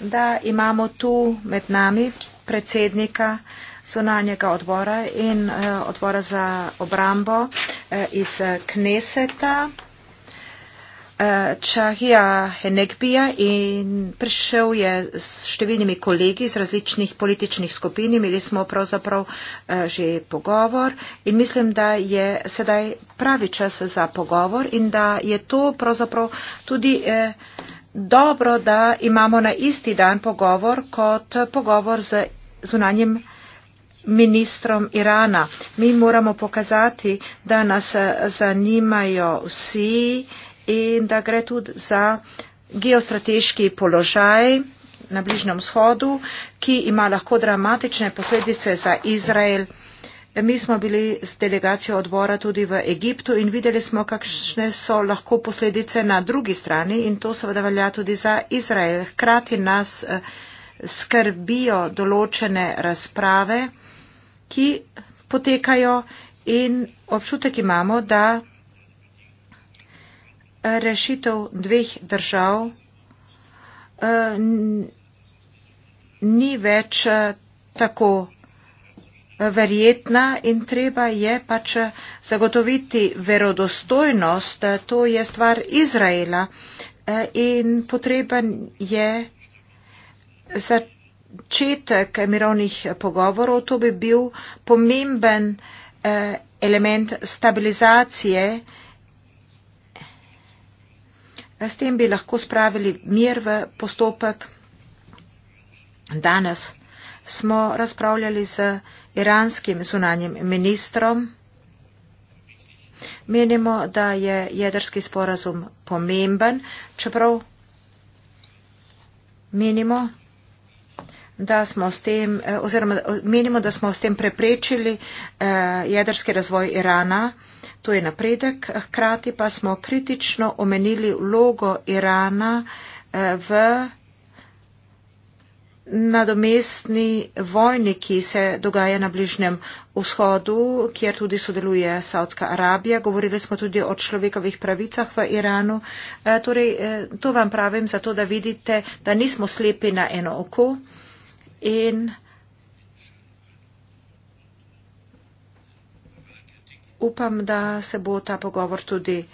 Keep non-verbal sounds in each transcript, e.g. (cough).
da imamo tu med nami predsednika zunanjega odbora in eh, odbora za obrambo eh, iz eh, Kneseta, Čahija Henegbija in prišel je s številnimi kolegi iz različnih političnih skupin, imeli smo pravzaprav že pogovor in mislim, da je sedaj pravi čas za pogovor in da je to pravzaprav tudi eh, dobro, da imamo na isti dan pogovor kot pogovor z zunanjim ministrom Irana. Mi moramo pokazati, da nas zanimajo vsi in da gre tudi za geostrateški položaj na Bližnjem vzhodu, ki ima lahko dramatične posledice za Izrael. Mi smo bili z delegacijo odbora tudi v Egiptu in videli smo, kakšne so lahko posledice na drugi strani in to seveda velja tudi za Izrael. Hkrati nas eh, skrbijo določene razprave, ki potekajo in občutek imamo, da eh, rešitev dveh držav eh, ni več tako verjetna in treba je pač zagotoviti verodostojnost. To je stvar Izraela eh, in potreben je začetek mirovnih pogovorov. To bi bil pomemben eh, element stabilizacije. S tem bi lahko spravili mir v postopek. Danes smo razpravljali z iranskim sunanjem ministrom, menimo, da je jedrski sporazum pomemben, čeprav menimo, da smo s tem, eh, oziroma eh, menimo, da smo s tem preprečili eh, jedrski razvoj Irana. To je napredek, hkrati pa smo kritično omenili vlogo Irana v nadomestni vojni, ki se dogaja na Bližnjem vzhodu, kjer tudi sodeluje Saudska Arabija. Govorili smo tudi o človekovih pravicah v Iranu. E, torej, e, to vam pravim zato, da vidite, da nismo slepi na eno oko in upam, da se bo ta pogovor tudi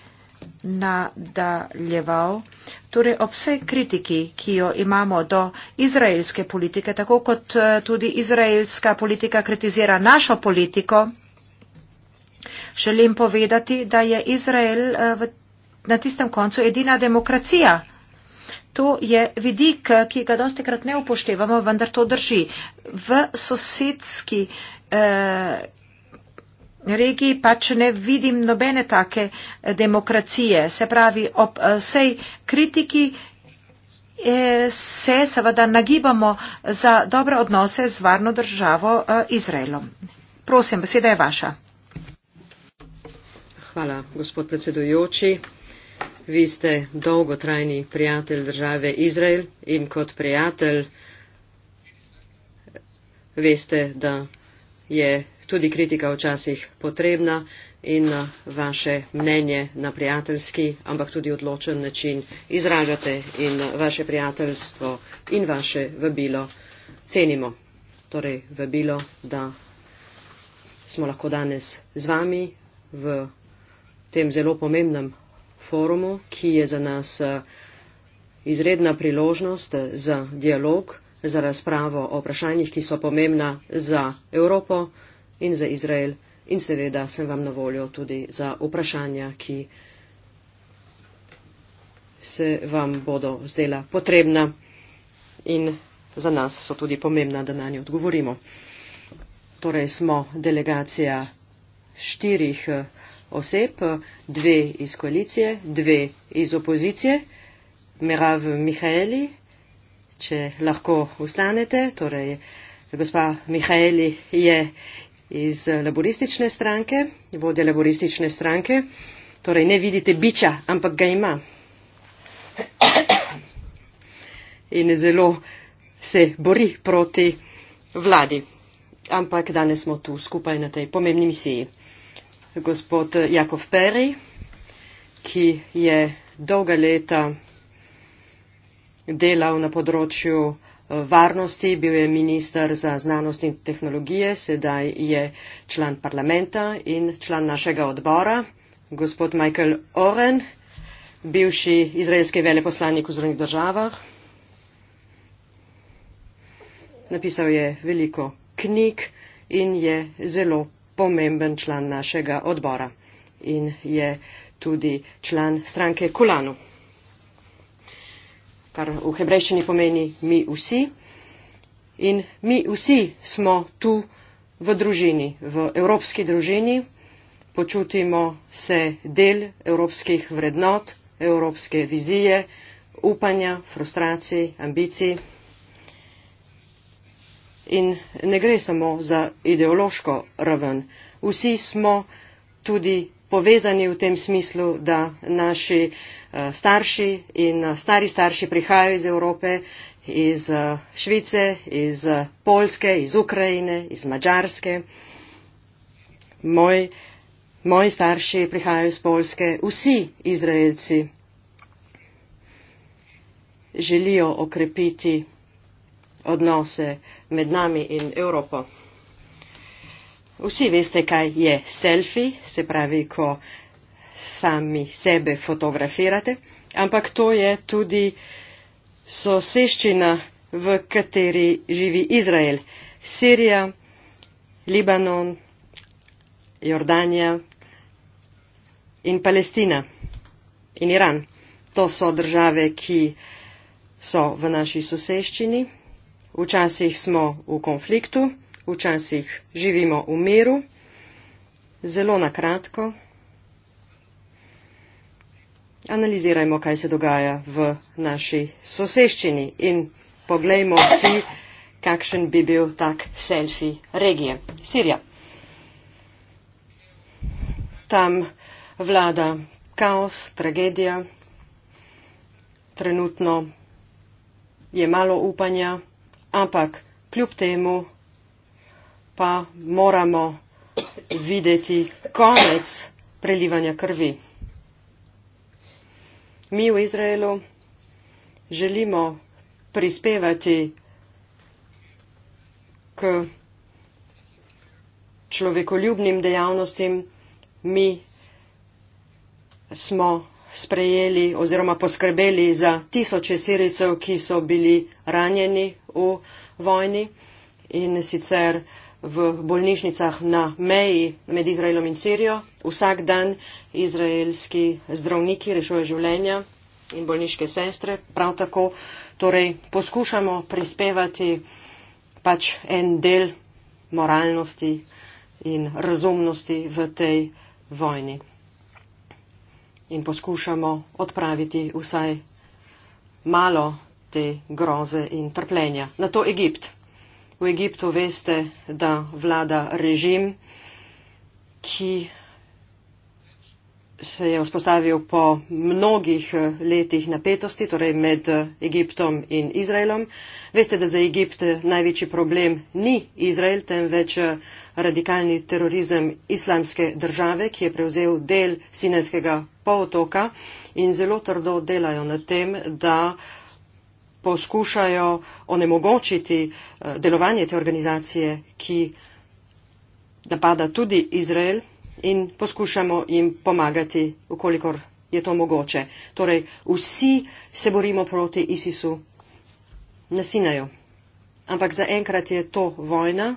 nadaljeval. Torej ob vsej kritiki, ki jo imamo do izraelske politike, tako kot eh, tudi izraelska politika kritizira našo politiko, želim povedati, da je Izrael eh, v, na tistem koncu edina demokracija. To je vidik, eh, ki ga dosti krat ne upoštevamo, vendar to drži. V sosedski eh, regiji pač ne vidim nobene take eh, demokracije. Se pravi, ob eh, vsej kritiki eh, se seveda nagibamo za dobre odnose z varno državo Izraelom. Prosim, beseda je vaša. Hvala, gospod predsedujoči. Vi ste dolgotrajni prijatelj države Izrael in kot prijatelj veste, da je tudi kritika včasih potrebna in eh, vaše mnenje na prijateljski, ampak tudi odločen način izražate in eh, vaše prijateljstvo in vaše vabilo cenimo. Torej vabilo, da smo lahko danes z vami v tem zelo pomembnem forumu, ki je za nas eh, izredna priložnost za dialog, za razpravo o vprašanjih, ki so pomembna za Evropo in za Izrael in seveda sem vam na voljo tudi za vprašanja, ki se vam bodo zdela potrebna in za nas so tudi pomembna, da na nje odgovorimo. Torej smo delegacija štirih eh, oseb, dve iz koalicije, dve iz opozicije, Merav Mihaeli, če lahko ustanete, torej gospa Mihaeli je iz laboristične stranke, vodja laboristične stranke. Torej ne vidite biča, ampak ga ima. In zelo se bori proti vladi. Ampak danes smo tu skupaj na tej pomembni misiji. Gospod Jakov Peri, ki je dolga leta delal na področju varnosti, bil je minister za znanost in tehnologije, sedaj je član parlamenta in član našega odbora, gospod Michael Oren, bivši izraelski veleposlanik v zrednjih državah. Napisal je veliko knjig in je zelo pomemben član našega odbora in je tudi član stranke Kulanu kar v hebrejščini pomeni mi vsi. In mi vsi smo tu v družini, v evropski družini, počutimo se del evropskih vrednot, evropske vizije, upanja, frustracij, ambicij. In ne gre samo za ideološko raven. Vsi smo tudi povezani v tem smislu, da naši eh, Eh, starši in eh, stari starši prihajajo iz Evrope, iz eh, Švice, iz Poljske, iz Ukrajine, iz Mačarske. Moj, moji starši prihajajo iz Poljske, vsi Izraelci želijo okrepiti odnose med nami in Evropo. Vsi veste, kaj je selfie, se pravi, ko sami sebe fotografirate, ampak to je tudi soseščina, v kateri živi Izrael, Sirija, Libanon, Jordanija in Palestina in Iran. To so države, ki so v naši soseščini. Včasih smo v konfliktu, včasih živimo v miru. Zelo na kratko analizirajmo, kaj se dogaja v naši soseščini in poglejmo si, kakšen bi bil tak selfi regije. Sirija. Tam vlada kaos, tragedija. Trenutno je malo upanja, ampak kljub temu pa moramo videti konec prelivanja krvi. Mi v Izraelu želimo prispevati k človekoljubnim dejavnostim. Mi smo sprejeli oziroma poskrbeli za tisoče sirilcev, ki so bili ranjeni v vojni in sicer v bolnišnicah na meji med Izraelom in Sirijo. Vsak dan izraelski zdravniki rešujejo življenja in bolniške sestre. Prav tako torej, poskušamo prispevati pač en del moralnosti in razumnosti v tej vojni. In poskušamo odpraviti vsaj malo te groze in trpljenja. Na to Egipt. V Egiptu veste, da vlada režim, ki se je vzpostavil po mnogih eh, letih napetosti, torej med eh, Egiptom in Izraelom. Veste, da za Egipt eh, največji problem ni Izrael, temveč radikalni terorizem islamske države, ki je prevzel del Sinajskega polotoka in zelo trdo delajo na tem, da poskušajo onemogočiti eh, delovanje te organizacije, ki napada tudi Izrael in poskušamo jim pomagati, ukolikor je to mogoče. Torej, vsi se borimo proti ISIS-u na Sinaju. Ampak zaenkrat je to vojna,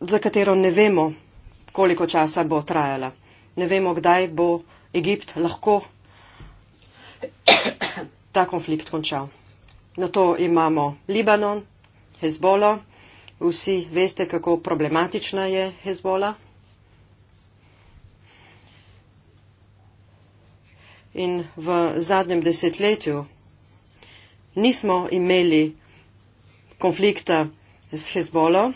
za katero ne vemo, koliko časa bo trajala. Ne vemo, kdaj bo Egipt lahko ta konflikt končal. Na to imamo Libanon, Hezbola, vsi veste, kako problematična je Hezbola. In v zadnjem desetletju nismo imeli konflikta s Hezbolo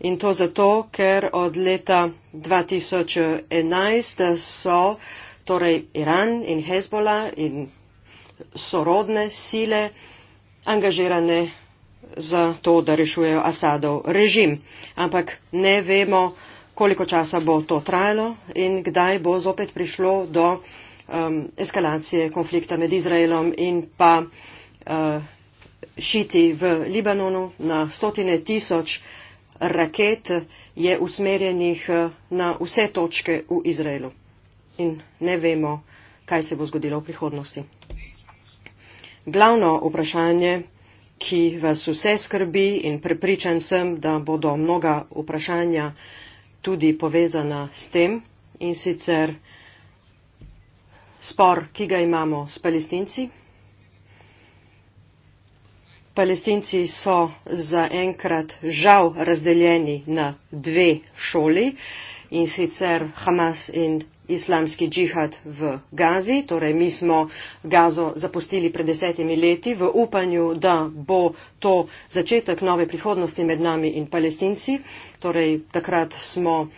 in to zato, ker od leta 2011 so torej Iran in Hezbola in sorodne sile angažirane za to, da rešujejo Asadov režim. Ampak ne vemo, koliko časa bo to trajalo in kdaj bo zopet prišlo do um, eskalacije konflikta med Izraelom in pa uh, šiti v Libanonu. Na stotine tisoč raket je usmerjenih uh, na vse točke v Izraelu. In ne vemo, kaj se bo zgodilo v prihodnosti glavno vprašanje, ki vas vse skrbi in prepričan sem, da bodo mnoga vprašanja tudi povezana s tem in sicer spor, ki ga imamo s palestinci. Palestinci so zaenkrat žal razdeljeni na dve šoli in sicer Hamas in islamski džihad v Gazi. Torej, mi smo Gazo zapustili pred desetimi leti v upanju, da bo to začetek nove prihodnosti med nami in palestinci. Torej, takrat smo,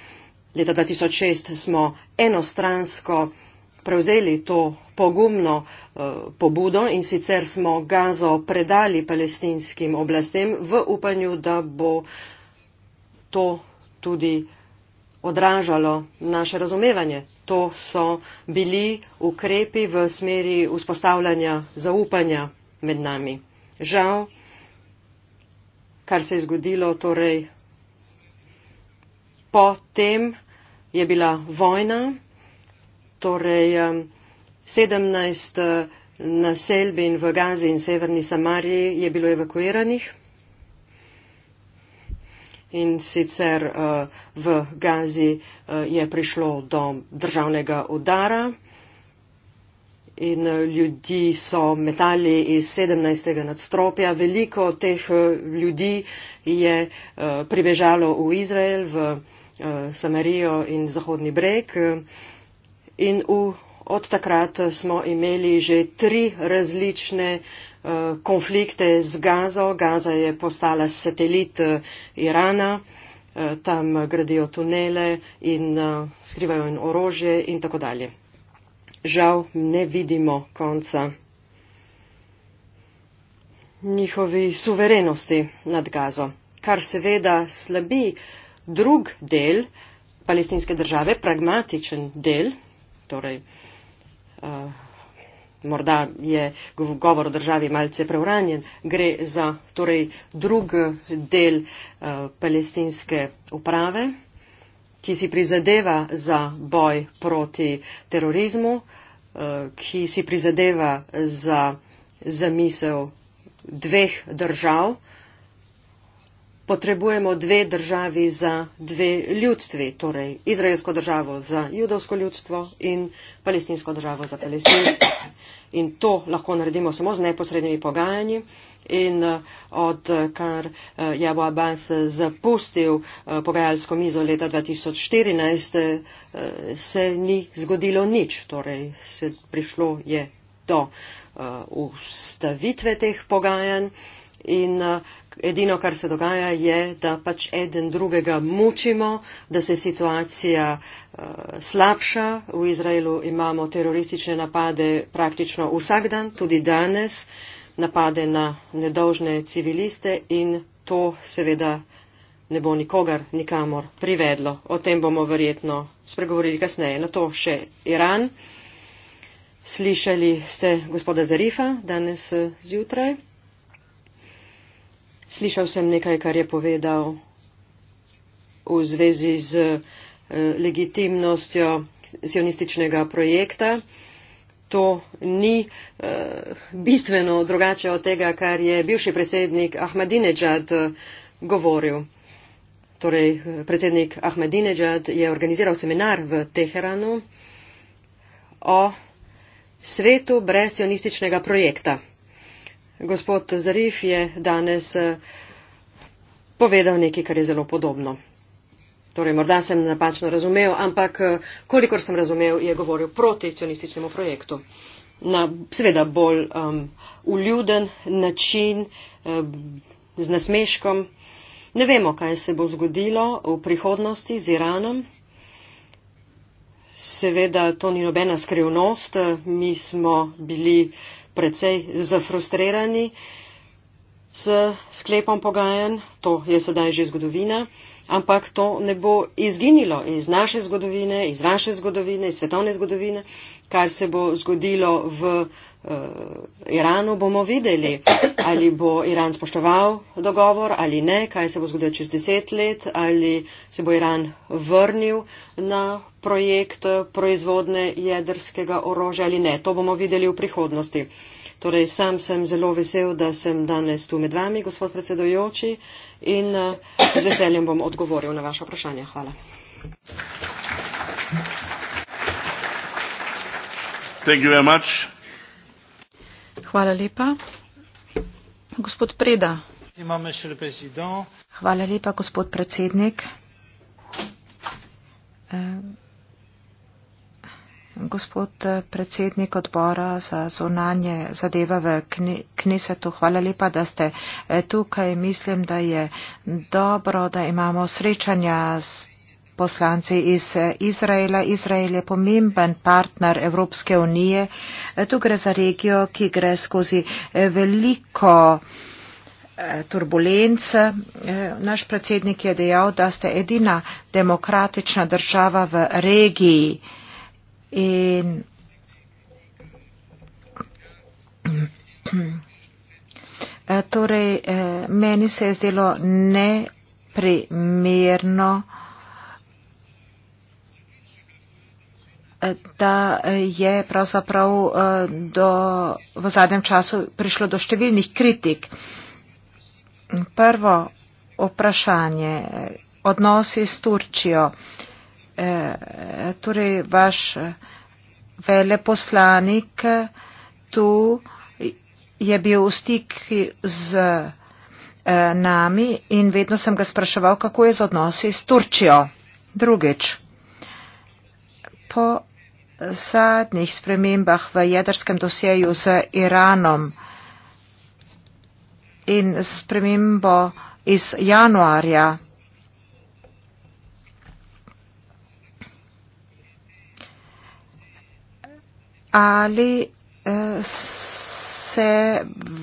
leta 2006, smo enostransko prevzeli to pogumno uh, pobudo in sicer smo Gazo predali palestinskim oblastem v upanju, da bo to tudi odražalo naše razumevanje to so bili ukrepi v smeri vzpostavljanja zaupanja med nami. Žal, kar se je zgodilo torej potem, je bila vojna, torej 17 um, uh, naselbin v Gazi in severni Samariji je bilo evakuiranih in sicer eh, v Gazi eh, je prišlo do državnega udara in eh, ljudi so metali iz 17. nadstropja. Veliko teh ljudi je pribežalo v Izrael, v Samarijo in Zahodni breg. In v, od takrat smo imeli že tri različne uh, konflikte z Gazo. Gaza je postala satelit eh, Irana, eh, tam gradijo tunele in eh, skrivajo in orožje in tako dalje. Žal ne vidimo konca njihovi suverenosti nad Gazo, kar seveda slabi drug del palestinske države, pragmatičen del, torej uh, morda je govor o državi malce preuranjen, gre za torej drug del eh, palestinske uprave, ki si prizadeva za boj proti terorizmu, eh, ki si prizadeva za zamisel dveh držav, potrebujemo dve državi za dve ljudstvi, torej izraelsko državo za judovsko ljudstvo in palestinsko državo za palestinsko. In to lahko naredimo samo z neposrednimi pogajanji. In eh, odkar eh, je Abu Abbas zapustil eh, pogajalsko mizo leta 2014, se ni zgodilo nič. Torej, prišlo je do ustavitve teh pogajanj in eh, edino, kar se dogaja, je, da pač eden drugega mučimo, da se situacija eh, slabša. V Izraelu imamo teroristične napade praktično vsak dan, tudi danes, napade na nedolžne civiliste in to seveda ne bo nikogar nikamor privedlo. O tem bomo verjetno spregovorili kasneje. Na to še Iran. Slišali ste gospoda Zarifa danes eh, zjutraj. Slišal sem nekaj, kar je povedal v zvezi z eh, legitimnostjo sionističnega projekta. To ni eh, bistveno drugače od tega, kar je bivši predsednik Ahmadinejad eh, govoril. Torej, predsednik Ahmadinejad je organiziral seminar v Teheranu o svetu brez sionističnega projekta gospod Zarif je danes eh, povedal nekaj, kar je zelo podobno. Torej, morda sem napačno razumel, ampak eh, kolikor sem razumel, je govoril proti cionističnemu projektu. Na seveda bolj um, uljuden način, um, z nasmeškom. Ne vemo, kaj se bo zgodilo v prihodnosti z Iranom. Seveda, to ni nobena skrivnost. Mi smo bili uh, precej zafrustrirani s sklepom pogajanj, to je sedaj že zgodovina, ampak to ne bo izginilo iz naše zgodovine, iz vaše zgodovine, iz svetovne zgodovine, kar se bo zgodilo v uh, Iranu, bomo videli, ali bo Iran spoštoval dogovor ali ne, kaj se bo zgodilo čez deset let, ali se bo Iran vrnil na projekt eh, proizvodne jedrskega orožja ali ne. To bomo videli v prihodnosti. Torej, sam sem zelo vesel, da sem danes tu med vami, gospod predsedojoči, in uh, z veseljem bom odgovoril na vaše vprašanje. Hvala. Thank you very much. Hvala lepa. Gospod Preda. Hvala lepa, gospod predsednik. Eh, gospod eh, predsednik odbora za zunanje zadeve v Knesetu, hvala lepa, da ste eh, tukaj. Mislim, da je dobro, da imamo srečanja s poslanci iz eh, Izraela. Izrael je pomemben partner Evropske unije. Eh, tu gre za regijo, ki gre skozi eh, veliko turbulenc. Naš predsednik je dejal, da ste edina demokratična država v regiji. In Torej, meni se je zdelo neprimerno. da je pravzaprav eh, do, v zadnjem času prišlo do številnih kritik. Prvo vprašanje, odnosi s Turčijo. Eh, torej, vaš veleposlanik tu je bil v stik z eh, nami in vedno sem ga spraševal, kako je z odnosi s Turčijo. Drugič, po zadnjih spremembah v jedrskem dosjeju z Iranom in spremembo iz januarja. Ali eh, se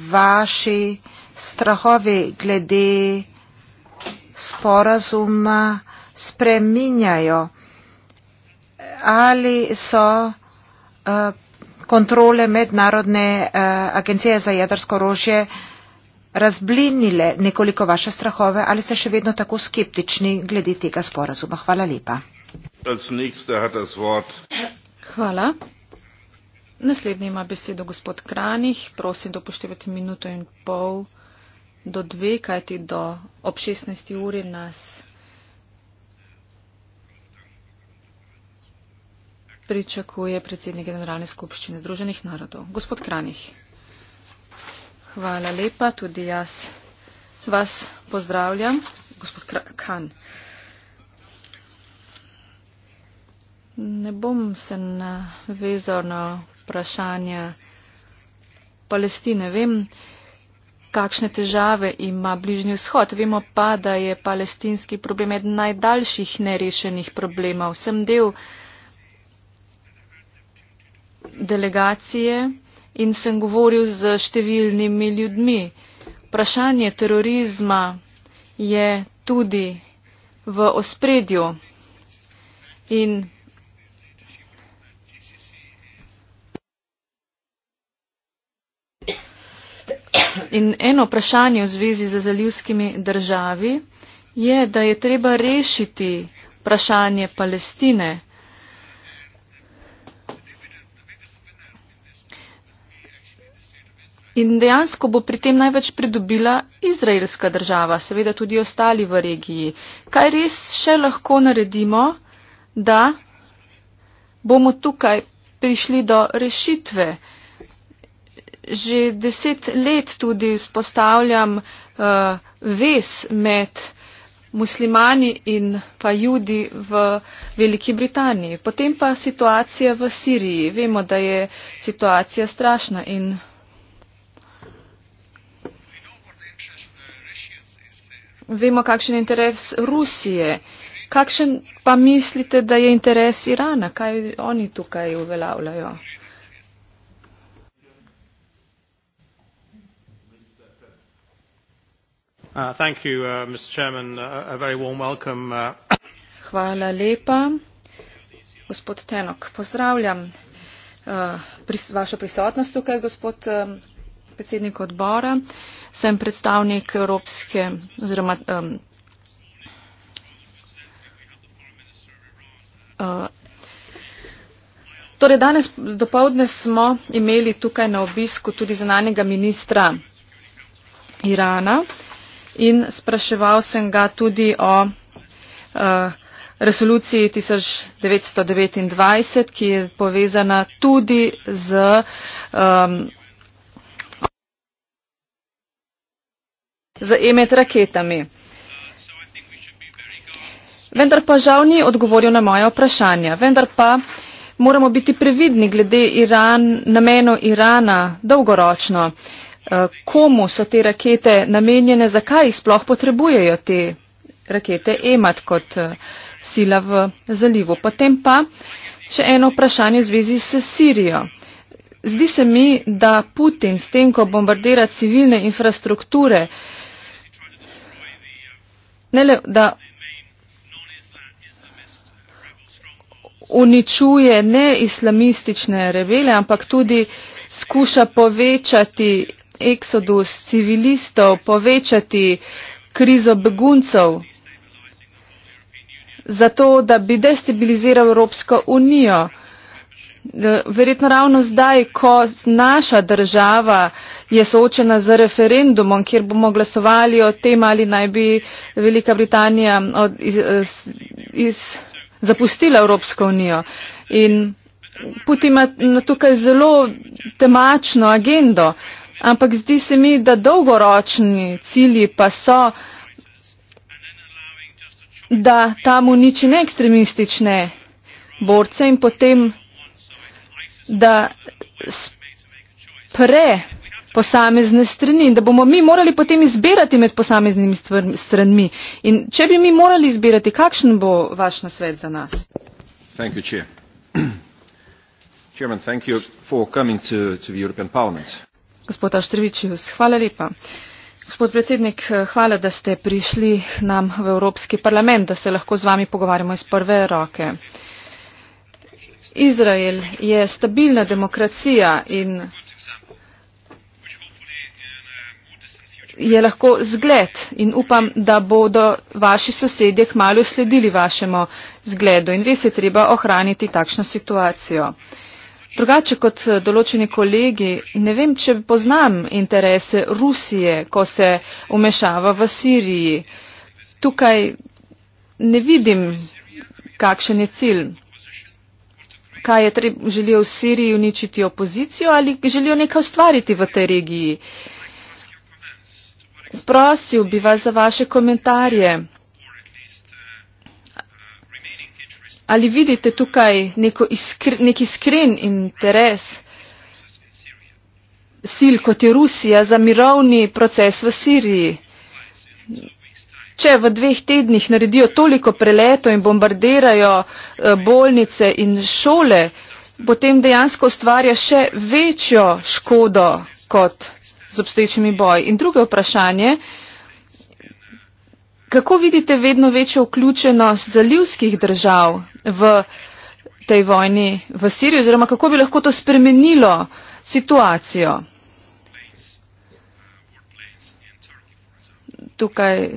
vaši strahovi glede sporazuma spreminjajo? ali so uh, kontrole mednarodne uh, agencije za jedrsko orožje razblinile nekoliko vaše strahove ali ste še vedno tako skeptični glede tega sporazuma. Hvala lepa. Hvala. Naslednji ima besedo gospod Kranih. Prosim, da upoštevate minuto in pol do dve, kajti do ob 16. uri nas pričakuje predsednik Generalne skupščine Združenih narodov. Gospod Kranjih, hvala lepa, tudi jaz vas pozdravljam. Gospod Kran, ne bom se navezal na vprašanja Palestine. Vem, kakšne težave ima Bližnji vzhod. Vemo pa, da je palestinski problem eden najdaljših nerešenih problemov. Sem del delegacije in sem govoril z številnimi ljudmi. Vprašanje terorizma je tudi v ospredju in In eno vprašanje v zvezi z zalivskimi državi je, da je treba rešiti vprašanje Palestine. In dejansko bo pri tem največ pridobila izraelska država, seveda tudi ostali v regiji. Kaj res še lahko naredimo, da bomo tukaj prišli do rešitve? Že deset let tudi spostavljam uh, eh, ves med muslimani in pa judi v Veliki Britaniji. Potem pa situacija v Siriji. Vemo, da je situacija strašna in vemo, kakšen je interes Rusije. Kakšen pa mislite, da je interes Irana? Kaj oni tukaj uveljavljajo? Uh, uh, uh, (coughs) Hvala lepa. Gospod Tenok, pozdravljam uh, pris, vašo prisotnost tukaj, gospod uh, predsednik odbora. Uh, sem predstavnik Evropske oziroma um, uh, Torej, danes dopovdne smo imeli tukaj na obisku tudi zananega ministra Irana in spraševal sem ga tudi o uh, resoluciji 1929, ki je povezana tudi z um, z EMET raketami. Vendar pa žal ni odgovoril na moja vprašanja. Vendar pa moramo biti previdni glede Iran, namenov Irana dolgoročno. Eh, komu so te rakete namenjene, zakaj jih sploh potrebujejo te rakete EMAT kot eh, sila v zalivu. Potem pa še eno vprašanje v zvezi s Sirijo. Zdi se mi, da Putin s tem, ko bombardira civilne infrastrukture, ne le da uničuje neislamistične revele, ampak tudi skuša povečati eksodus civilistov, povečati krizo beguncev, zato da bi destabiliziral Evropsko unijo. Verjetno ravno zdaj, ko naša država je soočena z referendumom, kjer bomo glasovali o tem, ali naj bi Velika Britanija od, iz, iz, zapustila Evropsko unijo. In Putin ima tukaj zelo temačno agendo, ampak zdi se mi, da dolgoročni cilji pa so, da tam uniči ne ekstremistične borce in potem da pre posamezne strani in da bomo mi morali potem izbirati med posameznimi stranmi. In če bi mi morali izbirati, kakšen bo vaš nasvet za nas? (clears throat) Gospod Aštrevičius, hvala lepa. Gospod predsednik, hvala, da ste prišli nam v Evropski parlament, da se lahko z vami pogovarjamo iz prve roke. Uh, Izrael je stabilna demokracija in je lahko zgled in upam, da bodo vaši sosedje hmalo sledili vašemu zgledu in res je treba ohraniti takšno situacijo. Drugače kot eh, določeni kolegi, ne vem, če poznam interese Rusije, ko se umešava v Siriji. Tukaj ne vidim, kakšen je cilj kaj je treba, želijo v Siriji uničiti opozicijo ali želijo nekaj ustvariti v tej regiji. Prosil bi vas za vaše komentarje. Ali vidite tukaj iskr, nek iskren interes sil kot je Rusija za mirovni proces v Siriji? če v dveh tednih naredijo toliko preletov in bombardirajo eh, bolnice in šole, potem dejansko ustvarja še večjo škodo kot z obstoječimi boji. In drugo vprašanje, kako vidite vedno večjo vključenost zalivskih držav v tej vojni v Siriji oziroma kako bi lahko to spremenilo situacijo? tukaj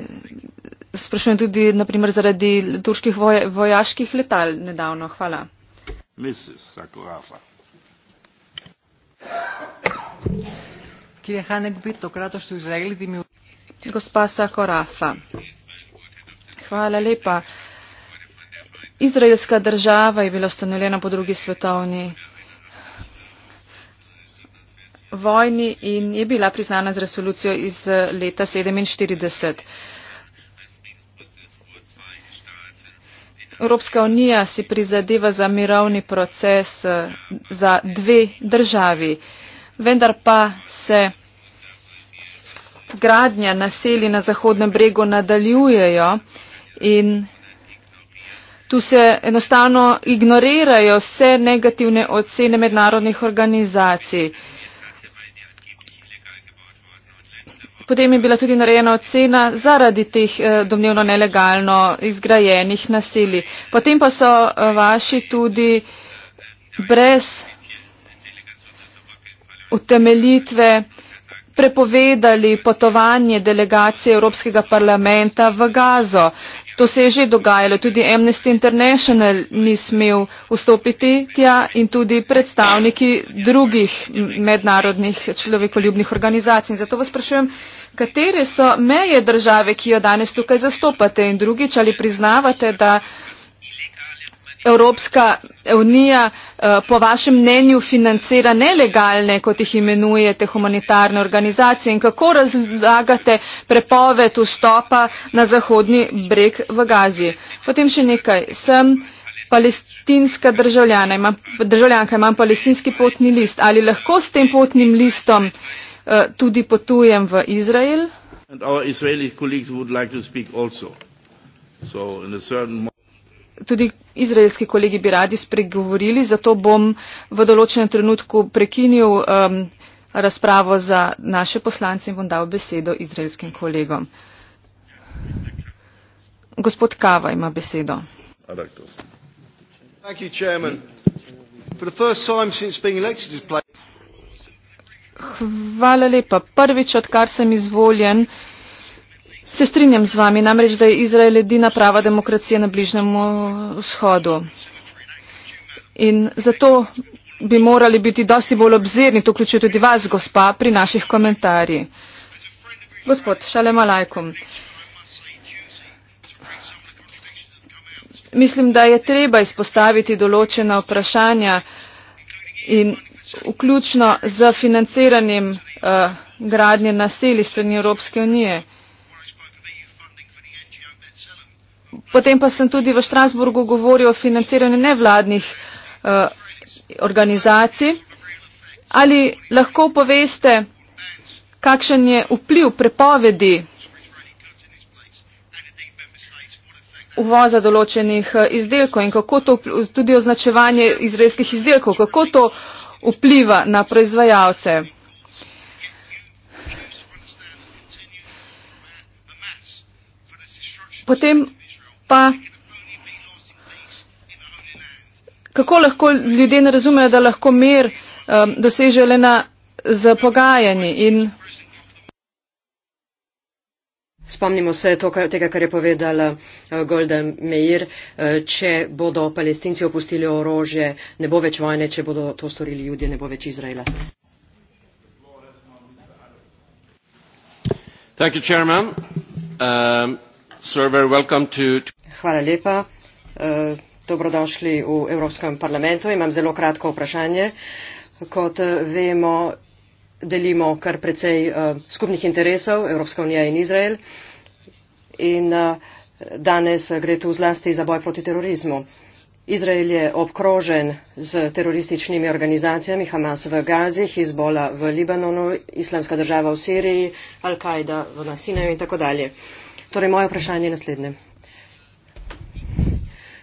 sprašujem tudi naprimer zaradi turških voja, vojaških letal nedavno. Hvala. Gospa Sakorafa, hvala lepa. Izraelska država je bila ustanovljena po drugi svetovni vojni in je bila priznana z resolucijo iz eh, leta 1947. Evropska unija si prizadeva za mirovni proces eh, za dve državi, vendar pa se gradnja naseli na Zahodnem bregu nadaljujejo in tu se enostavno ignorirajo vse negativne ocene mednarodnih organizacij. potem je bila tudi narejena ocena zaradi teh eh, domnevno nelegalno izgrajenih naselij. Potem pa so eh, vaši tudi brez utemeljitve prepovedali potovanje delegacije Evropskega parlamenta v Gazo. To se je že dogajalo. Tudi Amnesty International ni smel vstopiti tja in tudi predstavniki drugih mednarodnih človekoljubnih organizacij. Zato vas sprašujem, katere so meje države, ki jo danes tukaj zastopate in drugič ali priznavate, da evropska unija eh, po vašem mnenju financira nelegalne, kot jih imenujete, humanitarne organizacije in kako razlagate prepoved vstopa na zahodni breg v Gazi. Potem še nekaj. Sem palestinska državljana, imam, državljanka, imam palestinski potni list. Ali lahko s tem potnim listom uh, tudi potujem v Izrael? tudi izraelski kolegi bi radi spregovorili, zato bom v določenem trenutku prekinil um, razpravo za naše poslance in bom dal besedo izraelskim kolegom. Gospod Kava ima besedo. Hvala lepa. Prvič, odkar sem izvoljen, uh, Se strinjam z vami, namreč, da je Izrael edina prava demokracija na Bližnjem vzhodu. In zato bi morali biti dosti bolj obzirni, to vključuje tudi vas, gospa, pri naših komentarjih. Gospod, šalem alaikum. Mislim, da je treba izpostaviti določena vprašanja in vključno z financiranjem uh, gradnje naselij strani Evropske unije. Uh, Potem pa sem tudi v Štrasburgu govoril o financiranju nevladnih uh, organizacij. Ali lahko poveste, kakšen je vpliv prepovedi uvoza določenih eh, izdelkov in kako to tudi označevanje izraelskih izdelkov, kako to vpliva na proizvajalce. Potem pa kako lahko ljudje ne razumejo, da lahko mir um, doseže le na zapogajanji in. Spomnimo se to, kar, tega, kar je povedala uh, Golda Meir, uh, če bodo palestinci opustili orožje, ne bo več vojne, če bodo to storili ljudje, ne bo več Izraela. Thank you, chairman. Um, sir, very welcome to, to Hvala lepa. E, dobrodošli v Evropskem parlamentu. Imam zelo kratko vprašanje. Kot vemo, delimo kar precej e, skupnih interesov Evropska unija in Izrael. In e, danes gre tu zlasti za boj proti terorizmu. Izrael je obkrožen z terorističnimi organizacijami, Hamas v Gazi, Hizbola v Libanonu, Islamska država v Siriji, Al-Kaida v Nasineju in tako dalje. Torej, moje vprašanje je naslednje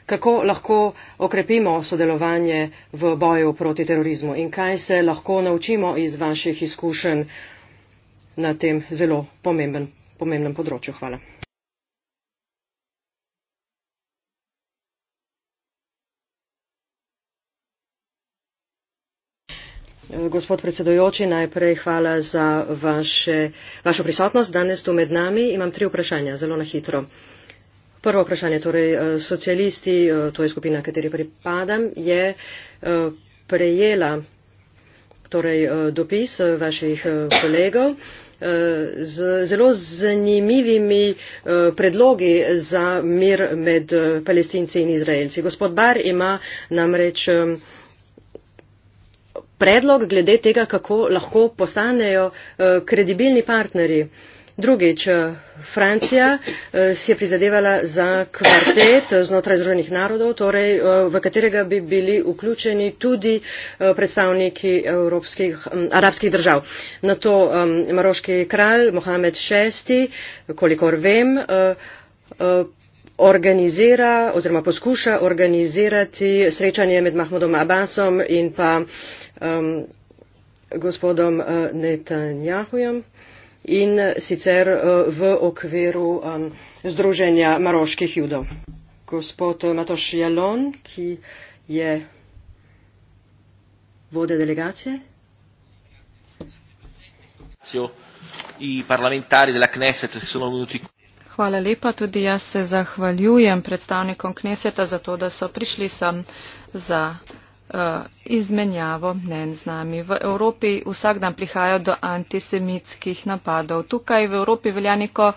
kako lahko okrepimo sodelovanje v boju proti terorizmu in kaj se lahko naučimo iz vaših izkušenj na tem zelo pomemben, pomembnem področju. Hvala. Gospod predsedojoči, najprej hvala za vaše, vašo prisotnost. Danes tu med nami imam tri vprašanja, zelo na hitro. Prvo vprašanje, torej eh, socialisti, eh, to je skupina, kateri pripadam, je eh, prejela torej, dopis vaših kolegov z zelo zanimivimi predlogi za mir med palestinci in izraelci. Gospod Bar ima namreč predlog glede tega, kako lahko postanejo kredibilni partnerji drugič eh, francija eh, si je prizadevala za kvartet eh, znotraj združenih narodov torej v katerega bi bili vključeni tudi predstavniki evropskih arabskih držav na to maroški kralj mohamed vi kolikor vem organizira oziroma poskuša organizirati srečanje med Mahmudom Abbasom in pa um, gospodom Netanjahujem in sicer eh, v okviru Združenja maroških judov. Gospod eh, Matoš Jalon, ki je vode delegacije. Hvala lepa, tudi jaz se zahvaljujem predstavnikom Kneseta za to, da so prišli sem za Eh, izmenjavo mnen z nami. V Evropi vsak dan prihaja do antisemitskih napadov. Tukaj v Evropi velja neko,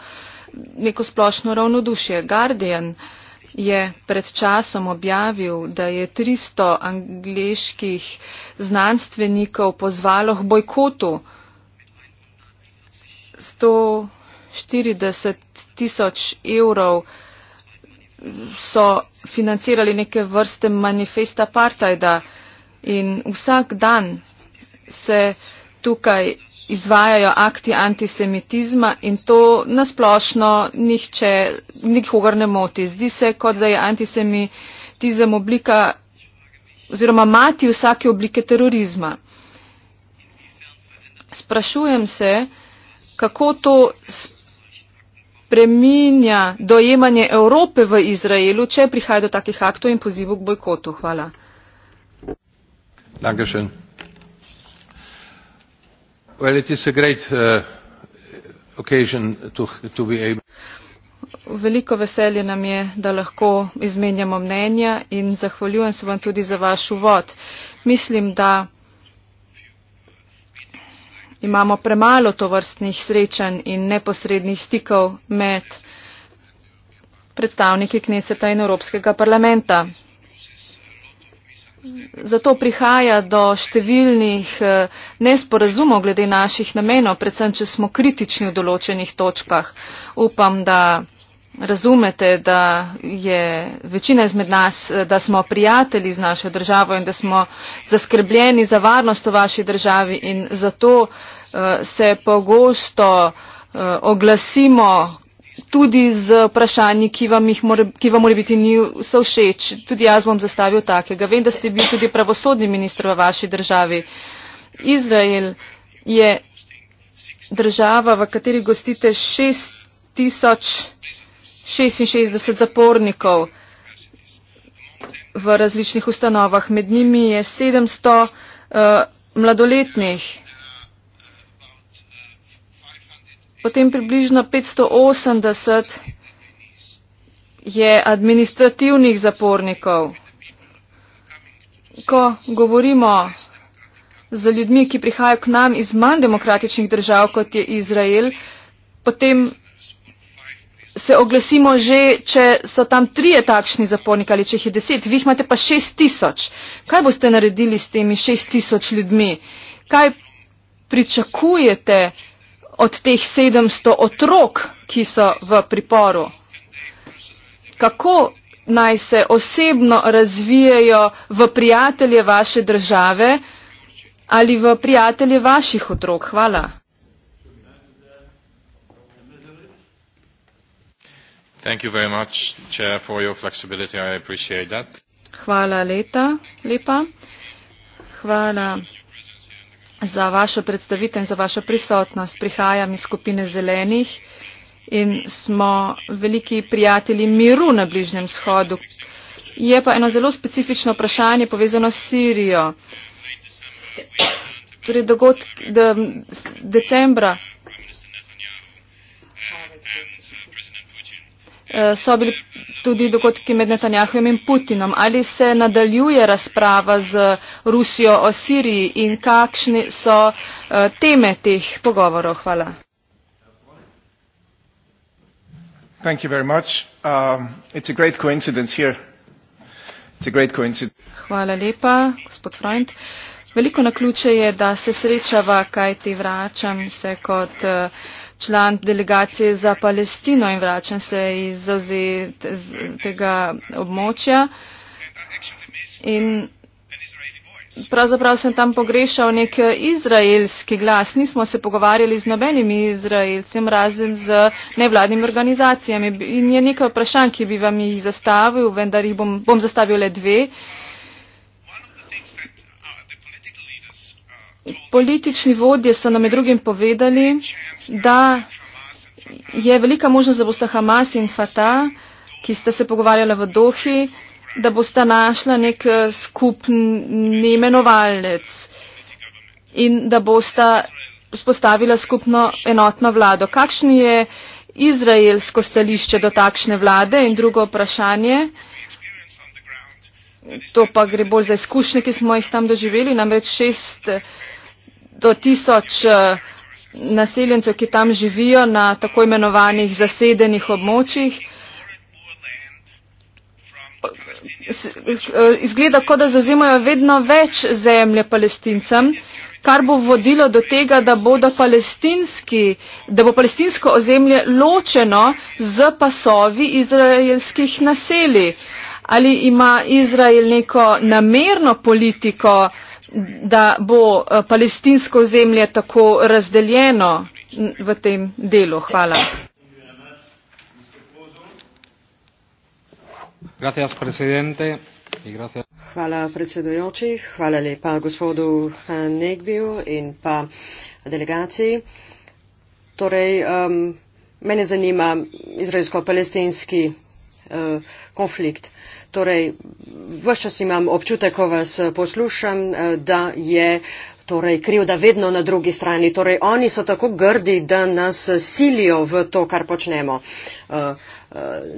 neko splošno ravnodušje. Guardian je pred časom objavil, da je 300 angliških znanstvenikov pozvalo k bojkotu. 140 tisoč evrov so financirali neke vrste manifesta apartheida in vsak dan se tukaj izvajajo akti antisemitizma in to nasplošno nihče, nikogar ne moti. Zdi se, kot da je antisemitizem oblika oziroma mati vsake oblike terorizma. Sprašujem se, kako to sprašujem spreminja dojemanje Evrope v Izraelu, če prihaja do takih aktov in pozivov k bojkotu. Hvala. Dankeschön. Well, it is a great uh, occasion to, to be able. Veliko veselje nam je, da lahko izmenjamo mnenja in zahvaljujem se vam tudi za vaš uvod. Mislim, da imamo premalo tovrstnih srečanj in neposrednih stikov med predstavniki Kneseta in Evropskega parlamenta. Zato prihaja do številnih eh, nesporazumov glede naših namenov, predvsem, če smo kritični v določenih točkah. Upam, da razumete da je večina izmed nas da smo prijatelji z našo državo in da smo zaskrbljeni za varnost v vaši državi in zato eh, se pogosto eh, oglasimo tudi z vprašanji, ki vam, more, ki vam more biti ni vse všeč. Tudi jaz bom zastavil takega. Vem, da ste bili tudi pravosodni minister v vaši državi. Izrael je država, v kateri gostite 6000 66 zapornikov v različnih ustanovah. Med njimi je 700 uh, eh, mladoletnih. Potem približno 580 je administrativnih zapornikov. Ko govorimo z ljudmi, ki prihajajo k nam iz manj demokratičnih držav, kot je Izrael, potem se oglasimo že, če so tam trije takšni zaporniki ali če jih je deset, vi jih imate pa šest tisoč. Kaj boste naredili s temi šest tisoč ljudmi? Kaj pričakujete od teh sedemsto otrok, ki so v priporu? Kako naj se osebno razvijajo v prijatelje vaše države ali v prijatelje vaših otrok? Hvala. Hvala leta, lepa. Hvala za vašo predstavitev in za vašo prisotnost. Prihajam iz skupine zelenih in smo veliki prijatelji miru na Bližnjem shodu. Je pa eno zelo specifično vprašanje povezano s Sirijo. Torej dogod, da, decembra Eh, so bili tudi dogodki med Netanjahujem in Putinom. Ali se nadaljuje razprava z Rusijo o Siriji in kakšne so eh, teme teh pogovorov? Hvala. Um, Hvala lepa, gospod Freund. Veliko naključe je, da se srečava, kaj ti vračam se kot. Uh, član delegacije za Palestino in vračam se iz zauzetega območja. In pravzaprav sem tam pogrešal nek izraelski glas. Nismo se pogovarjali z nobenim izraelcem, razen z nevladnimi organizacijami. In je nekaj vprašanj, ki bi vam jih zastavil, vendar jih bom, bom zastavil le dve. Uh, Politični vodje so nam drugim povedali, da je velika možnost, da bosta Hamas in Fatah, ki sta se pogovarjala v Dohi, da bosta našla nek eh, skupni imenovalec in da bosta spostavila skupno enotno vlado. Kakšni je izraelsko stališče do takšne vlade in drugo vprašanje? To pa gre bolj za izkušnje, ki smo jih tam doživeli, namreč šest do tisoč eh, naseljencev, ki tam živijo na tako imenovanih zasedenih območjih. Eh, izgleda, kot da zauzemajo vedno več zemlje palestincem, kar bo vodilo do tega, da, da bo palestinsko ozemlje ločeno z pasovi izraelskih naselij. Ali ima Izrael neko namerno politiko, da bo eh, palestinsko zemlje tako razdeljeno v tem delu. Hvala. Hvala predsedojoči, hvala lepa gospodu Hanegbiju in pa delegaciji. Torej, um, mene zanima izraelsko-palestinski uh, konflikt. Torej, vse čas imam občutek, ko vas eh, poslušam, eh, da je torej, krivda vedno na drugi strani. Torej, oni so tako grdi, da nas eh, silijo v to, kar počnemo.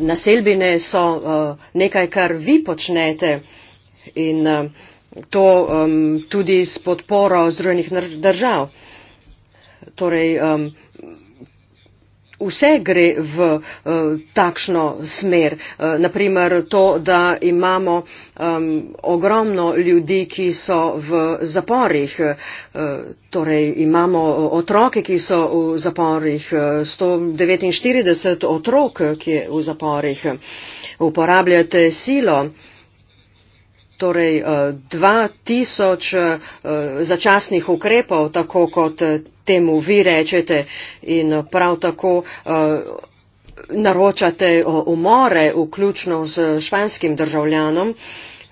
Naselbine so nekaj, kar vi počnete in to tudi s podporo Združenih držav. Torej, vse gre v uh, takšno smer. Uh, eh, naprimer to, da imamo um, ogromno ljudi, ki so v zaporih. Uh, Torej, imamo otroke, ki so v zaporih, 149 otrok, ki je v zaporih. Uporabljate silo torej 2000 eh, eh, začasnih ukrepov, tako kot eh, temu vi rečete in prav tako naročate umore, vključno z španskim državljanom.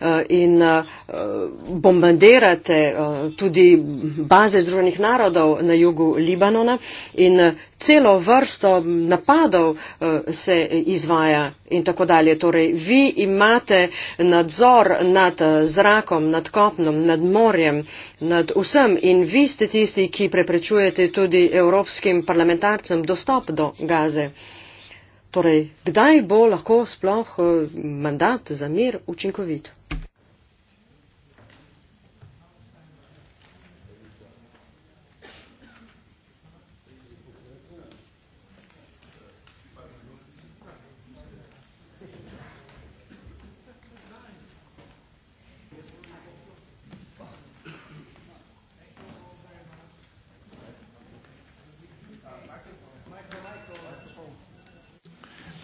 Eh, in eh, bombardirate eh, tudi baze Združenih narodov na jugu Libanona in celo vrsto napadov se izvaja in tako dalje. Torej, vi imate nadzor nad zrakom, nad kopnom, nad morjem, nad vsem in vi ste tisti, ki preprečujete tudi evropskim parlamentarcem dostop do gaze. Torej, kdaj bo lahko sploh mandat za mir učinkovit?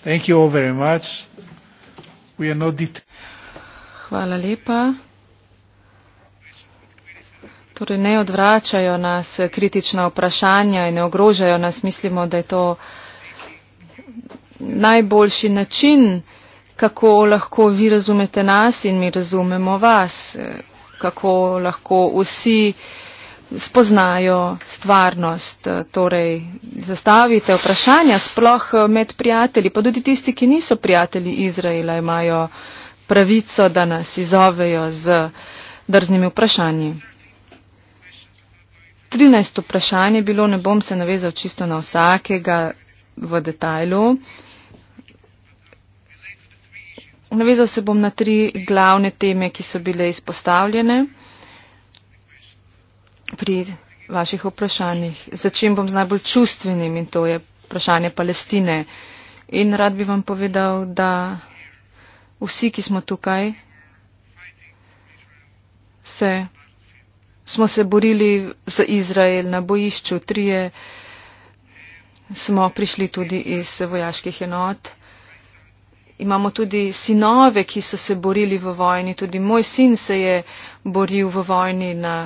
Thank you all very much. We are not Hvala lepa. Torej ne odvračajo nas kritična vprašanja in ne ogrožajo nas. Mislimo, da je to najboljši način, kako lahko vi razumete nas in mi razumemo vas, kako lahko vsi spoznajo stvarnost. Eh, torej, zastavite vprašanja sploh eh, med prijatelji, pa tudi tisti, ki niso prijatelji Izraela, imajo pravico, da nas izovejo z drznimi vprašanji. 13 vprašanje bilo, ne bom se navezal čisto na vsakega v detajlu. Navezal se bom na tri glavne teme, ki so bile izpostavljene pri vaših vprašanjih. Začem bom z najbolj čustvenim in to je vprašanje Palestine. In rad bi vam povedal, da vsi, ki smo tukaj, se, smo se borili za Izrael na bojišču. Trije smo prišli tudi iz vojaških enot. Imamo tudi sinove, ki so se borili v vojni. Tudi moj sin se je boril v vojni na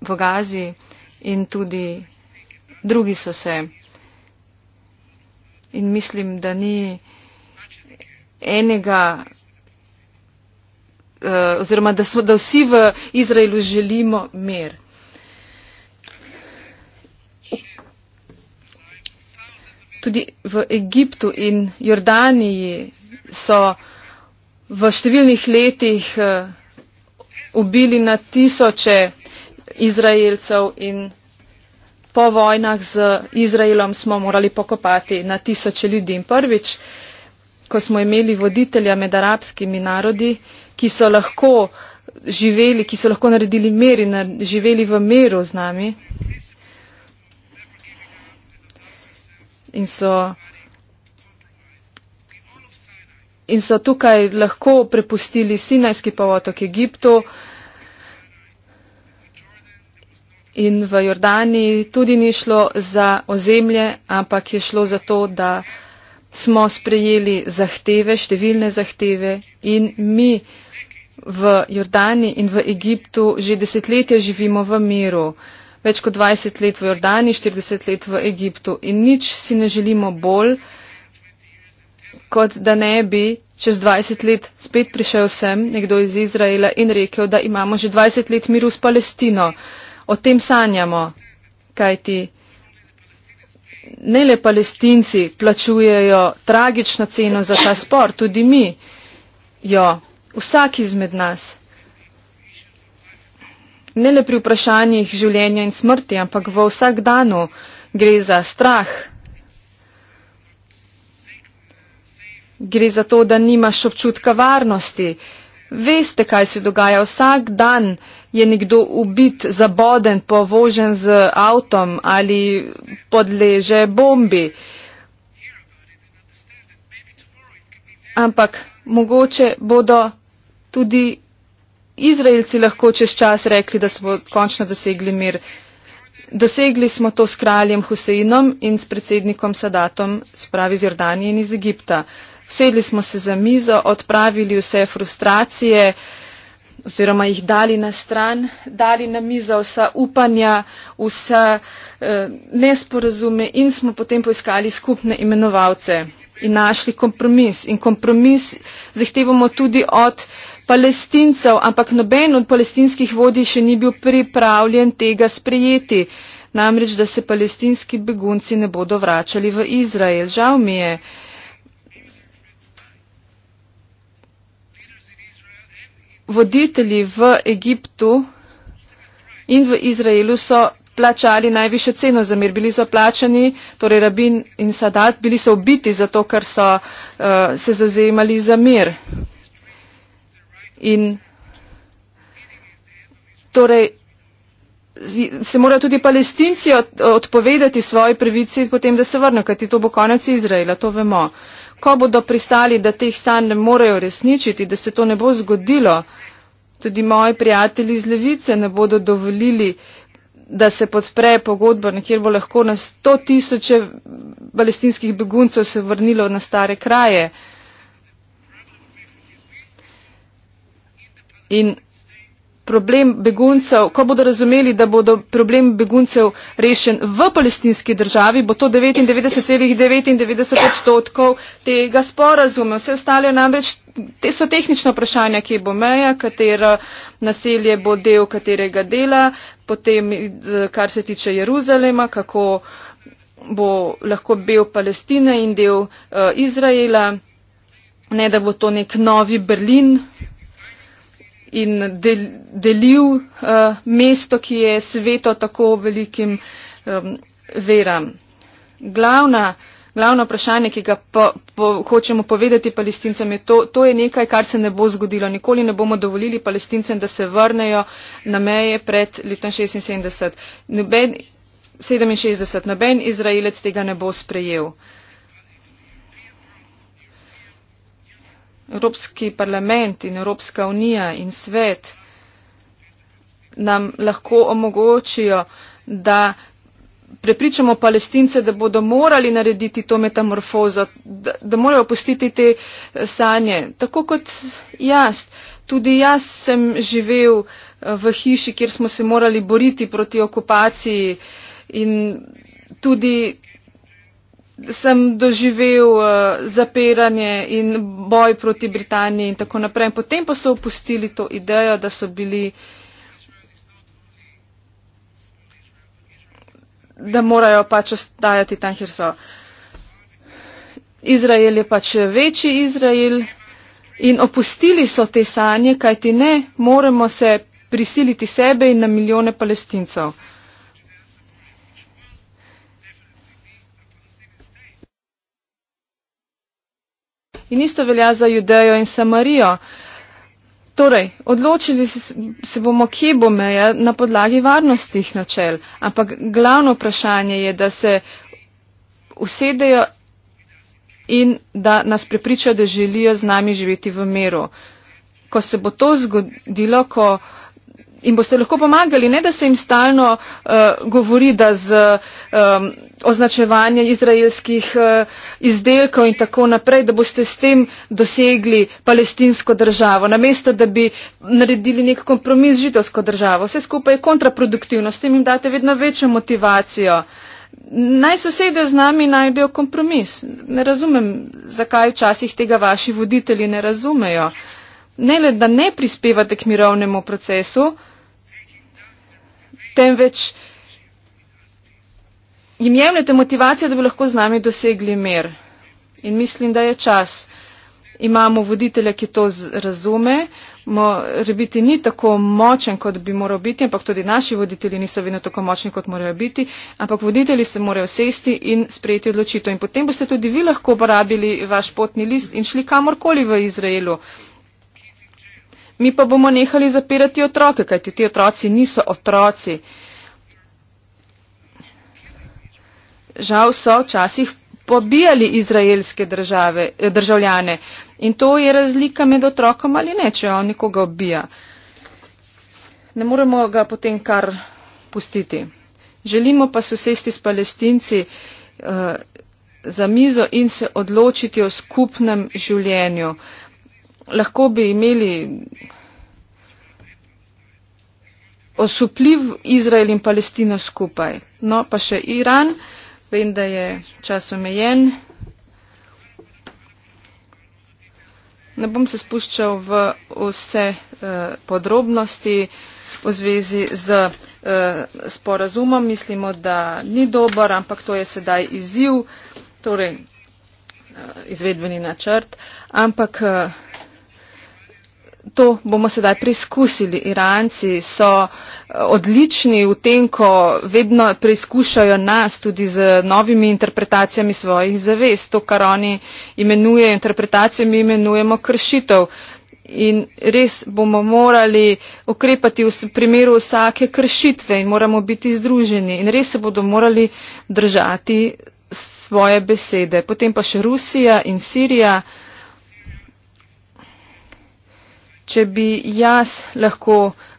v Gazi in tudi drugi so se. In mislim, da ni enega, eh, oziroma da, so, da vsi v Izraelu želimo mir. Tudi v Egiptu in Jordaniji so v številnih letih eh, ubili na tisoče izraelcev in po vojnah z Izraelom smo morali pokopati na tisoče ljudi. In prvič, ko smo imeli voditelja med arabskimi narodi, ki so lahko živeli, ki so lahko naredili mir in živeli v miru z nami in so, in so tukaj lahko prepustili Sinajski povotok Egiptu in v Jordaniji tudi ni šlo za ozemlje, ampak je šlo za to, da smo sprejeli zahteve, številne zahteve in mi v Jordani in v Egiptu že desetletja živimo v miru. Več kot 20 let v Jordani, 40 let v Egiptu in nič si ne želimo bolj, kot da ne bi čez 20 let spet prišel sem nekdo iz Izraela in rekel, da imamo že 20 let miru s Palestino o tem sanjamo, kajti ne le palestinci plačujejo tragično ceno za ta spor, tudi mi jo, vsak izmed nas. Ne le pri vprašanjih življenja in smrti, ampak v vsak danu gre za strah. Gre za to, da nimaš občutka varnosti. Veste, kaj se dogaja vsak dan je nekdo ubit, zaboden, povožen z avtom ali podleže bombi. Ampak mogoče bodo tudi Izraelci lahko čez čas rekli, da smo končno dosegli mir. Dosegli smo to s kraljem Huseinom in s predsednikom Sadatom, spravi z Jordanije in iz Egipta. Sedli smo se za mizo, odpravili vse frustracije. Uh, oziroma jih dali na stran, dali na mizo vsa upanja, vsa eh, nesporazume in smo potem poiskali skupne imenovalce in našli kompromis. In kompromis zahtevamo tudi od palestincev, ampak noben od palestinskih vodij še ni bil pripravljen tega sprejeti. Namreč, da se palestinski begunci ne bodo vračali v Izrael. Žal mi je, eh, voditelji v Egiptu in v Izraelu so plačali najvišjo ceno za mir. Bili so plačani, torej rabin in sadat, bili so ubiti za to, ker so uh, se zauzemali za mir. In torej se morajo tudi palestinci odpovedati svoji pravici, potem da se vrnejo, kajti to bo konec Izraela, to vemo. Uh, ko bodo pristali, da teh sanj ne morejo resničiti, da se to ne bo zgodilo, tudi moji prijatelji iz levice ne bodo dovolili, da se podpre pogodba, kjer bo lahko na sto tisoče palestinskih beguncev se vrnilo na stare kraje. In problem beguncev, ko bodo razumeli, da bodo problem beguncev rešen v palestinski državi, bo to 99,99 99 odstotkov tega sporazuma. Vse ostale namreč, te so tehnične vprašanja, kje bo meja, katero naselje bo del katerega dela, potem, eh, kar se tiče Jeruzalema, kako bo lahko bil Palestine in del uh, Izraela, ne da bo to nek novi Berlin in delil eh, mesto, ki je sveto tako velikim veram. Glavna, glavno vprašanje, ki ga po, po, hočemo povedati palestincem, je to, to je nekaj, kar se ne bo zgodilo. Nikoli ne bomo dovolili palestincem, da se vrnejo na meje pred letom 76. Noben, 67. Noben izraelec tega ne bo sprejel. Evropski parlament in Evropska unija in svet nam lahko omogočijo, da prepričamo palestince, da bodo morali narediti to metamorfozo, da, da morajo opustiti te eh, sanje. Tako kot jaz. Tudi jaz sem živel eh, v hiši, kjer smo se morali boriti proti okupaciji in tudi sem doživel uh, zapiranje in boj proti Britaniji in tako naprej. Potem pa so opustili to idejo, da so bili, da morajo pač ostajati tam, kjer so. Izrael je pač večji Izrael in opustili so te sanje, kajti ne moremo se prisiliti sebe in na milijone palestincev. In isto velja za Judejo in Samarijo. Torej, odločili se bomo, kje bo meja na podlagi varnostih načel, ampak glavno vprašanje je, da se usedejo in da nas prepričajo, da želijo z nami živeti v miru. Ko se bo to zgodilo, ko uh, jim boste lahko pomagali, ne da se jim stalno uh, govori, da z um, označevanje izraelskih uh, izdelkov in tako naprej, da boste s tem dosegli palestinsko državo, namesto da bi naredili nek kompromis z židovsko državo. Vse skupaj je kontraproduktivno, s tem jim date vedno večjo motivacijo. Naj sosedje z nami najdejo kompromis. Ne razumem, zakaj včasih tega vaši voditelji ne razumejo. Ne le, da ne prispevate k mirovnemu procesu, temveč jim jemljete motivacijo, da bi lahko z nami dosegli mer. In mislim, da je čas. Imamo voditelja, ki to razume, mora biti ni tako močen, kot bi moral biti, ampak tudi naši voditelji niso vedno tako močni, kot morajo biti, ampak voditelji se morajo sesti in sprejeti odločitev. In potem boste tudi vi lahko uporabili vaš potni list in šli kamorkoli v Izraelu mi pa bomo nehali zapirati otroke, kajti ti otroci niso otroci. Žal so včasih pobijali izraelske države, eh, državljane in to je razlika med otrokom ali ne, če on nekoga obija. Ne moremo ga potem kar pustiti. Želimo pa sosesti s palestinci uh, za mizo in se odločiti o skupnem življenju. Uh, lahko bi imeli osupljiv Izrael in Palestino skupaj. No, pa še Iran. Vem, da je čas omejen. Ne bom se spuščal v vse eh, podrobnosti v zvezi z eh, sporazumom. Mislimo, da ni dober, ampak to je sedaj izziv, torej eh, izvedbeni načrt. Ampak. Eh, to bomo sedaj preizkusili. Iranci so eh, odlični v tem, ko vedno preizkušajo nas tudi z novimi interpretacijami svojih zavez. To, kar oni imenujejo interpretacije, mi imenujemo kršitev. In res bomo morali ukrepati v primeru vsake kršitve in moramo biti združeni. In res se bodo morali držati svoje besede. Potem pa še Rusija in Sirija. Če bi jaz lahko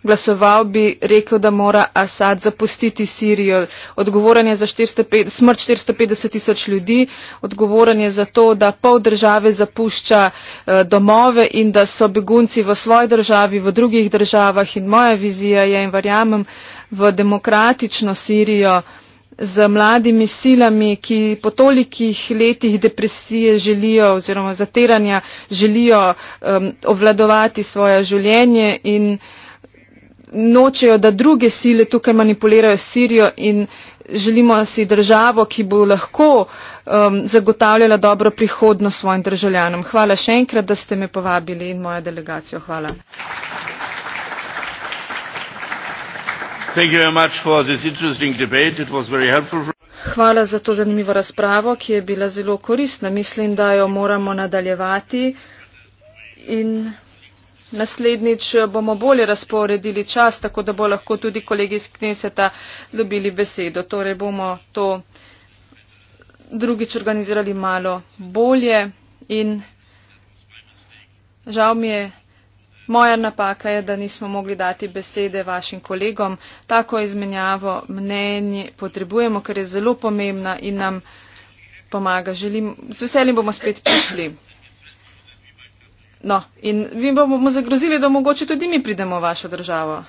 glasoval, bi rekel, da mora Asad zapustiti Sirijo. Odgovoren je za 405, smrt 450 tisoč ljudi, odgovoren je za to, da pol države zapušča eh, domove in da so begunci v svoji državi, v drugih državah in moja vizija je in verjamem v demokratično Sirijo z mladimi silami, ki po tolikih letih depresije želijo oziroma zateranja želijo um, obvladovati svoje življenje in nočejo, da druge sile tukaj manipulirajo Sirijo in želimo si državo, ki bo lahko um, zagotavljala dobro prihodnost svojim državljanom. Hvala še enkrat, da ste me povabili in moja delegacija. Hvala. Hvala za to zanimivo razpravo, ki je bila zelo koristna. Mislim, da jo moramo nadaljevati in naslednjič bomo bolje razporedili čas, tako da bo lahko tudi kolegi iz Kneseta dobili besedo. Torej bomo to drugič organizirali malo bolje in žal mi je. Moja napaka je, da nismo mogli dati besede vašim kolegom. Tako izmenjavo mnenje potrebujemo, ker je zelo pomembna in nam pomaga. Želim, z veseljem bomo spet prišli. No, in vi bomo zagrozili, da mogoče tudi mi pridemo v vašo državo.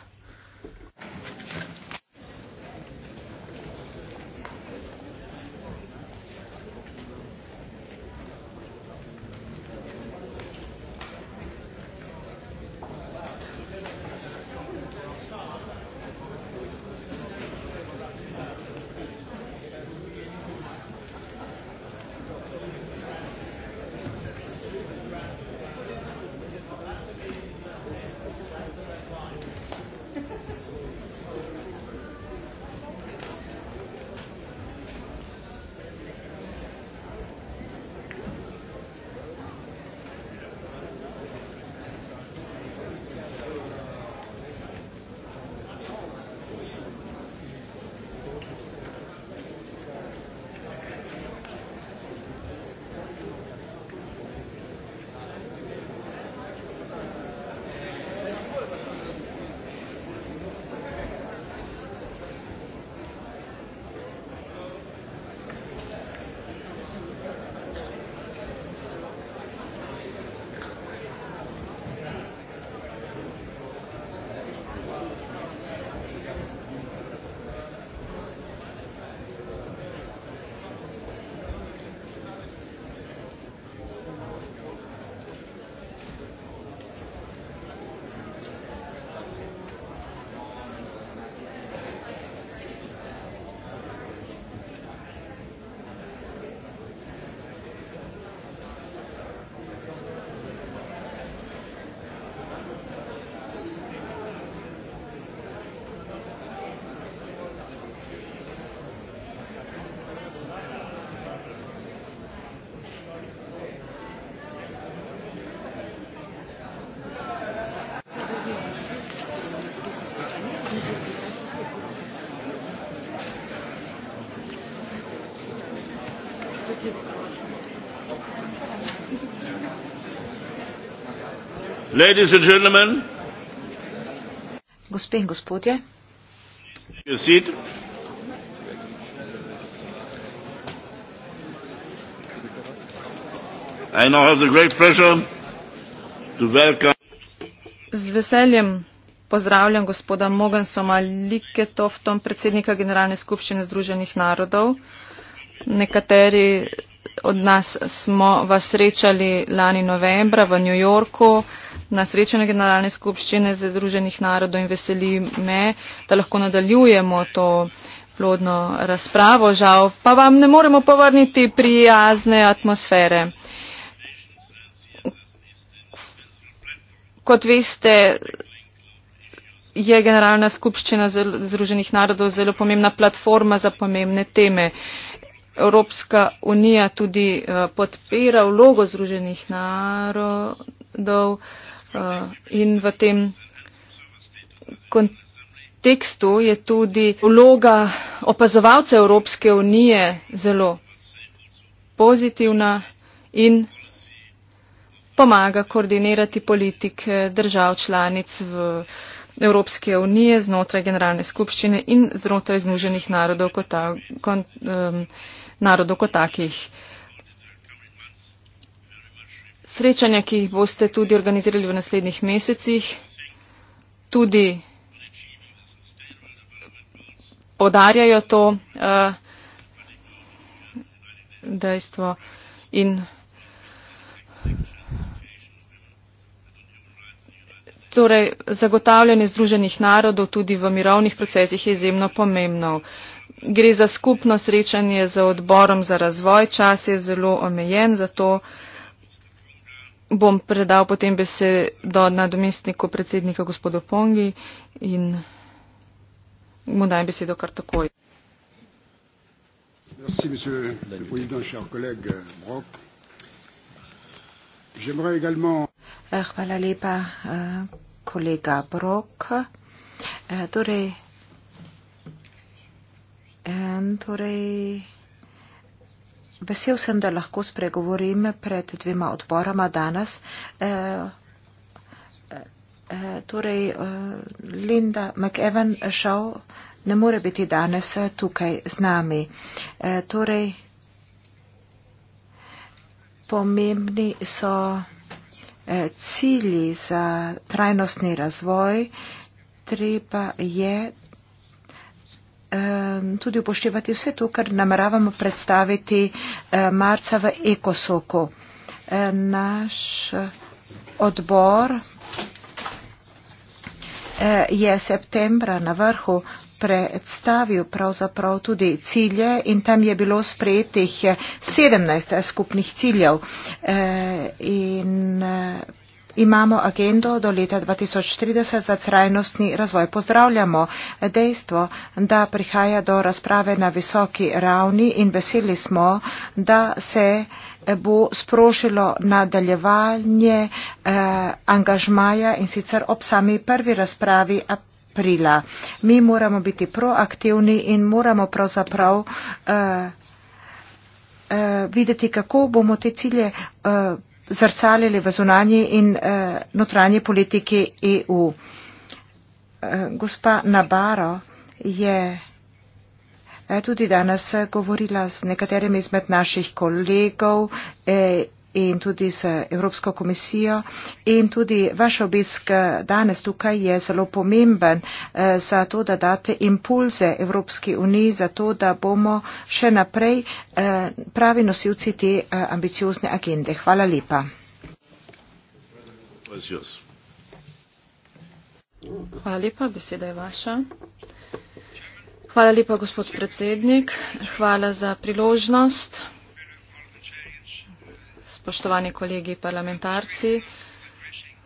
Ladies and gentlemen, Gospe in gospodje, I now have the great pleasure to welcome Z veseljem pozdravljam gospoda Mogensoma Liketoftom, predsednika Generalne skupščine Združenih narodov. Nekateri od nas smo vas srečali lani novembra v New Yorku na srečanju Generalne skupščine Združenih narodov in veseli me, da lahko nadaljujemo to plodno razpravo. Žal pa vam ne moremo povrniti prijazne atmosfere. Kot veste, je Generalna skupščina Združenih narodov zelo pomembna platforma za pomembne teme. Evropska unija tudi eh, podpira vlogo Združenih narodov uh, Eh, in v tem kontekstu je tudi vloga opazovalca Evropske unije zelo pozitivna in pomaga koordinirati politike držav članic v Evropske unije znotraj Generalne skupščine in znotraj znuženih narodov kot, ta, kon, um, narodov kot takih. Uh, srečanja, ki jih boste tudi organizirali v naslednjih mesecih, tudi podarjajo to uh, dejstvo in torej zagotavljanje združenih narodov tudi v mirovnih procesih je izjemno pomembno. Gre za skupno srečanje z odborom za razvoj, čas je zelo omejen, zato uh, bom predal potem besedo nadomestniku predsednika gospodu Pongi in mu daj besedo kar takoj. Merci, monsieur le président, cher collègue Brock. J'aimerais également. Eh, hvala lepa, eh, kolega Brock. Eh, torej, torej, Vesel sem, da lahko spregovorim pred dvema odborama danes. E, e, torej, e, Linda McEwen žal ne more biti danes tukaj z nami. E, torej, pomembni so e, cilji za trajnostni razvoj. Treba je, Ehm, tudi upoštevati vse to, kar nameravamo predstaviti eh, marca v Ekosoku. Eh, naš odbor eh, je septembra na vrhu predstavil pravzaprav tudi cilje in tam je bilo sprejetih 17 skupnih ciljev in Imamo agendo do leta 2030 za trajnostni razvoj. Pozdravljamo dejstvo, da prihaja do razprave na visoki ravni in veseli smo, da se bo sprožilo nadaljevanje eh, angažmaja in sicer ob sami prvi razpravi aprila. Mi moramo biti proaktivni in moramo pravzaprav eh, eh, videti, kako bomo te cilje. Eh, zrcalili v zunanji in uh, notranji politiki EU. Uh, eh, gospa Nabaro je uh, tudi danes govorila z nekaterimi izmed naših kolegov uh, in tudi z Evropsko komisijo. In tudi vaš obisk danes tukaj je zelo pomemben eh, za to, da date impulze Evropski uniji, za to, da bomo še naprej eh, pravi nosilci te eh, ambiciozne agende. Hvala lepa. Hvala lepa, beseda je vaša. Hvala lepa, gospod predsednik. Hvala za priložnost spoštovani kolegi parlamentarci.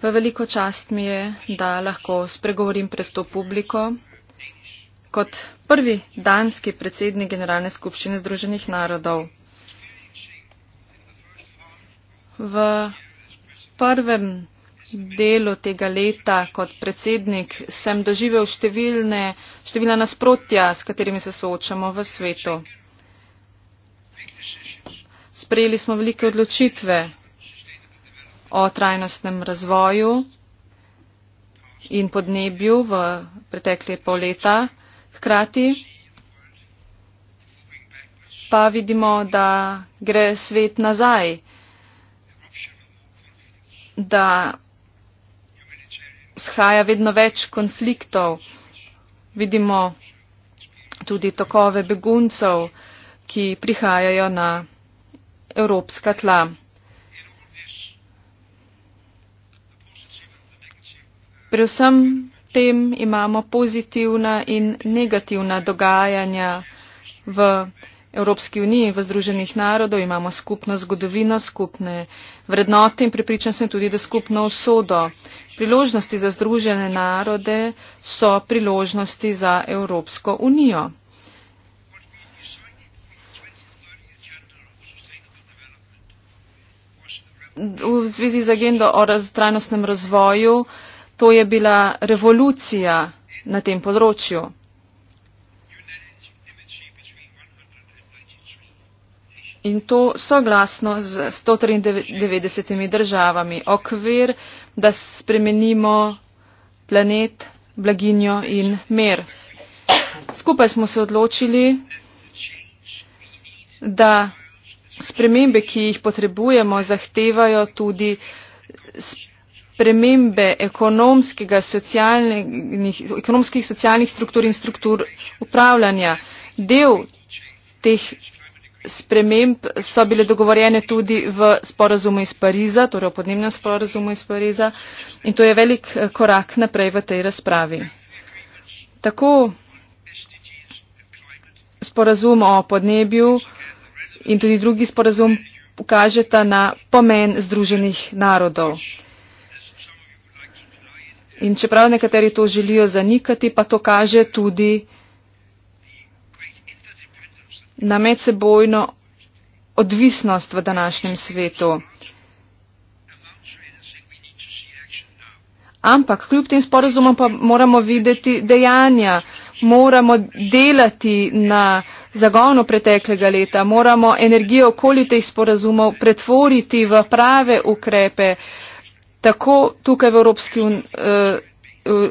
V veliko čast mi je, da lahko spregovorim pred to publiko. Kot prvi danski predsednik Generalne skupščine Združenih narodov. V prvem delu tega leta kot predsednik sem doživel številne, števila nasprotja, s katerimi se soočamo v svetu. Sprejeli smo velike odločitve o trajnostnem razvoju in podnebju v pretekle pol leta. Hkrati pa vidimo, da gre svet nazaj, da shaja vedno več konfliktov. Vidimo tudi tokove beguncev, ki prihajajo na evropska tla. Pri vsem tem imamo pozitivna in negativna dogajanja v Evropski uniji, v Združenih narodov, imamo skupno zgodovino, skupne vrednote in pripričam se tudi, da skupno usodo. Priložnosti za Združene narode so priložnosti za Evropsko unijo. v zvezi z agendo o trajnostnem razvoju, to je bila revolucija na tem področju. In to soglasno z 193 državami. Okvir, da spremenimo planet, blaginjo in mer. Skupaj smo se odločili, da spremembe, ki jih potrebujemo, zahtevajo tudi spremembe socialnih, ekonomskih, socialnih struktur in struktur upravljanja. Del teh sprememb so bile dogovorjene tudi v sporazumu iz Pariza, torej v podnebnem sporazumu iz Pariza in to je velik eh, korak naprej v tej razpravi. Tako sporazum o podnebju, in tudi drugi sporazum ukažeta na pomen Združenih narodov. In čeprav nekateri to želijo zanikati, pa to kaže tudi na medsebojno odvisnost v današnjem svetu. Ampak kljub tem sporozumom pa moramo videti dejanja, moramo delati na zagonu preteklega leta, moramo energijo okoli teh sporazumov pretvoriti v prave ukrepe, tako tukaj v Evropski eh,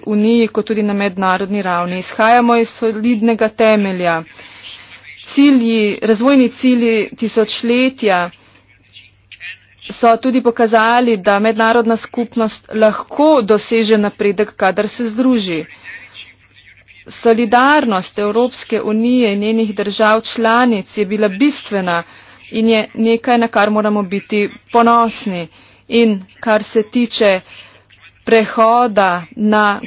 uniji, kot tudi na mednarodni ravni. Izhajamo iz solidnega temelja. Cilji, razvojni cilji tisočletja so tudi pokazali, da mednarodna skupnost lahko doseže napredek, kadar se združi solidarnost Evropske unije in njenih držav članic je bila bistvena in je nekaj, na kar moramo biti ponosni. In kar se tiče prehoda na,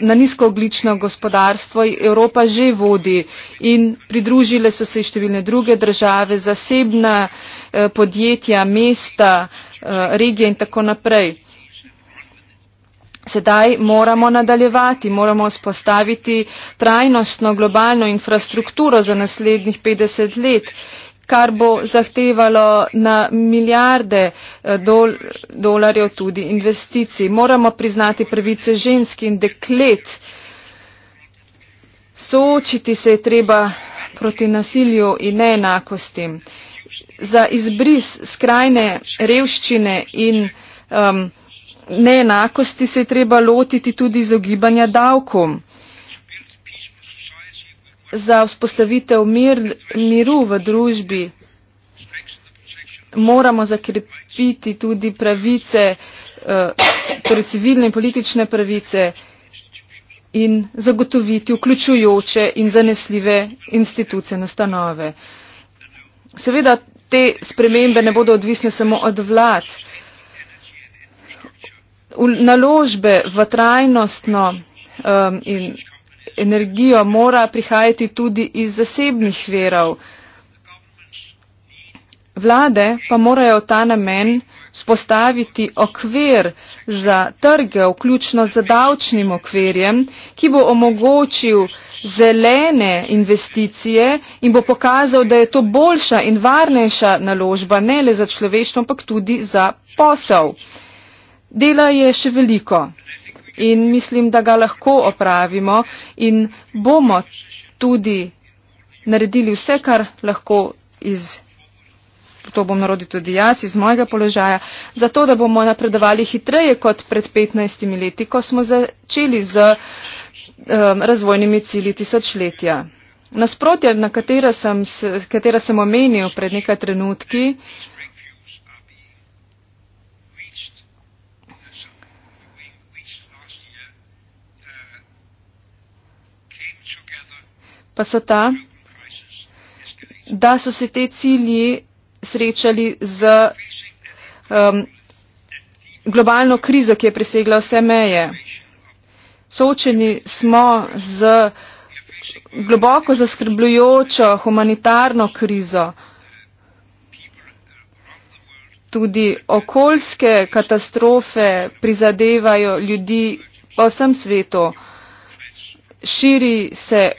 na nizkooglično gospodarstvo, Evropa že vodi in pridružile so se številne druge države, zasebna eh, podjetja, mesta, eh, regije in tako naprej. Sedaj moramo nadaljevati, moramo spostaviti trajnostno globalno infrastrukturo za naslednjih 50 let, kar bo zahtevalo na milijarde eh, dol dolarjev tudi investicij. Moramo priznati pravice žensk in deklet. Soočiti se je treba proti nasilju in neenakosti. Za izbris skrajne revščine in. Um, neenakosti se je treba lotiti tudi izogibanja davkom. Za vzpostavitev mir, miru v družbi moramo zakrepiti tudi pravice, eh, torej civilne in politične pravice in zagotoviti vključujoče in zanesljive institucije na stanove. Seveda te spremembe ne bodo odvisne samo od vlad naložbe v trajnostno um, in energijo mora prihajati tudi iz zasebnih verov. Vlade pa morajo ta namen spostaviti okvir za trge, vključno z davčnim okvirjem, ki bo omogočil zelene investicije in bo pokazal, da je to boljša in varnejša naložba ne le za človeštvo, ampak tudi za posel. Dela je še veliko in mislim, da ga lahko opravimo in bomo tudi naredili vse, kar lahko iz. To bom narodil tudi jaz iz mojega položaja, zato da bomo napredovali hitreje kot pred 15 leti, ko smo začeli z um, razvojnimi cilji tisočletja. Nasprotja, na katera sem, katera sem omenil pred nekaj trenutki, uh, pa so ta, da so se te cilji srečali z um, globalno krizo, ki je presegla vse meje. Soočeni smo z globoko zaskrbljujočo humanitarno krizo, tudi okoljske katastrofe prizadevajo ljudi po vsem svetu, širi se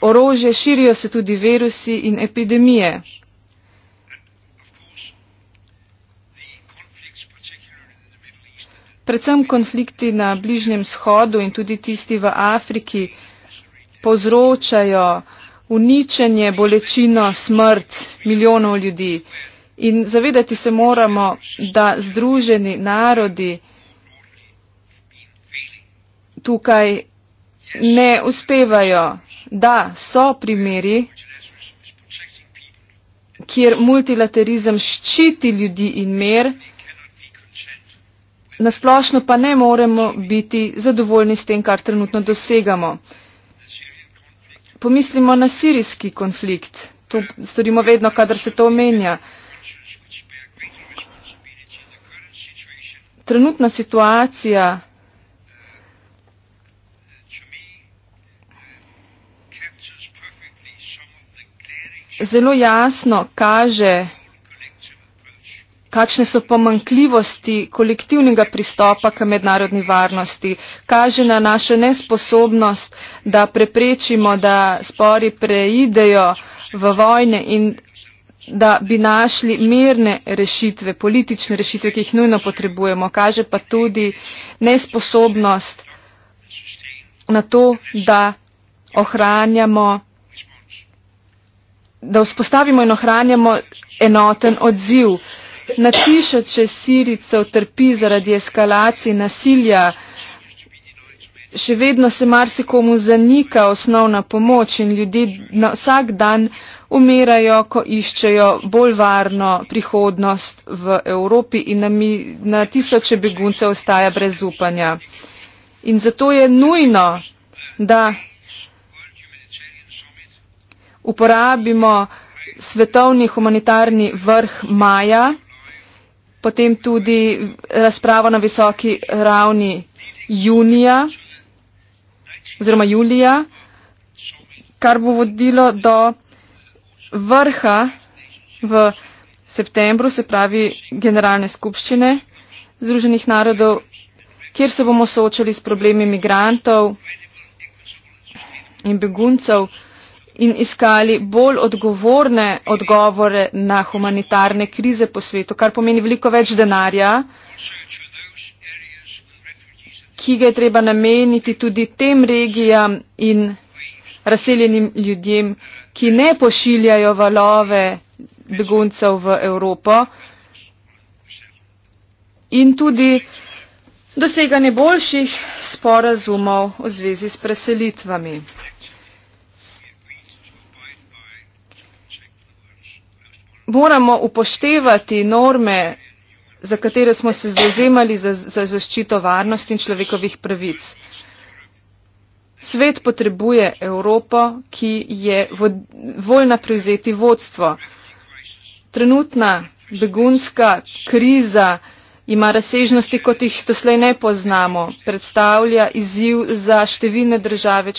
orožje širijo se tudi virusi in epidemije. Predvsem konflikti na Bližnjem shodu in tudi tisti v Afriki povzročajo uničenje, bolečino, smrt milijonov ljudi. In zavedati se moramo, da združeni narodi tukaj ne uspevajo da so primeri, kjer multilaterizem ščiti ljudi in mer, nasplošno pa ne moremo biti zadovoljni s tem, kar trenutno dosegamo. Pomislimo na sirijski konflikt. To storimo vedno, kadar se to omenja. Trenutna situacija zelo jasno kaže, kakšne so pomankljivosti kolektivnega pristopa k mednarodni varnosti, kaže na našo nesposobnost, da preprečimo, da spori preidejo v vojne in da bi našli mirne rešitve, politične rešitve, ki jih nujno potrebujemo. Kaže pa tudi nesposobnost na to, da ohranjamo da vzpostavimo in ohranjamo enoten odziv. Na tisoče siricev trpi zaradi eskalacij nasilja. Še vedno se marsikomu zanika osnovna pomoč in ljudje na vsak dan umirajo, ko iščejo bolj varno prihodnost v Evropi in na, mi, na tisoče beguncev ostaja brez upanja. In zato je nujno, da uporabimo svetovni humanitarni vrh maja, potem tudi razpravo na visoki ravni junija oziroma julija, kar bo vodilo do vrha v septembru, se pravi Generalne skupščine Združenih narodov, kjer se bomo soočali s problemi migrantov in beguncev in iskali bolj odgovorne odgovore na humanitarne krize po svetu, kar pomeni veliko več denarja, ki ga je treba nameniti tudi tem regijam in razseljenim ljudem, ki ne pošiljajo valove beguncev v Evropo in tudi doseganje boljših sporazumov v zvezi s preselitvami. moramo upoštevati norme, za katere smo se zauzemali za, za zaščito varnosti in človekovih pravic. Svet potrebuje Evropo, ki je voljna prevzeti vodstvo. Trenutna begunska kriza ima razsežnosti, kot jih doslej ne poznamo, predstavlja izziv za številne države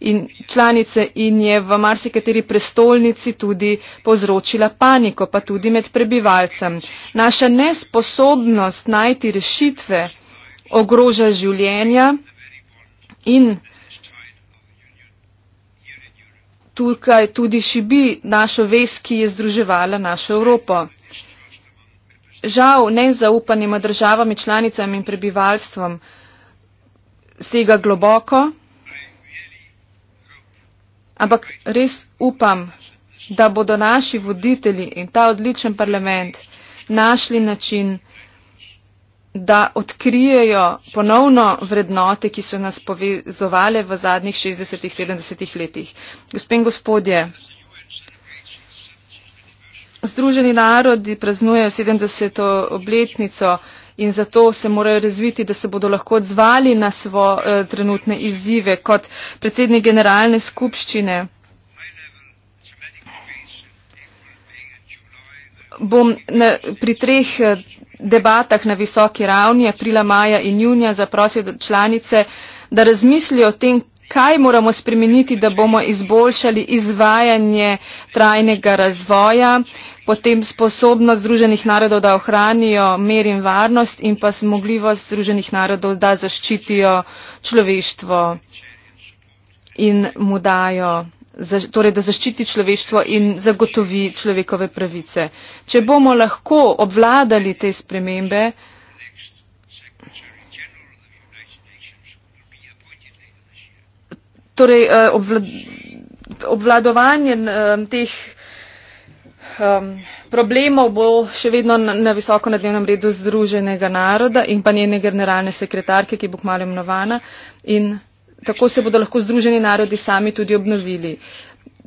in članice in je v marsikateri prestolnici tudi povzročila paniko, pa tudi med prebivalcem. Naša nesposobnost najti rešitve ogroža življenja in tukaj tudi šibi našo ves, ki je združevala našo Evropo žal nezaupanima državami, članicami in prebivalstvom sega globoko, ampak res upam, da bodo naši voditelji in ta odličen parlament našli način, da odkrijejo ponovno vrednote, ki so nas povezovali v zadnjih 60-70 letih. Gospe in gospodje, Združeni narodi praznujejo 70. obletnico in zato se morajo razviti, da se bodo lahko odzvali na svoje eh, trenutne izzive kot predsednik generalne skupščine. Bom na, pri treh eh, debatah na visoki ravni aprila, maja in junija zaprosil članice, da razmislijo o tem, kaj moramo spremeniti, da bomo izboljšali izvajanje trajnega razvoja. Uh, potem sposobnost Združenih narodov, da ohranijo mer in varnost in pa zmogljivost Združenih narodov, da zaščitijo človeštvo in mu dajo, torej da zaščiti človeštvo in zagotovi človekove pravice. Če bomo lahko obvladali te spremembe, torej eh, obvladovanje eh, teh um, problemov bo še vedno na, na visoko na dnevnem redu Združenega naroda in pa njene generalne sekretarke, ki bo kmalo imenovana. In tako se bodo lahko Združeni narodi sami tudi obnovili.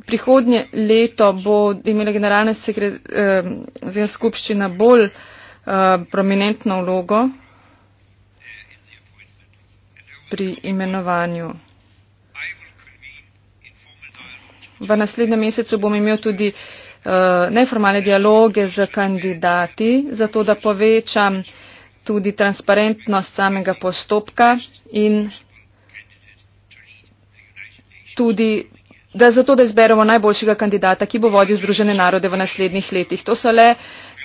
Prihodnje leto bo imela generalna sekretarka, um, skupščina bolj uh, prominentno vlogo pri imenovanju. V naslednjem mesecu bom imel tudi uh, Eh, neformalne dialoge z kandidati, zato da povečam tudi transparentnost samega postopka in tudi da zato, da izberemo najboljšega kandidata, ki bo vodil Združene narode v naslednjih letih. To so le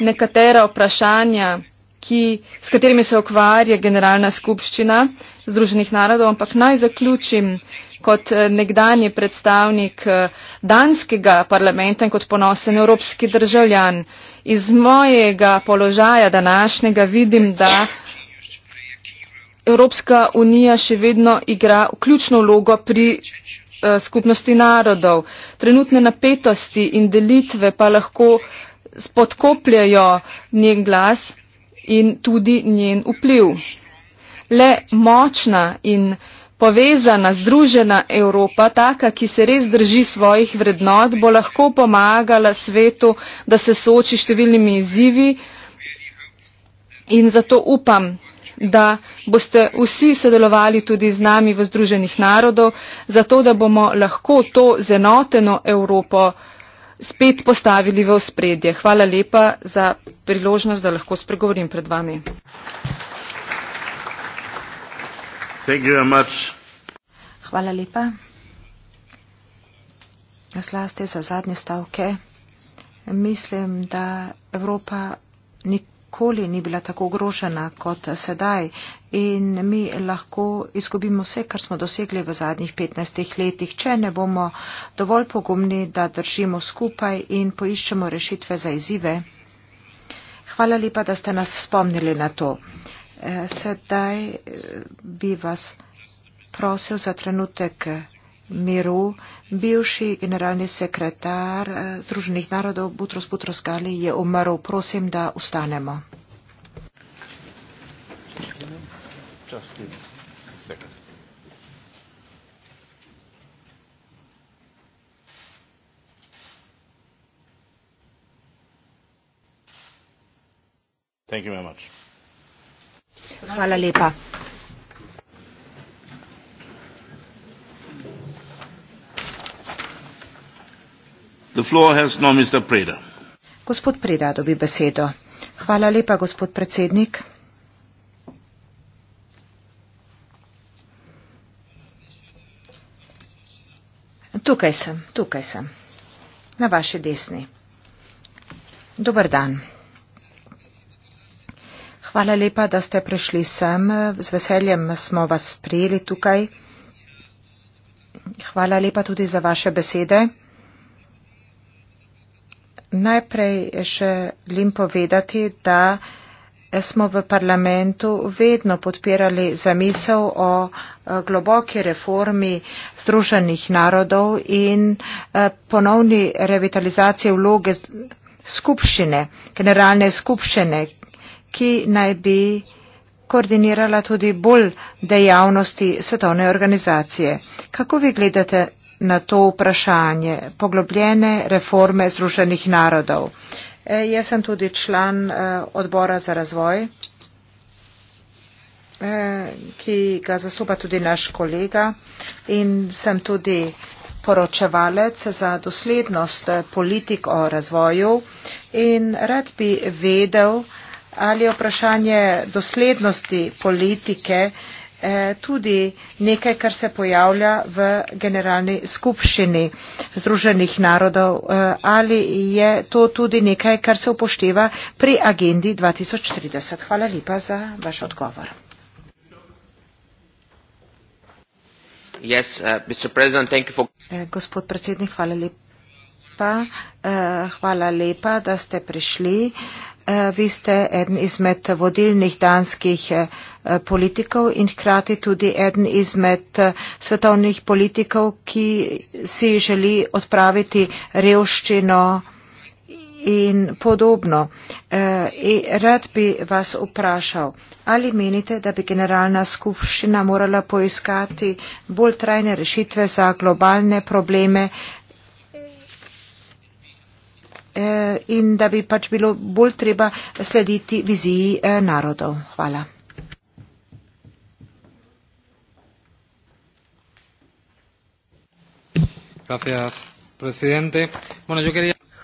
nekatera vprašanja, ki, s katerimi se ukvarja Generalna skupščina Združenih narodov, ampak naj zaključim kot eh, nekdani predstavnik eh, danskega parlamenta in kot ponosen evropski državljan. Iz mojega položaja današnjega vidim, da Evropska unija še vedno igra ključno vlogo pri eh, skupnosti narodov. Trenutne napetosti in delitve pa lahko spodkopljajo njen glas in tudi njen vpliv. Le močna in Povezana, združena Evropa, taka, ki se res drži svojih vrednot, bo lahko pomagala svetu, da se sooči številnimi izzivi. In zato upam, da boste vsi sodelovali tudi z nami v Združenih narodov, zato da bomo lahko to zenoteno Evropo spet postavili v spredje. Hvala lepa za priložnost, da lahko spregovorim pred vami. Thank you very much. Hvala lepa. Naslaste za zadnje stavke. Mislim, da Evropa nikoli ni bila tako ogrožena kot sedaj in mi lahko izgubimo vse, kar smo dosegli v zadnjih 15 letih, če ne bomo dovolj pogumni, da držimo skupaj in poiščemo rešitve za izzive. Hvala lepa, da ste nas spomnili na to. Sedaj eh, bi vas prosil za trenutek eh, miru. Bivši generalni sekretar eh, Združenih narodov Butros Butros Gali je umrl. Prosim, da ustanemo. Thank you very much. Hvala lepa. Preda. Gospod Preda dobi besedo. Hvala lepa, gospod predsednik. Tukaj sem, tukaj sem, na vaši desni. Dobar dan. Hvala lepa, da ste prišli sem. Z veseljem smo vas prijeli tukaj. Hvala lepa tudi za vaše besede. Najprej želim povedati, da smo v parlamentu vedno podpirali zamisel o eh, globoki reformi Združenih narodov in eh, ponovni revitalizaciji vloge skupščine, generalne skupščine, ki naj bi koordinirala tudi bolj dejavnosti svetovne organizacije. Kako vi gledate na to vprašanje poglobljene reforme Združenih narodov? E, jaz sem tudi član e, odbora za razvoj, e, ki ga zastopa tudi naš kolega in sem tudi poročevalec za doslednost politik o razvoju in rad bi vedel, ali je vprašanje doslednosti politike eh, tudi nekaj, kar se pojavlja v Generalni skupščini Združenih narodov eh, ali je to tudi nekaj, kar se upošteva pri agendi 2030. Hvala lepa za vaš odgovor. Yes, uh, for... Eh, gospod predsednik, hvala lepa. Uh, hvala lepa, da ste prišli. Uh, Eh, vi ste eden izmed vodilnih danskih eh, politikov in hkrati tudi eden izmed eh, svetovnih politikov, ki si želi odpraviti revščino in podobno. Rad bi vas vprašal, ali menite, da bi generalna skupščina morala poiskati bolj trajne rešitve za globalne probleme, Eh, in da bi pač bilo bolj treba slediti viziji eh, narodov. Hvala.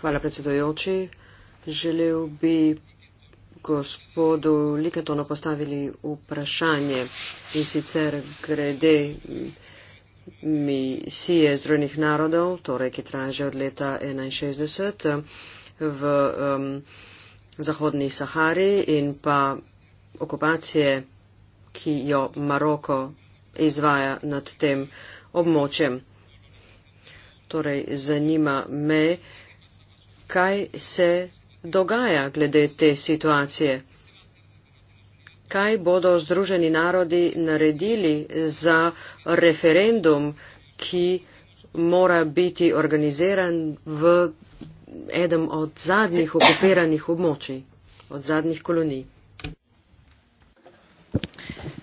Hvala, predsedojoči. Želel bi gospodu Liketonu postavili vprašanje in sicer grede misije Združenih narodov, torej, ki traja že od leta 1961 v um, Zahodni Sahari in pa okupacije, ki jo Maroko izvaja nad tem območjem. Torej, zanima me, kaj se dogaja glede te situacije kaj bodo Združeni narodi naredili za referendum, ki mora biti organiziran v enem od zadnjih okupiranih območij, od zadnjih kolonij.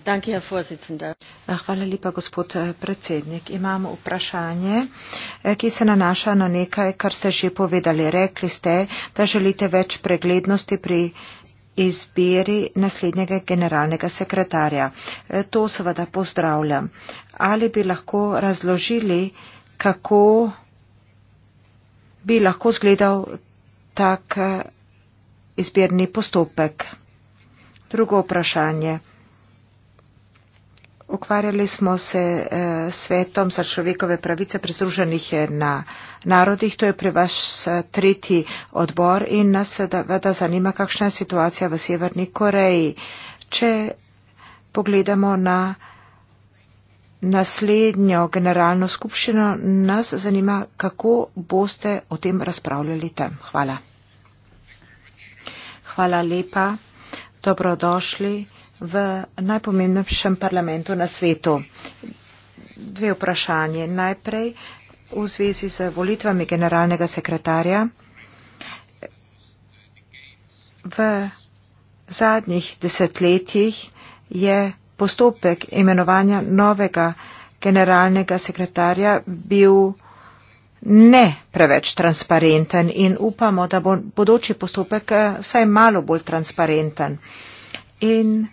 Danke, ah, Hvala lepa, gospod eh, predsednik. Imam vprašanje, eh, ki se nanaša na nekaj, kar ste že povedali. Rekli ste, da želite več preglednosti pri izbiri naslednjega generalnega sekretarja. E, to seveda pozdravljam. Ali bi lahko razložili, kako bi lahko zgledal tak e, izbirni postopek? Drugo vprašanje. Ukvarjali smo se eh, svetom za človekove pravice prezruženih eh, na narodih. To je pri vas eh, tretji odbor in nas seveda zanima, kakšna je situacija v Severni Koreji. Če pogledamo na naslednjo generalno skupščino, nas zanima, kako boste o tem razpravljali tam. Hvala. Hvala lepa. Dobrodošli v najpomembnejšem parlamentu na svetu. Dve vprašanje. Najprej v zvezi z volitvami generalnega sekretarja. V zadnjih desetletjih je postopek imenovanja novega generalnega sekretarja bil ne preveč transparenten in upamo, da bo bodoči postopek eh, vsaj malo bolj transparenten. In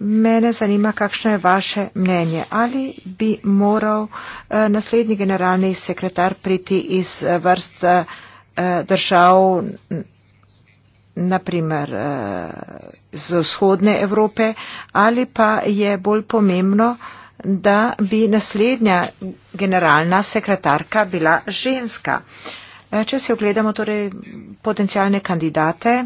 Mene zanima, kakšno je vaše mnenje. Ali bi moral eh, naslednji generalni sekretar priti iz eh, vrst eh, držav, naprimer z vzhodne Evrope, ali pa je bolj pomembno, da bi naslednja generalna sekretarka bila ženska. Če si ogledamo torej potencijalne kandidate,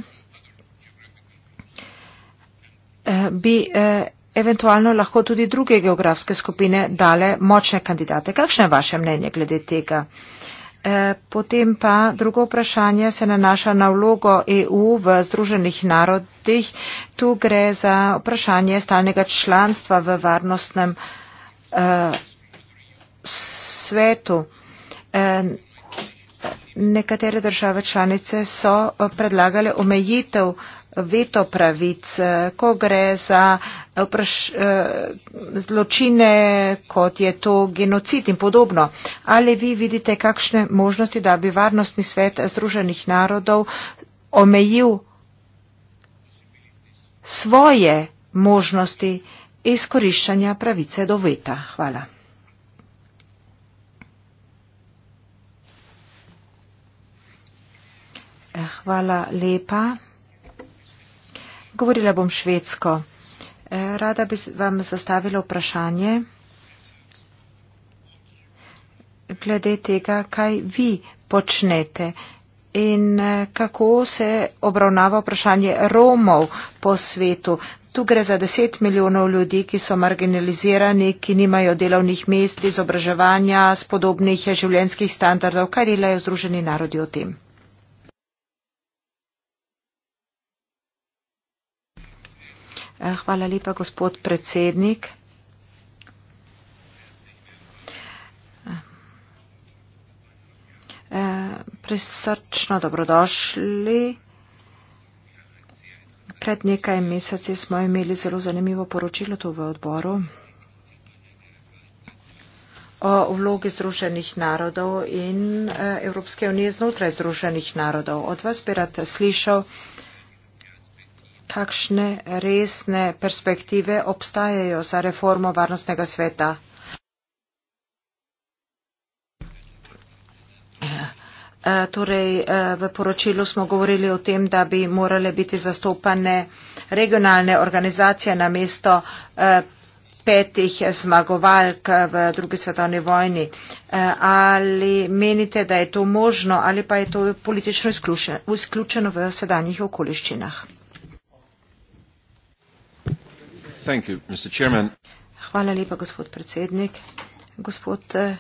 Eh, bi eh, eventualno lahko tudi druge geografske skupine dale močne kandidate. Kakšno je vaše mnenje glede tega? Eh, potem pa drugo vprašanje se nanaša na vlogo EU v Združenih narodih. Tu gre za vprašanje stalnega članstva v varnostnem svetu. Nekatere države članice so predlagale omejitev veto pravic, eh, ko gre za eh, vpraš, eh, zločine, kot je to genocid in podobno. Ali vi vidite kakšne možnosti, da bi varnostni svet Združenih narodov omejil svoje možnosti izkoriščanja pravice do veta? Hvala. Hvala lepa govorila bom švedsko. E, rada bi vam zastavila vprašanje glede tega, kaj vi počnete in e, kako se obravnava vprašanje Romov po svetu. Tu gre za 10 milijonov ljudi, ki so marginalizirani, ki nimajo delovnih mest, izobraževanja, spodobnih življenjskih standardov. Kaj delajo Združeni narodi o tem? Eh, hvala lepa, gospod predsednik. Eh, presrčno dobrodošli. Pred nekaj meseci smo imeli zelo zanimivo poročilo tu v odboru o vlogi Združenih narodov in eh, Evropske unije znotraj Združenih narodov. Od vas bi rad slišal, kakšne resne perspektive obstajajo za reformo varnostnega sveta. Eh, torej, eh, v poročilu smo govorili o tem, da bi morale biti zastopane regionalne organizacije na mesto eh, petih zmagovalk v drugi svetovni vojni. Ali menite, da je to možno ali pa je to politično izključeno v sedanjih okoliščinah? Hvala lepa, gospod predsednik. Gospod eh,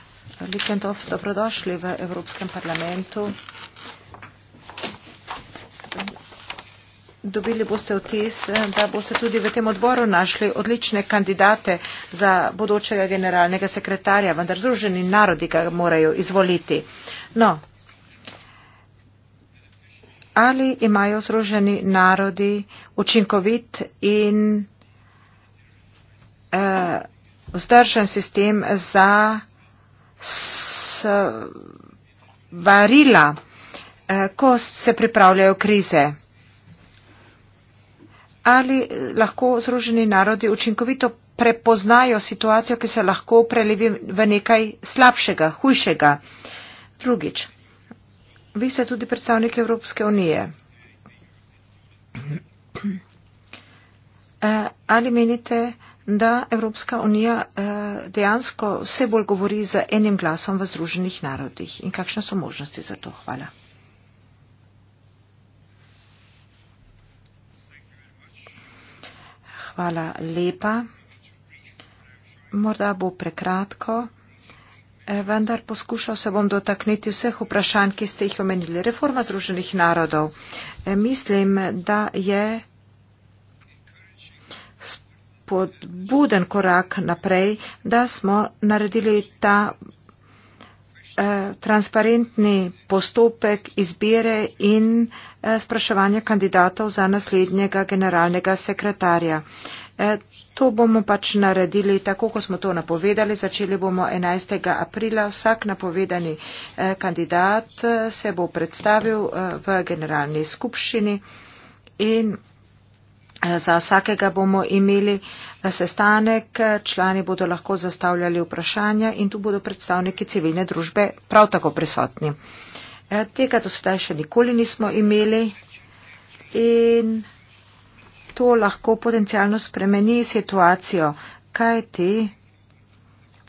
Likentov, dobrodošli v Evropskem parlamentu. Dobili boste vtis, eh, da boste tudi v tem odboru našli odlične kandidate za bodočega generalnega sekretarja, vendar Združeni narodi ga morajo izvoliti. No, ali imajo Združeni narodi učinkovit in eh, vzdržen sistem za varila, eh, ko se pripravljajo krize. Ali lahko Združeni narodi učinkovito prepoznajo situacijo, ki se lahko prelevi v nekaj slabšega, hujšega? Drugič, vi ste tudi predstavnik Evropske unije. Eh, ali menite, da Evropska unija eh, dejansko vse bolj govori z enim glasom v Združenih narodih in kakšne so možnosti za to. Hvala. Hvala lepa. Morda bo prekratko, eh, vendar poskušal se bom dotakniti vseh vprašanj, ki ste jih omenili. Reforma Združenih narodov. Eh, mislim, da je spodbuden korak naprej, da smo naredili ta eh, transparentni postopek izbire in eh, spraševanja kandidatov za naslednjega generalnega sekretarja. Eh, to bomo pač naredili tako, kot smo to napovedali. Začeli bomo 11. aprila. Vsak napovedani kandidat se bo predstavil v generalni skupščini in Eh, za vsakega bomo imeli eh, sestanek, eh, člani bodo lahko zastavljali vprašanja in tu bodo predstavniki civilne družbe prav tako prisotni. Tega do sedaj še nikoli nismo imeli in to lahko potencialno spremeni situacijo, kaj ti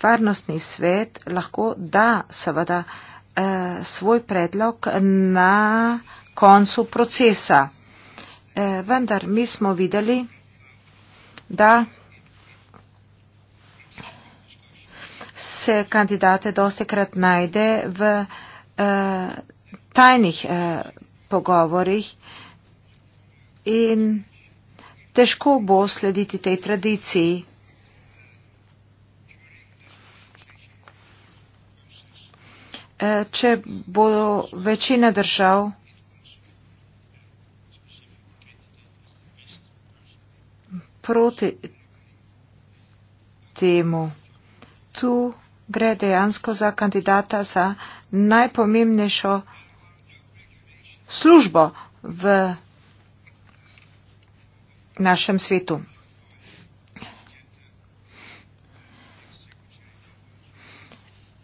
varnostni svet lahko da seveda svoj predlog na koncu procesa. Eh, vendar mi smo videli, da se kandidate dosti krat najde v eh, tajnih eh, pogovorih in težko bo slediti tej tradiciji. Če bo večina držav proti temu. Tu gre dejansko za kandidata za najpomembnejšo službo v našem svetu.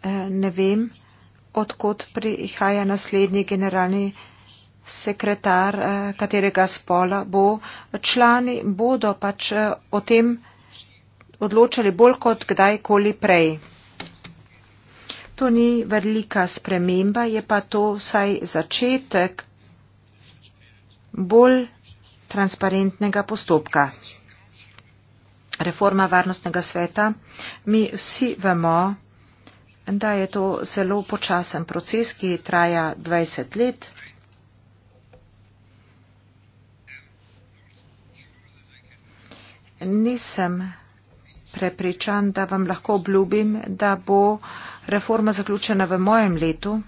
Eh, ne vem, odkot prihaja naslednji generalni sekretar eh, katerega spola bo. Člani bodo pač eh, o tem odločali bolj kot kdajkoli prej. To ni velika sprememba, je pa to vsaj začetek bolj transparentnega postopka. Reforma varnostnega sveta. Mi vsi vemo, da je to zelo počasen proces, ki traja 20 let. nisem prepričan, da vam lahko obljubim, da bo reforma zaključena v mojem letu.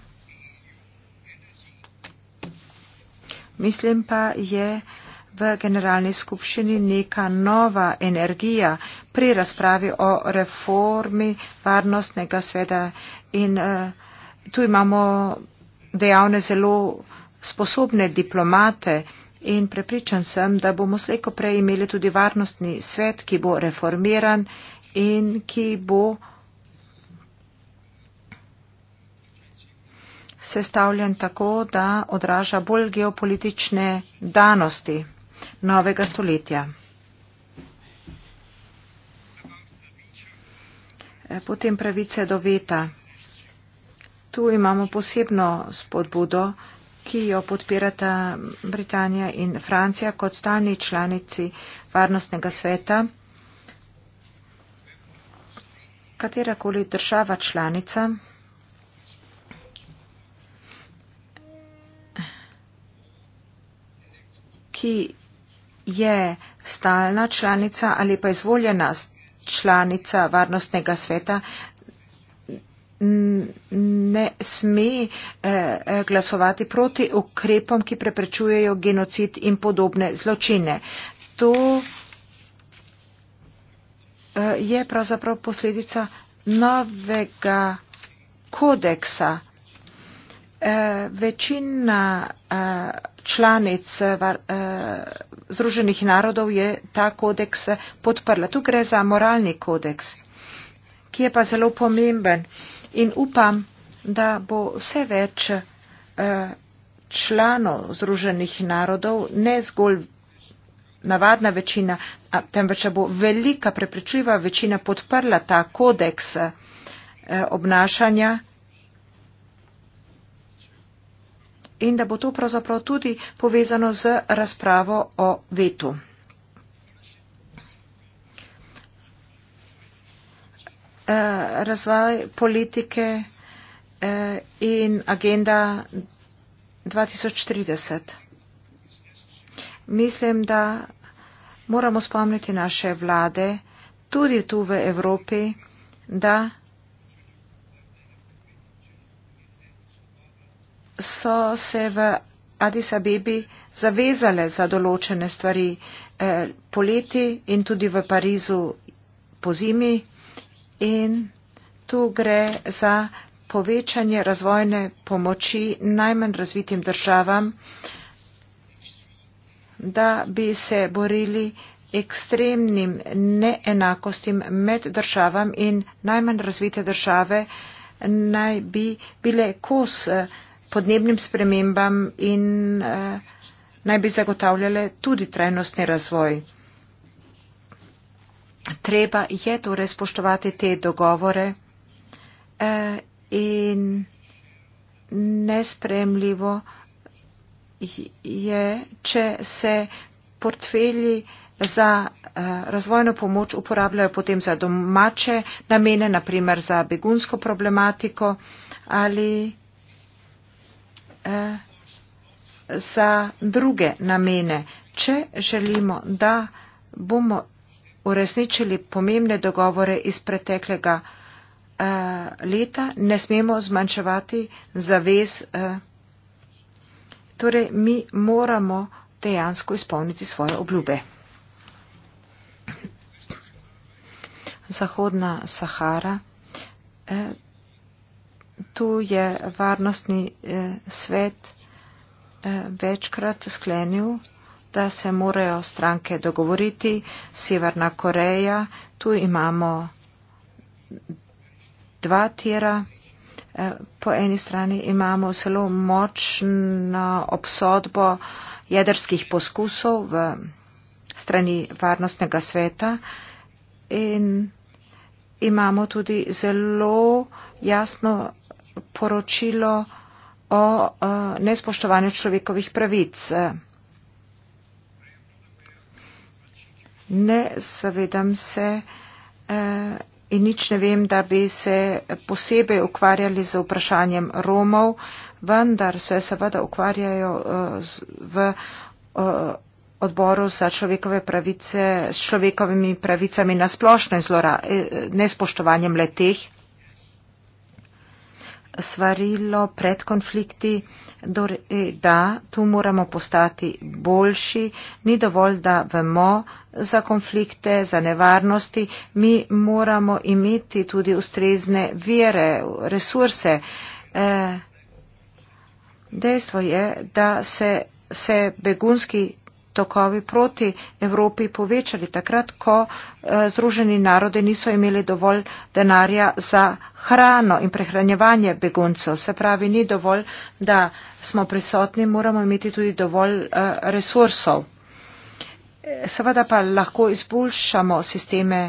Mislim pa je v generalni skupščini neka nova energija pri razpravi o reformi varnostnega sveta in uh, tu imamo dejavne zelo sposobne diplomate in prepričan sem, da bomo sleko prej imeli tudi varnostni svet, ki bo reformiran in ki bo sestavljen tako, da odraža bolj geopolitične danosti novega stoletja. E, potem pravice do veta. Tu imamo posebno spodbudo ki jo podpirata Britanija in Francija kot stalni članici varnostnega sveta, katerakoli država članica ki je stalna članica ali pa izvoljena članica varnostnega sveta, ne sme eh, glasovati proti ukrepom, ki preprečujejo genocid in podobne zločine. To eh, je pravzaprav posledica novega kodeksa. Eh, večina članic Združenih narodov je ta kodeks podprla. Tu gre za moralni kodeks, ki je pa zelo pomemben in upam, da bo vse več eh, članov Združenih narodov, ne zgolj navadna večina, temveč bo velika prepričljiva večina podprla ta kodeks eh, obnašanja in da bo to pravzaprav tudi povezano z razpravo o vetu. eh, razvoj politike eh, in agenda 2030. Mislim, da moramo spomniti naše vlade, tudi tu v Evropi, da so se v Addis Abebi zavezale za določene stvari eh, poleti in tudi v Parizu po zimi in tu gre za povečanje razvojne pomoči najmanj razvitim državam, da bi se borili ekstremnim neenakostim med državam in najmanj razvite države naj bi bile kos eh, podnebnim spremembam in eh, naj bi zagotavljale tudi trajnostni razvoj treba je torej spoštovati te dogovore eh, in nespremljivo je, če se portfelji za eh, razvojno pomoč uporabljajo potem za domače namene, naprimer za begunsko problematiko ali eh, za druge namene. Če želimo, da bomo uresničili pomembne dogovore iz preteklega uh, leta, ne smemo zmanjševati zavez. Uh, torej, mi moramo dejansko izpolniti svoje obljube. Zahodna Sahara. Uh, Tu je varnostni eh, svet eh, večkrat sklenil da se morajo stranke dogovoriti. Severna Koreja, tu imamo dva tira. Eh, po eni strani imamo zelo močno obsodbo jedrskih poskusov v strani varnostnega sveta in imamo tudi zelo jasno poročilo o eh, nespoštovanju človekovih pravic. Eh, Ne, zavedam se eh, in nič ne vem, da bi se posebej ukvarjali z vprašanjem Romov, vendar se seveda ukvarjajo eh, v eh, odboru za človekove pravice, s človekovimi pravicami na splošno in zlora, nespoštovanjem le teh svarilo pred konflikti, torej, da tu moramo postati boljši, ni dovolj, da vemo za konflikte, za nevarnosti, mi moramo imeti tudi ustrezne vere, resurse. Eh, dejstvo je, da se, se begunski tokovi proti Evropi povečali takrat, ko eh, Združeni narodi niso imeli dovolj denarja za hrano in prehranjevanje beguncev. Se pravi, ni dovolj, da smo prisotni, moramo imeti tudi dovolj eh, resursov. Eh, seveda pa lahko izboljšamo sisteme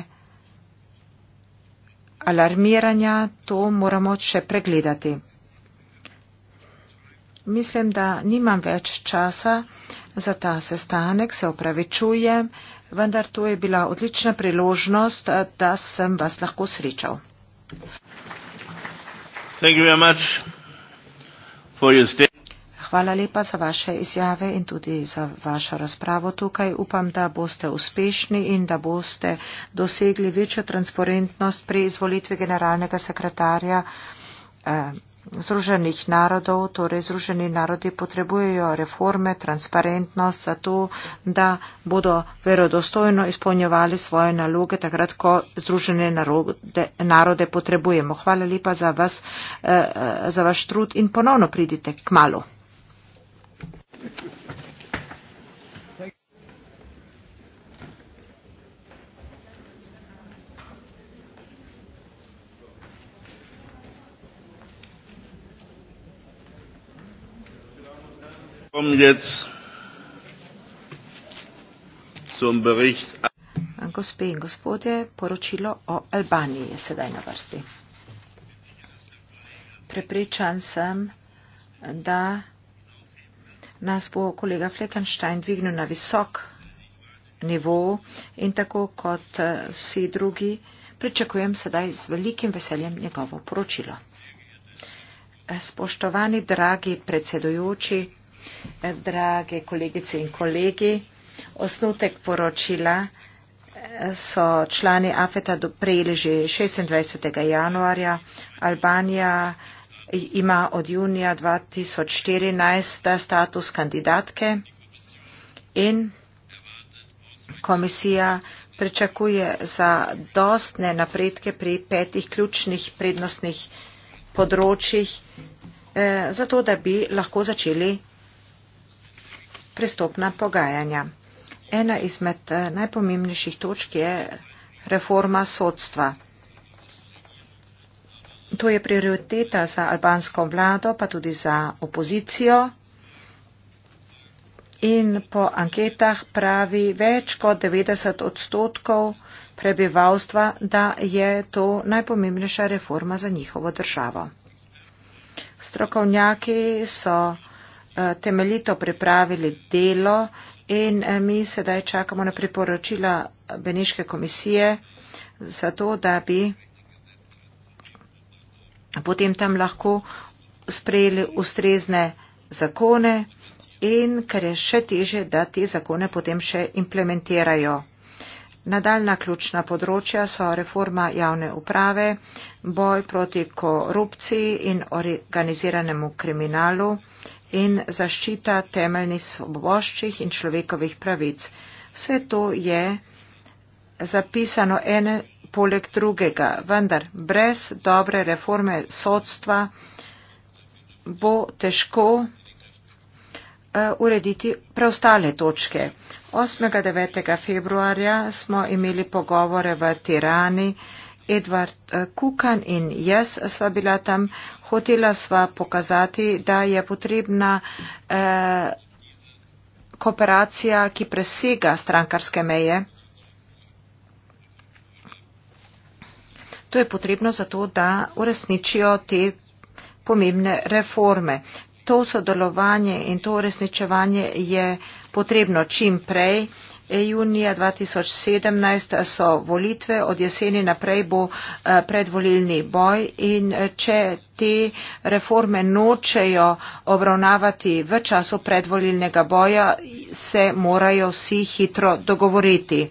alarmiranja, to moramo še pregledati mislim, da nimam več časa za ta sestanek, se opravičujem, vendar to je bila odlična priložnost, da sem vas lahko srečal. Hvala lepa za vaše izjave in tudi za vašo razpravo tukaj. Upam, da boste uspešni in da boste dosegli večjo transparentnost pri izvolitvi generalnega sekretarja. Eh, Združenih narodov, torej Združeni narodi potrebujejo reforme, transparentnost za to, da bodo verodostojno izpolnjevali svoje naloge takrat, ko Združene narode, narode potrebujemo. Hvala lepa za, vas, eh, eh, za vaš trud in ponovno pridite k malu. kommen jetzt zum Bericht. Gospe in gospode, poročilo o Albaniji je sedaj na vrsti. Prepričan sem, da nas bo kolega Fleckenstein dvignil na visok nivo in tako kot eh, vsi drugi, pričakujem sedaj z velikim veseljem njegovo poročilo. Eh, spoštovani dragi predsedujoči, Drage kolegice in kolegi, osnutek poročila eh, so člani AFETA prejeli že 26. januarja. Albanija ima od junija 2014 status kandidatke in komisija pričakuje za dostne napredke pri petih ključnih prednostnih področjih, eh, zato da bi lahko začeli pristopna pogajanja. Ena izmed eh, najpomembnejših točk je reforma sodstva. To je prioriteta za albansko vlado, pa tudi za opozicijo. In po anketah pravi več kot 90 odstotkov prebivalstva, da je to najpomembnejša reforma za njihovo državo. Strokovnjaki so Eh, temeljito pripravili delo in eh, mi sedaj čakamo na priporočila Beniške komisije, zato da bi potem tam lahko sprejeli ustrezne zakone in ker je še teže, da te zakone potem še implementirajo. Nadaljna ključna področja so reforma javne uprave, boj proti korupciji in organiziranemu kriminalu in zaščita temeljnih svoboščih in človekovih pravic. Vse to je zapisano ene poleg drugega, vendar brez dobre reforme sodstva bo težko eh, urediti preostale točke. 8. 9. februarja smo imeli pogovore v Tirani, Edward eh, Kukan in jaz sva bila tam, hotela sva pokazati, da je potrebna eh, kooperacija, ki presega strankarske meje. To je potrebno zato, da uresničijo te pomembne reforme. To sodelovanje in to uresničevanje je potrebno čim prej. E junija 2017 so volitve, od jeseni naprej bo eh, predvolilni boj in eh, če te reforme nočejo obravnavati v času predvolilnega boja, se morajo vsi hitro dogovoriti.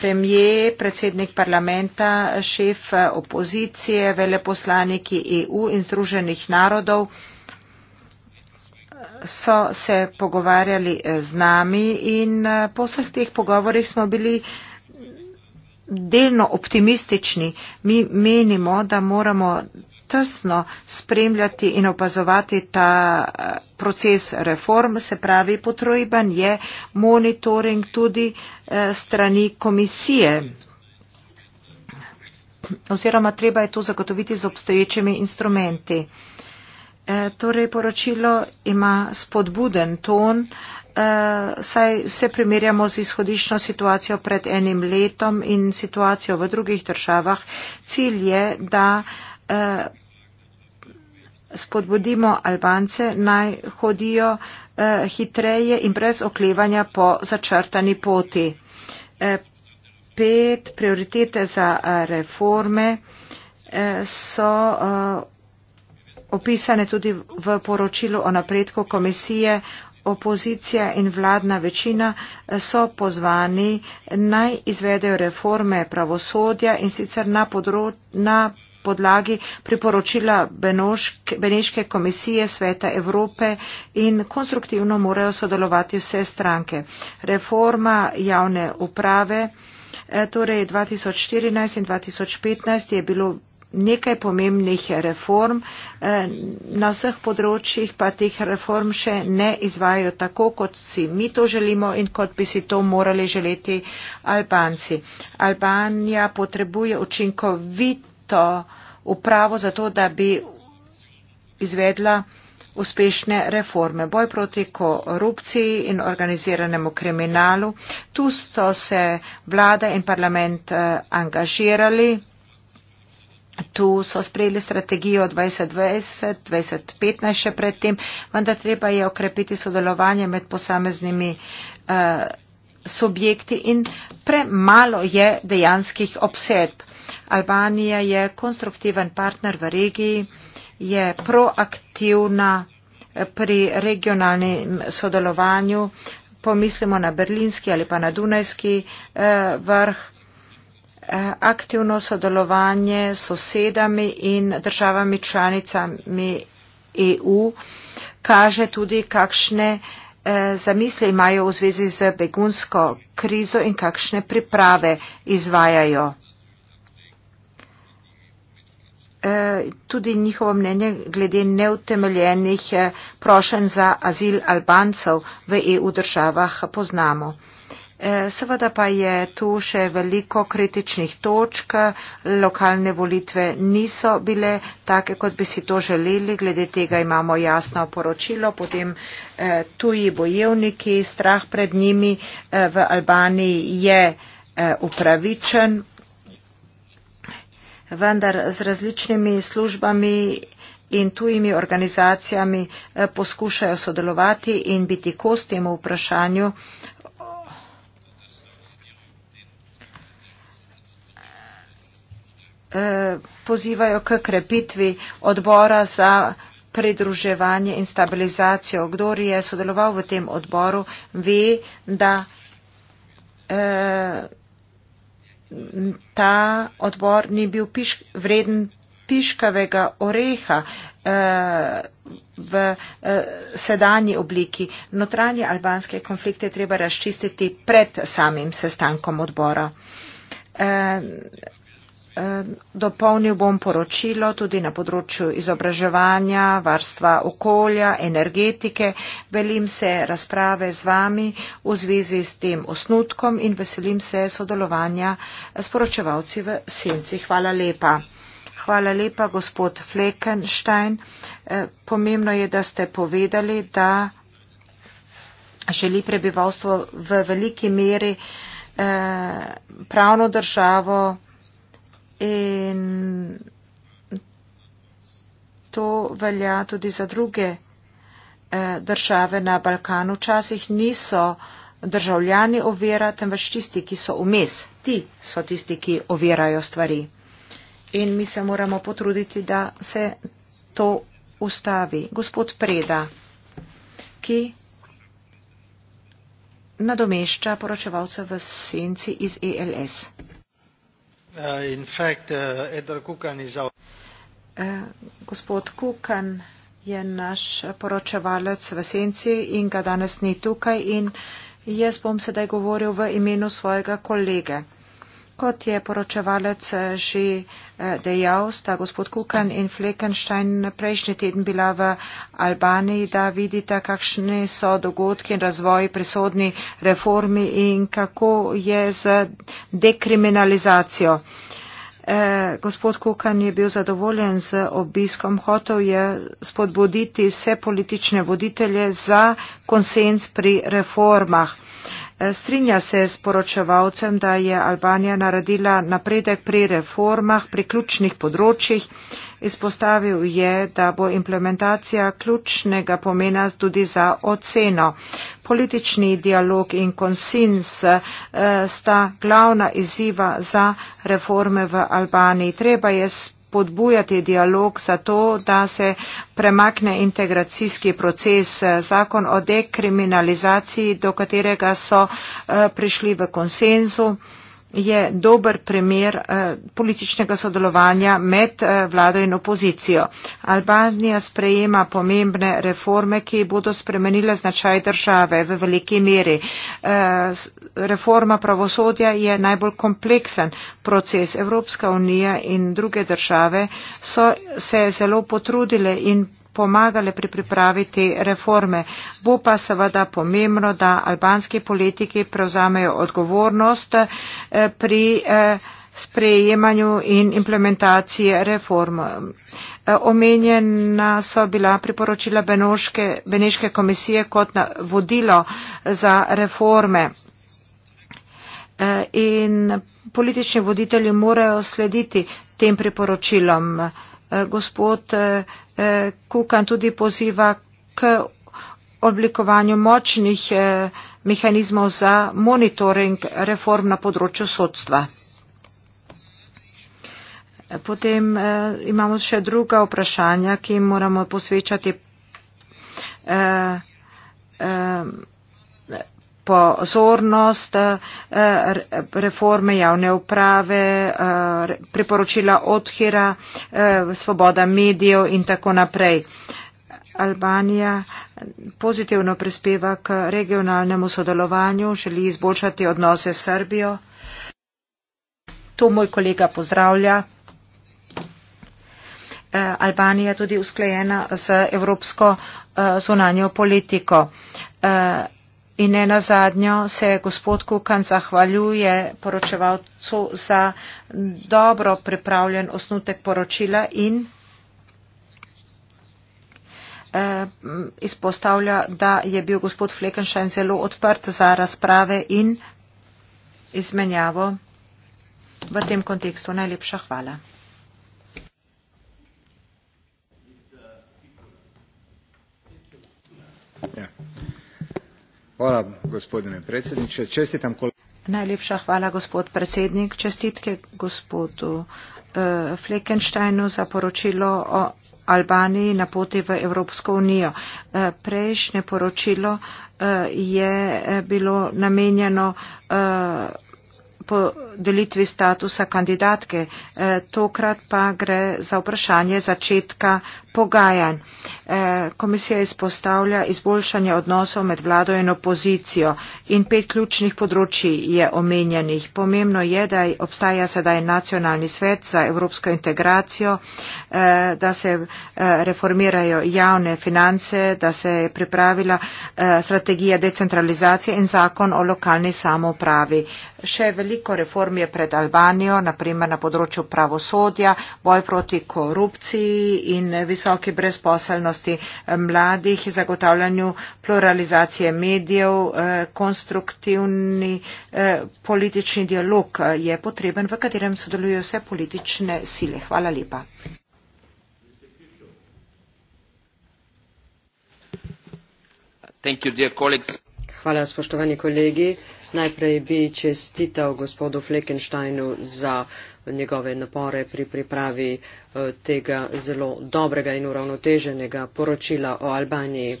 Premijer, predsednik parlamenta, šef eh, opozicije, veleposlaniki EU in Združenih narodov, so se pogovarjali eh, z nami in eh, po vseh teh pogovorih smo bili delno optimistični. Mi menimo, da moramo tesno spremljati in opazovati ta eh, proces reform, se pravi, potrojben je monitoring tudi strani komisije. Oziroma, treba je to zagotoviti z obstoječimi instrumenti. E, torej, poročilo ima spodbuden ton, e, saj se primerjamo z izhodiščno situacijo pred enim letom in situacijo v drugih državah. Cilj je, da e, spodbudimo Albance naj hodijo hitreje in brez oklevanja po začrtani poti. Pet prioritete za reforme so opisane tudi v poročilu o napredku komisije, opozicija in vladna večina eh, so pozvani eh, naj izvedejo reforme pravosodja in sicer na, podro, na podlagi priporočila Benoške, Beneške komisije Sveta Evrope in konstruktivno morajo sodelovati vse stranke. Reforma javne uprave, eh, torej 2014 in 2015 je bilo nekaj pomembnih reform, eh, na vseh področjih pa teh reform še ne izvajo tako, kot si mi to želimo in kot bi si to morali želeti Albanci. Albanija potrebuje učinkovito upravo za to, da bi izvedla uspešne reforme. Boj proti korupciji in organiziranemu kriminalu. Tu so se vlada in parlament eh, angažirali. Tu so sprejeli strategijo 2020-2015 še predtem, vendar treba je okrepiti sodelovanje med posameznimi uh, subjekti in premalo je dejanskih obsedb. Albanija je konstruktiven partner v regiji, je proaktivna eh, pri regionalnem sodelovanju, pomislimo na berlinski ali pa na dunajski uh, vrh aktivno sodelovanje s sosedami in državami članicami EU kaže tudi, kakšne eh, zamisle imajo v zvezi z begunsko krizo in kakšne priprave izvajajo. Eh, tudi njihovo mnenje glede neutemeljenih eh, prošen za azil Albancev v EU državah poznamo. Eh, seveda pa je tu še veliko kritičnih točk. Lokalne volitve niso bile take, kot bi si to želeli. Glede tega imamo jasno poročilo. Potem eh, tuji bojevniki, strah pred njimi eh, v Albaniji je upravičen. Vendar z različnimi službami in tujimi organizacijami poskušajo sodelovati in biti kost temu vprašanju, Eh, pozivajo k krepitvi odbora za pridruževanje in stabilizacijo. Kdo je sodeloval v tem odboru, ve, da eh, ta odbor ni bil pišk, vreden piškavega oreha eh, v sedanji obliki. Notranje albanske konflikte treba razčistiti pred samim sestankom odbora. Eh, dopolnil bom poročilo tudi na področju izobraževanja, varstva okolja, energetike. Velim se razprave z vami v zvezi s tem osnutkom in veselim se sodelovanja s poročevalci v senci. Hvala lepa. Hvala lepa, gospod Fleckenstein. Eh, pomembno je, da ste povedali, da želi prebivalstvo v veliki meri eh, pravno državo in to velja tudi za druge eh, države na Balkanu. Včasih niso državljani ovira, temveč tisti, ki so vmes. Ti so tisti, ki ovirajo stvari. In mi se moramo potruditi, da se to ustavi. Gospod Preda, ki nadomešča poročevalce v senci iz ELS. Uh, uh, eh, gospod Kukan je naš poročevalec v senci in ga danes ni tukaj in jaz bom sedaj govoril v imenu svojega kolege. Kot je poročevalec eh, že eh, dejal, sta gospod Kukan in Flekenstein prejšnji teden bila v Albaniji, da vidite, kakšni so dogodki in razvoj prisodni reformi in kako je z dekriminalizacijo. Eh, gospod Kukan je bil zadovoljen z obiskom, hotel je spodbuditi vse politične voditelje za konsens pri reformah. Eh, strinja se s poročevalcem, da je Albanija naredila napredek pri reformah, pri ključnih področjih. Izpostavil je, da bo implementacija ključnega pomena tudi za oceno. Politični dialog in konsens eh, sta glavna izziva za reforme v Albaniji. Treba je podbujati dialog za to, da se premakne integracijski proces, zakon o dekriminalizaciji, do katerega so eh, prišli v konsenzu je dober primer eh, političnega sodelovanja med eh, vlado in opozicijo. Albanija sprejema pomembne reforme, ki bodo spremenile značaj države v veliki meri. Eh, reforma pravosodja je najbolj kompleksen proces. Evropska unija in druge države so se zelo potrudile in pomagale pri pripravi te reforme. Bo pa seveda pomembno, da albanski politiki prevzamejo odgovornost eh, pri eh, sprejemanju in implementaciji reform. Eh, omenjena so bila priporočila Benoške, Beneške komisije kot vodilo za reforme. In politični voditelji morajo slediti tem priporočilom. Gospod Eh, Kukan tudi poziva k oblikovanju močnih eh, mehanizmov za monitoring reform na področju sodstva. Potem eh, imamo še druga vprašanja, ki jim moramo posvečati eh, eh, pozornost eh, reforme javne uprave, eh, priporočila odhira, eh, svoboda medijev in tako naprej. Albanija pozitivno prispeva k regionalnemu sodelovanju, želi izboljšati odnose s Srbijo. To moj kolega pozdravlja. Albanija je tudi usklajena z evropsko zunanjo politiko. In ne nazadnjo se gospod Kukan zahvaljuje poročevalcu za dobro pripravljen osnutek poročila in eh, izpostavlja, da je bil gospod Flekenšajn zelo odprt za razprave in izmenjavo v tem kontekstu. Najlepša hvala. Yeah. Ja. Hvala, gospodine predsjedniče. Čestitam kolegi. Najlepša hvala, gospod predsednik. Čestitke gospodu uh, Fleckensteinu za poročilo o Albaniji na poti v Evropsko unijo. Eh, prejšnje poročilo eh, je bilo namenjeno podelitvi statusa kandidatke. Tokrat pa gre za vprašanje začetka pogajanj. Eh, komisija izpostavlja izboljšanje odnosov med vlado in opozicijo in pet ključnih področji je omenjenih. Pomembno je, da obstaja sedaj nacionalni svet za evropsko integracijo, eh, da se eh, reformirajo javne finance, da se je pripravila strategija decentralizacije in zakon o lokalni samopravi. Še veliko reform je pred Albanijo, naprimer na področju pravosodja, boj proti korupciji in visokosti visoki brezposelnosti eh, mladih, zagotavljanju pluralizacije medijev, eh, konstruktivni eh, politični dialog je potreben, v katerem sodelujo vse politične sile. Hvala lepa. Hvala, spoštovani kolegi. Najprej bi čestital gospodu Fleckensteinu za njegove napore pri pripravi eh, tega zelo dobrega in uravnoteženega poročila o Albaniji.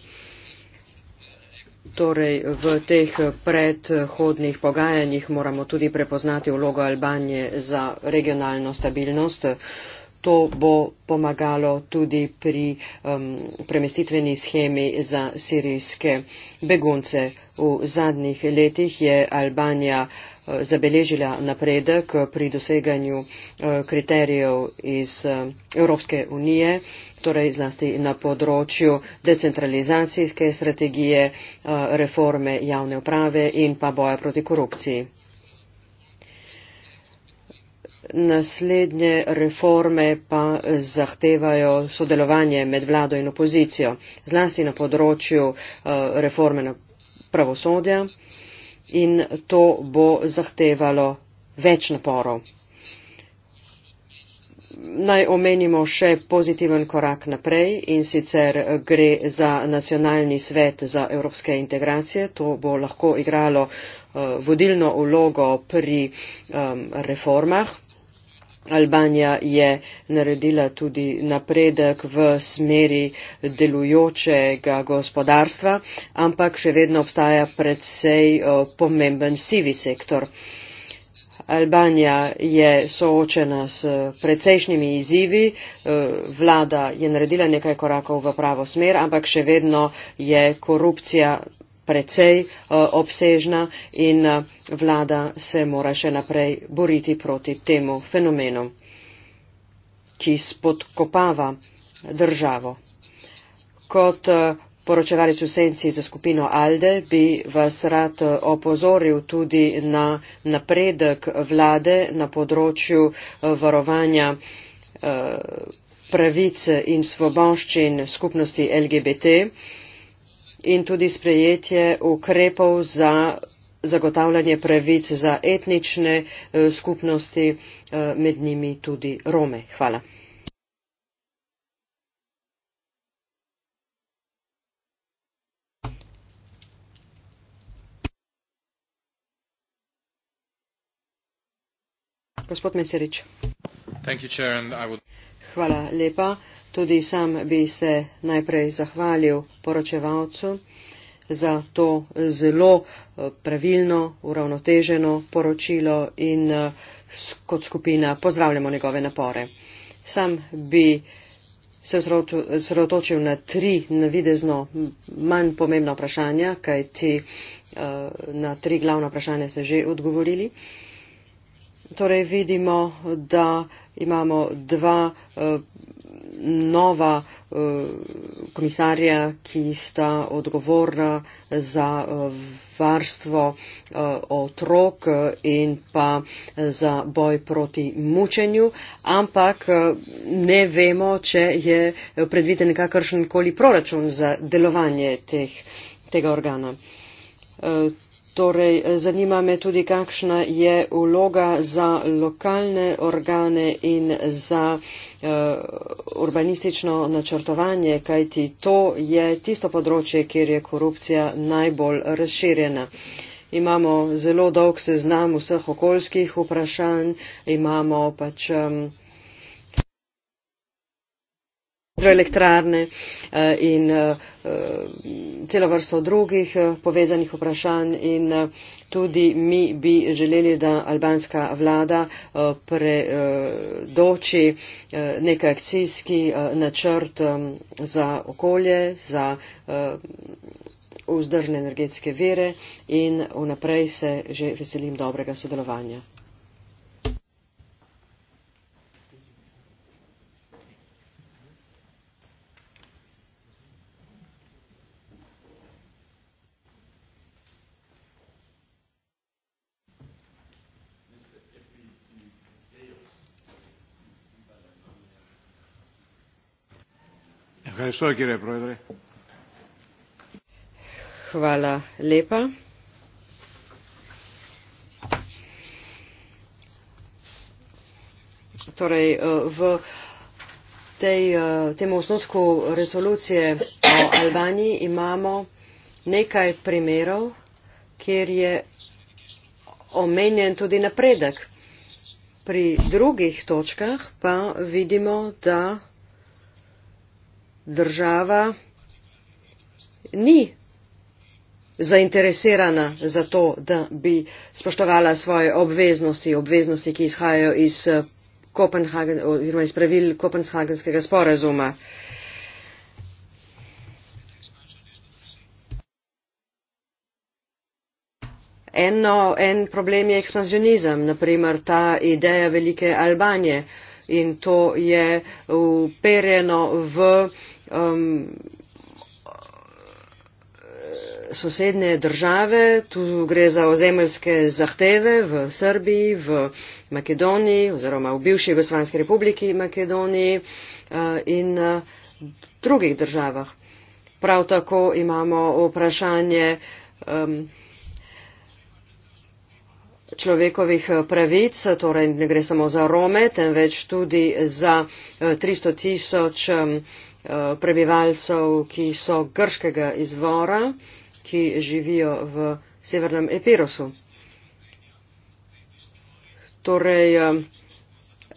Torej, v teh predhodnih pogajanjih moramo tudi prepoznati vlogo Albanije za regionalno stabilnost. To bo pomagalo tudi pri um, premestitveni schemi za sirijske begunce. V zadnjih letih je Albanija uh, zabeležila napredek pri doseganju eh, kriterijev iz eh, Evropske unije, torej zlasti na področju decentralizacijske strategije, eh, reforme javne uprave in pa boja proti korupciji. Naslednje reforme pa zahtevajo sodelovanje med vlado in opozicijo, zlasti na področju reforme pravosodja in to bo zahtevalo več naporov. Naj omenimo še pozitiven korak naprej in sicer gre za nacionalni svet za evropske integracije. To bo lahko igralo eh, vodilno vlogo pri ehm, reformah Albanija je naredila tudi napredek v smeri delujočega gospodarstva, ampak še vedno obstaja predvsej eh, pomemben sivi sektor. Albanija je soočena s precejšnjimi izzivi, eh, vlada je naredila nekaj korakov v pravo smer, ampak še vedno je korupcija precej eh, obsežna in eh, vlada se mora še naprej boriti proti temu fenomenu, ki spodkopava državo. Kot eh, poročevalec v senci za skupino Alde bi vas rad opozoril tudi na napredek vlade na področju varovanja pravic in svoboščin skupnosti LGBT in tudi sprejetje ukrepov za zagotavljanje pravic za etnične eh, skupnosti, eh, med njimi tudi Rome. Hvala. Gospod Meserič. Hvala lepa. Tudi sam bi se najprej zahvalil poročevalcu za to zelo eh, pravilno, uravnoteženo poročilo in eh, kot skupina pozdravljamo njegove napore. Sam bi se osredotočil na tri navidezno manj pomembna vprašanja, kaj ti eh, na tri glavna vprašanja ste že odgovorili. Torej vidimo, da imamo dva nova uh, komisarja, ki sta odgovorna za uh, varstvo uh, otrok in pa za boj proti mučenju, ampak ne vemo, če je predviden kakršen koli proračun za delovanje teh, tega organa. Uh, Torej, zanima me tudi, kakšna je vloga za lokalne organe in za uh, urbanistično načrtovanje, kajti to je tisto področje, kjer je korupcija najbolj razširjena. Imamo zelo dolg seznam vseh okoljskih vprašanj, imamo pač. Um, hidroelektrarne eh, in eh, celo vrsto drugih eh, povezanih vprašanj in tudi mi bi želeli, da albanska vlada predoči nekaj akcijski načrt za okolje, za vzdržne energetske vere in vnaprej se že veselim dobrega sodelovanja. Torej, eh, v tej, eh, tem osnutku resolucije o Albaniji imamo nekaj primerov, kjer je omenjen tudi napredek. Pri drugih točkah pa vidimo, da država ni zainteresirana za to, da bi spoštovala svoje obveznosti, obveznosti, ki izhajajo iz, eh, Kopenhagen, iz pravil Kopenhagenskega sporazuma. Eno, en problem je ekspanzionizem, naprimer ta ideja Velike Albanije. Uh, in to je uperjeno v um, sosednje države, tu gre za ozemeljske zahteve v Srbiji, v Makedoniji oziroma v bivši Jugoslavijski republiki Makedoniji uh, in uh, drugih državah. Prav tako imamo vprašanje um, človekovih eh, pravic, torej ne gre samo za Rome, temveč tudi za 300 eh, tisoč eh, prebivalcev, ki so grškega izvora, ki živijo v severnem Epirosu. Torej,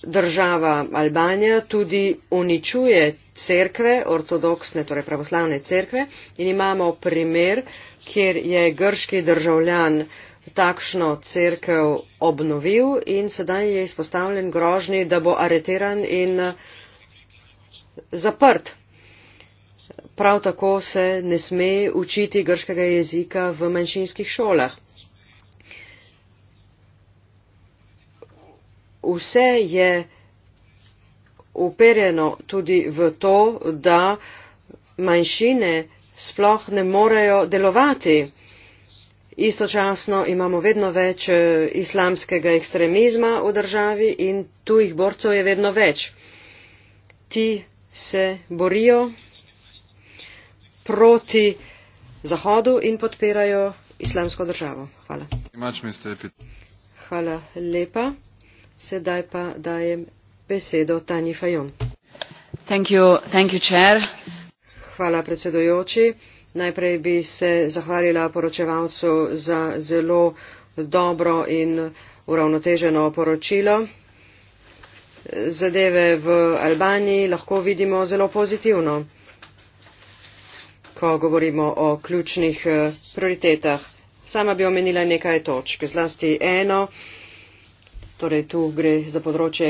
država Albanija tudi uničuje cerkve, ortodoksne, torej pravoslavne cerkve in imamo primer, kjer je grški državljan uh, takšno crkev obnovil in sedaj je izpostavljen grožni, da bo areteran in eh, zaprt. Prav tako se ne sme učiti grškega jezika v manjšinskih šolah. Vse je uperjeno tudi v to, da manjšine sploh ne morejo delovati istočasno imamo vedno več eh, islamskega ekstremizma v državi in tujih borcev je vedno več. Ti se borijo proti Zahodu in podpirajo islamsko državo. Hvala. Hvala lepa. Sedaj pa dajem besedo Tanji Fajon. Thank you, thank you, Hvala predsedojoči. Najprej bi se zahvalila poročevalcu za zelo dobro in uravnoteženo poročilo. Zadeve v Albaniji lahko vidimo zelo pozitivno, ko govorimo o ključnih eh, prioritetah. Sama bi omenila nekaj točk, zlasti eno, torej tu gre za področje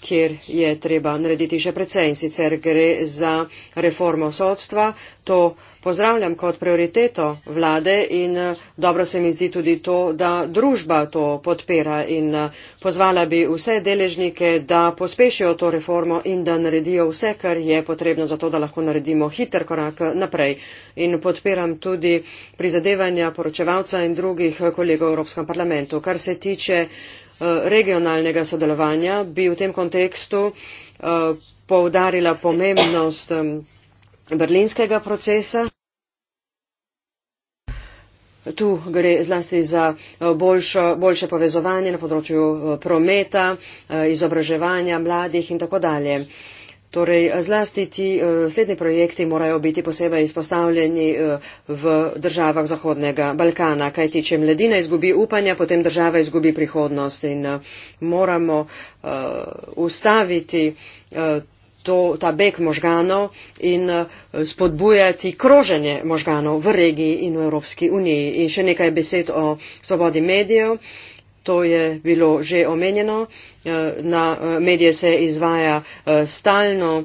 kjer je treba narediti še precej in sicer gre za reformo sodstva. To pozdravljam kot prioriteto vlade in eh, dobro se mi zdi tudi to, da družba to podpira in eh, pozvala bi vse deležnike, da pospešijo to reformo in da naredijo vse, kar je potrebno za to, da lahko naredimo hiter korak naprej. In podpiram tudi prizadevanja poročevalca in drugih kolegov v Evropskem parlamentu. Kar se tiče eh, regionalnega sodelovanja, bi v tem kontekstu poudarila pomembnost berlinskega procesa. Tu gre zlasti za eh, boljšo, boljše povezovanje na področju eh, prometa, eh, izobraževanja mladih in tako dalje. Torej, zlasti ti slednji projekti morajo biti posebej izpostavljeni v državah Zahodnega Balkana, kaj ti, če mladina izgubi upanja, potem država izgubi prihodnost in moramo ustaviti. Uh, to, ta beg možganov in eh, spodbujati kroženje možganov v regiji in v Evropski uniji. In še nekaj besed o svobodi medijev. To je bilo že omenjeno. Eh, na eh, medije se izvaja stalno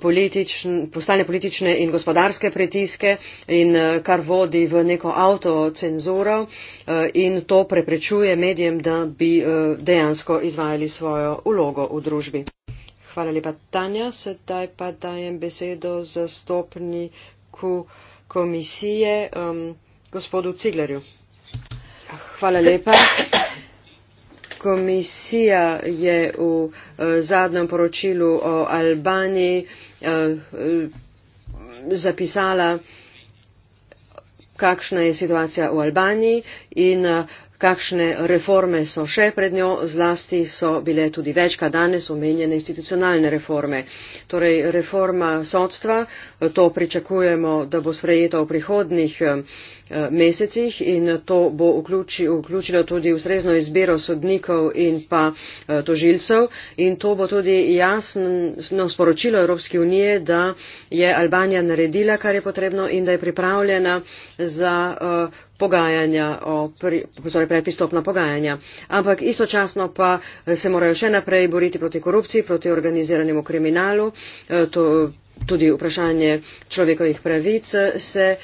politične, stalne politične in gospodarske pritiske, in kar vodi v neko avtocenzuro in to preprečuje medijem, da bi dejansko izvajali svojo ulogo v družbi. Hvala lepa, Tanja. Sedaj pa dajem besedo zastopniku komisije, um, gospodu Ciglerju. Hvala lepa. Komisija je v uh, zadnjem poročilu o Albaniji uh, zapisala, kakšna je situacija v Albaniji in uh, kakšne reforme so še pred njo, zlasti so bile tudi večkrat danes omenjene institucionalne reforme. Torej, reforma sodstva, to pričakujemo, da bo sprejeta v prihodnih eh, mesecih in to bo vključilo tudi ustrezno izbiro sodnikov in pa eh, tožilcev in to bo tudi jasno sporočilo Evropske unije, da je Albanija naredila, kar je potrebno in da je pripravljena za eh, pogajanja, o pri, torej predpristopna pogajanja. Ampak istočasno pa se morajo še naprej boriti proti korupciji, proti organiziranemu kriminalu. E, to, tudi vprašanje človekovih pravic se e,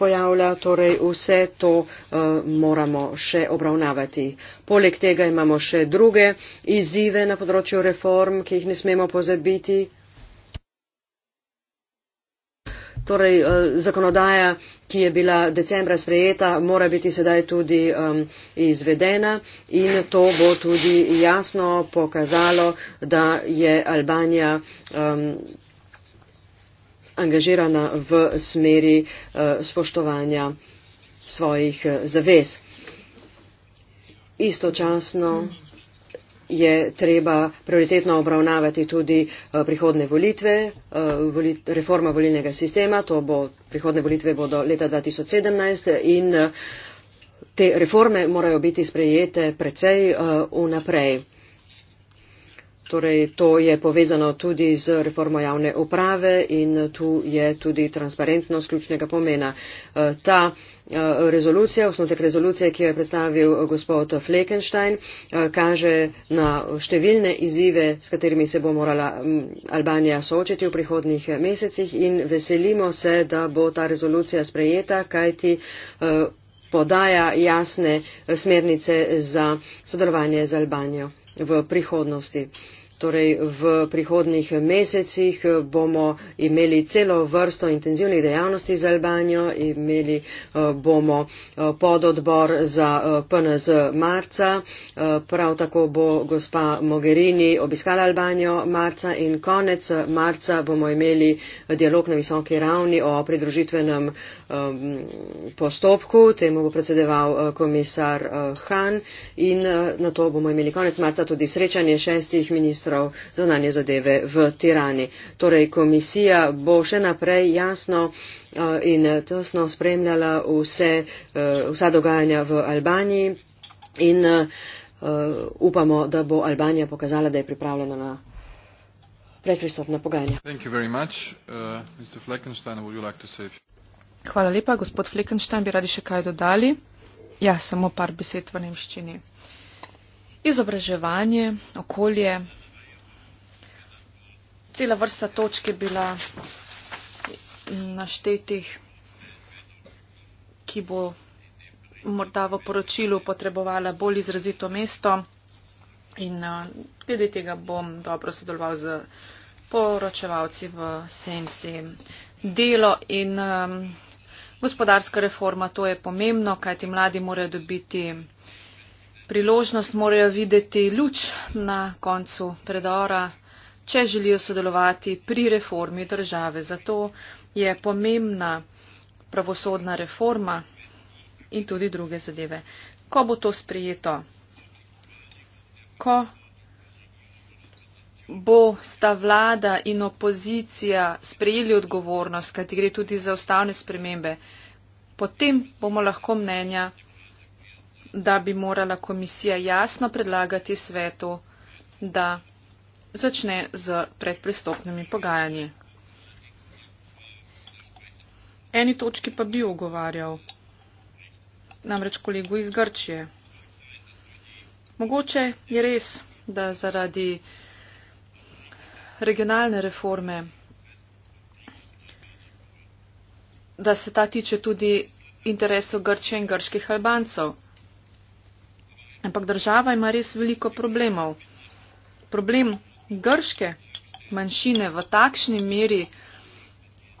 pojavlja, torej vse to e, moramo še obravnavati. Poleg tega imamo še druge izzive na področju reform, ki jih ne smemo pozabiti torej eh, zakonodaja ki je bila decembra sprejeta mora biti sedaj tudi um, izvedena in to bo tudi jasno pokazalo da je Albanija um, angažirana v smeri uh, spoštovanja svojih eh, zavez istočasno mm -hmm je treba prioritetno obravnavati tudi eh, prihodne volitve, eh, reforma volilnega sistema, to bo prihodne volitve bodo leta 2017 in eh, te reforme morajo biti sprejete precej vnaprej. Torej, to je povezano tudi z reformo javne uprave in tu je tudi transparentnost ključnega pomena. E, ta e, rezolucija, osnotek rezolucije, ki jo je predstavil gospod Fleckenstein, e, kaže na številne izzive, s katerimi se bo morala Albanija soočiti v prihodnih mesecih in veselimo se, da bo ta rezolucija sprejeta, kajti podaja jasne smernice za sodelovanje z Albanijo v prihodnosti. Torej, v prihodnih mesecih bomo imeli celo vrsto intenzivnih dejavnosti za Albanijo, imeli eh, bomo eh, pododbor za eh, PNZ marca, prav tako bo gospa Mogherini obiskala Albanijo marca in konec marca bomo imeli dialog na visoki ravni o pridružitvenem um, postopku, temu bo predsedeval uh, komisar uh, Han in uh, na to bomo imeli konec marca tudi srečanje šestih ministrov zunanje zadeve v Tirani. Torej komisija bo še naprej jasno uh, in uh, tesno spremljala vse, uh, vsa dogajanja v Albaniji in uh, uh, upamo, da bo Albanija pokazala, da je pripravljena na. Thank you very much. Uh, Mr. Fleckenstein, would you like to say a few Hvala lepa, gospod Fleckenstein, bi radi še kaj dodali? Ja, samo par besed v nemščini. Izobraževanje, okolje, cela vrsta točk je bila naštetih, ki bo morda v poročilu potrebovala bolj izrazito mesto in eh, glede tega bom dobro sodeloval z poročevalci v senci. Delo in um, Gospodarska reforma, to je pomembno, kajti mladi morajo dobiti priložnost, morajo videti luč na koncu predora, če želijo sodelovati pri reformi države. Zato je pomembna pravosodna reforma in tudi druge zadeve. Ko bo to sprijeto? Ko bo sta vlada in opozicija sprejeli odgovornost, kajti gre tudi za ustavne spremembe, potem bomo lahko mnenja, da bi morala komisija jasno predlagati svetu, da začne z predpristopnimi pogajanji. Eni točki pa bi ogovarjal, namreč kolegu iz Grčije. Mogoče je res, da zaradi regionalne reforme, da se ta tiče tudi interesov Grče in grških Albancov. Ampak država ima res veliko problemov. Problem grške manjšine v takšni meri,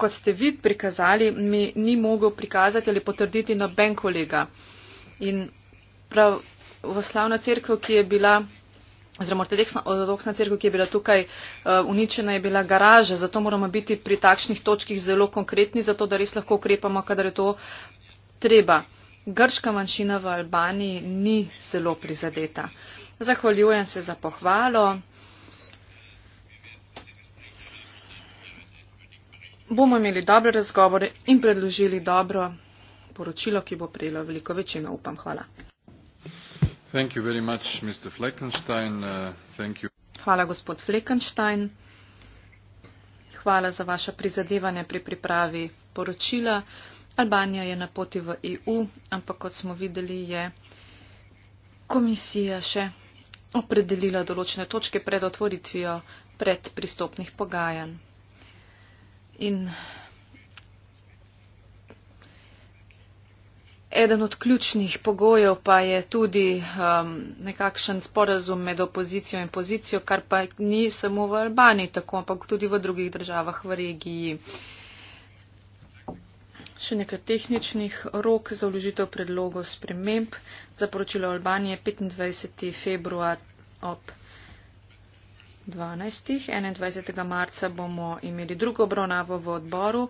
kot ste vid prikazali, mi ni mogel prikazati ali potrditi noben kolega. In prav v slavna crkva, ki je bila oziroma ortodoksna crkva, ki je bila tukaj eh, uničena, je bila garaža. Zato moramo biti pri takšnih točkih zelo konkretni, zato da res lahko ukrepamo, kadar je to treba. Grška manjšina v Albaniji ni zelo prizadeta. Zahvaljujem se za pohvalo. Bomo imeli dobre razgovore in predložili dobro poročilo, ki bo prijelo veliko večino, upam. Hvala. Uh, Hvala, gospod Fleckenstein. Hvala za vaše prizadevanje pri pripravi poročila. Albanija je na poti v EU, ampak kot smo videli, je komisija še opredelila določene točke pred otvoritvijo predpristopnih pogajanj. In Eden od ključnih pogojev pa je tudi um, nekakšen sporazum med opozicijo in pozicijo, kar pa ni samo v Albaniji, tako ampak tudi v drugih državah v regiji. Še nekaj tehničnih rok za vložitev predlogov sprememb. Zaporočilo Albanije 25. februar ob 12. 21. marca bomo imeli drugo obravnavo v odboru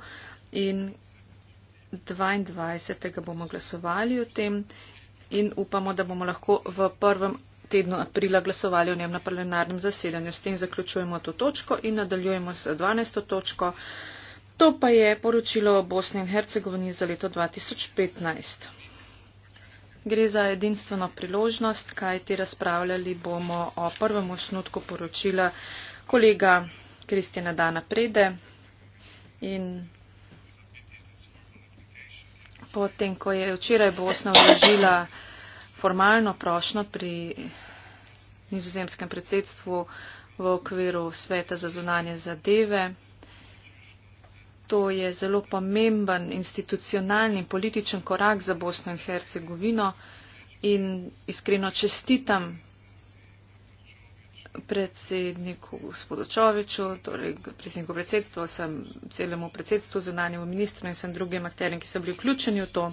in 22. bomo glasovali o tem in upamo, da bomo lahko v prvem tednu aprila glasovali o njem na plenarnem zasedanju. S tem zaključujemo to točko in nadaljujemo z 12. točko. To pa je poročilo o Bosni in Hercegovini za leto 2015. Gre za edinstveno priložnost, kaj ti razpravljali bomo o prvem osnutku poročila kolega Kristjana Dana Prede in potem, ko je včeraj Bosna vložila formalno prošno pri nizozemskem predsedstvu v okviru Sveta za zunanje zadeve. To je zelo pomemben institucionalni političen korak za Bosno in Hercegovino in iskreno čestitam predsedniku gospodu Čoviču, torej predsedniku predsedstva, sem celemu predsedstvu zunanjemu ministru in sem drugim akterjem, ki so bili vključeni v to.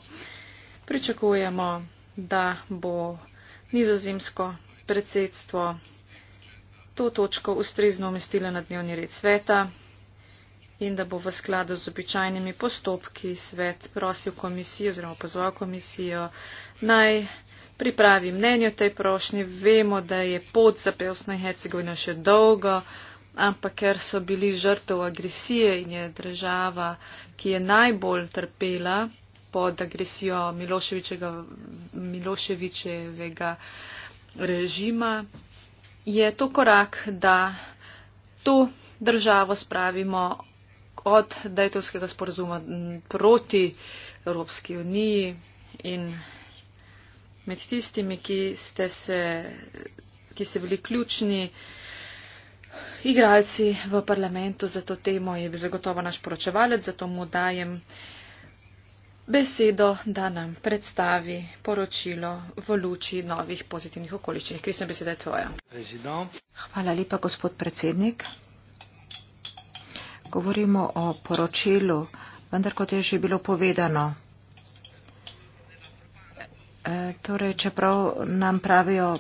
Pričakujemo, da bo nizozemsko predsedstvo to točko ustrezno umestilo na dnevni red sveta in da bo v skladu z običajnimi postopki svet prosil komisijo oziroma pozval komisijo naj pripravi mnenje o tej prošnji. Vemo, da je pot za Pelsno in Hercegovino še dolgo, ampak ker so bili žrtev agresije in je država, ki je najbolj trpela pod agresijo Miloševičevega režima, je to korak, da to državo spravimo od Dajtovskega sporazuma proti Evropski uniji in med tistimi, ki ste, se, ki ste bili ključni igralci v parlamentu za to temo, je bil zagotovo naš poročevalec, zato mu dajem besedo, da nam predstavi poročilo v luči novih pozitivnih okoliščin. Kristjan, beseda je tvoja. Hvala lepa, gospod predsednik. Govorimo o poročilu, vendar kot je že bilo povedano, E, torej, čeprav nam pravijo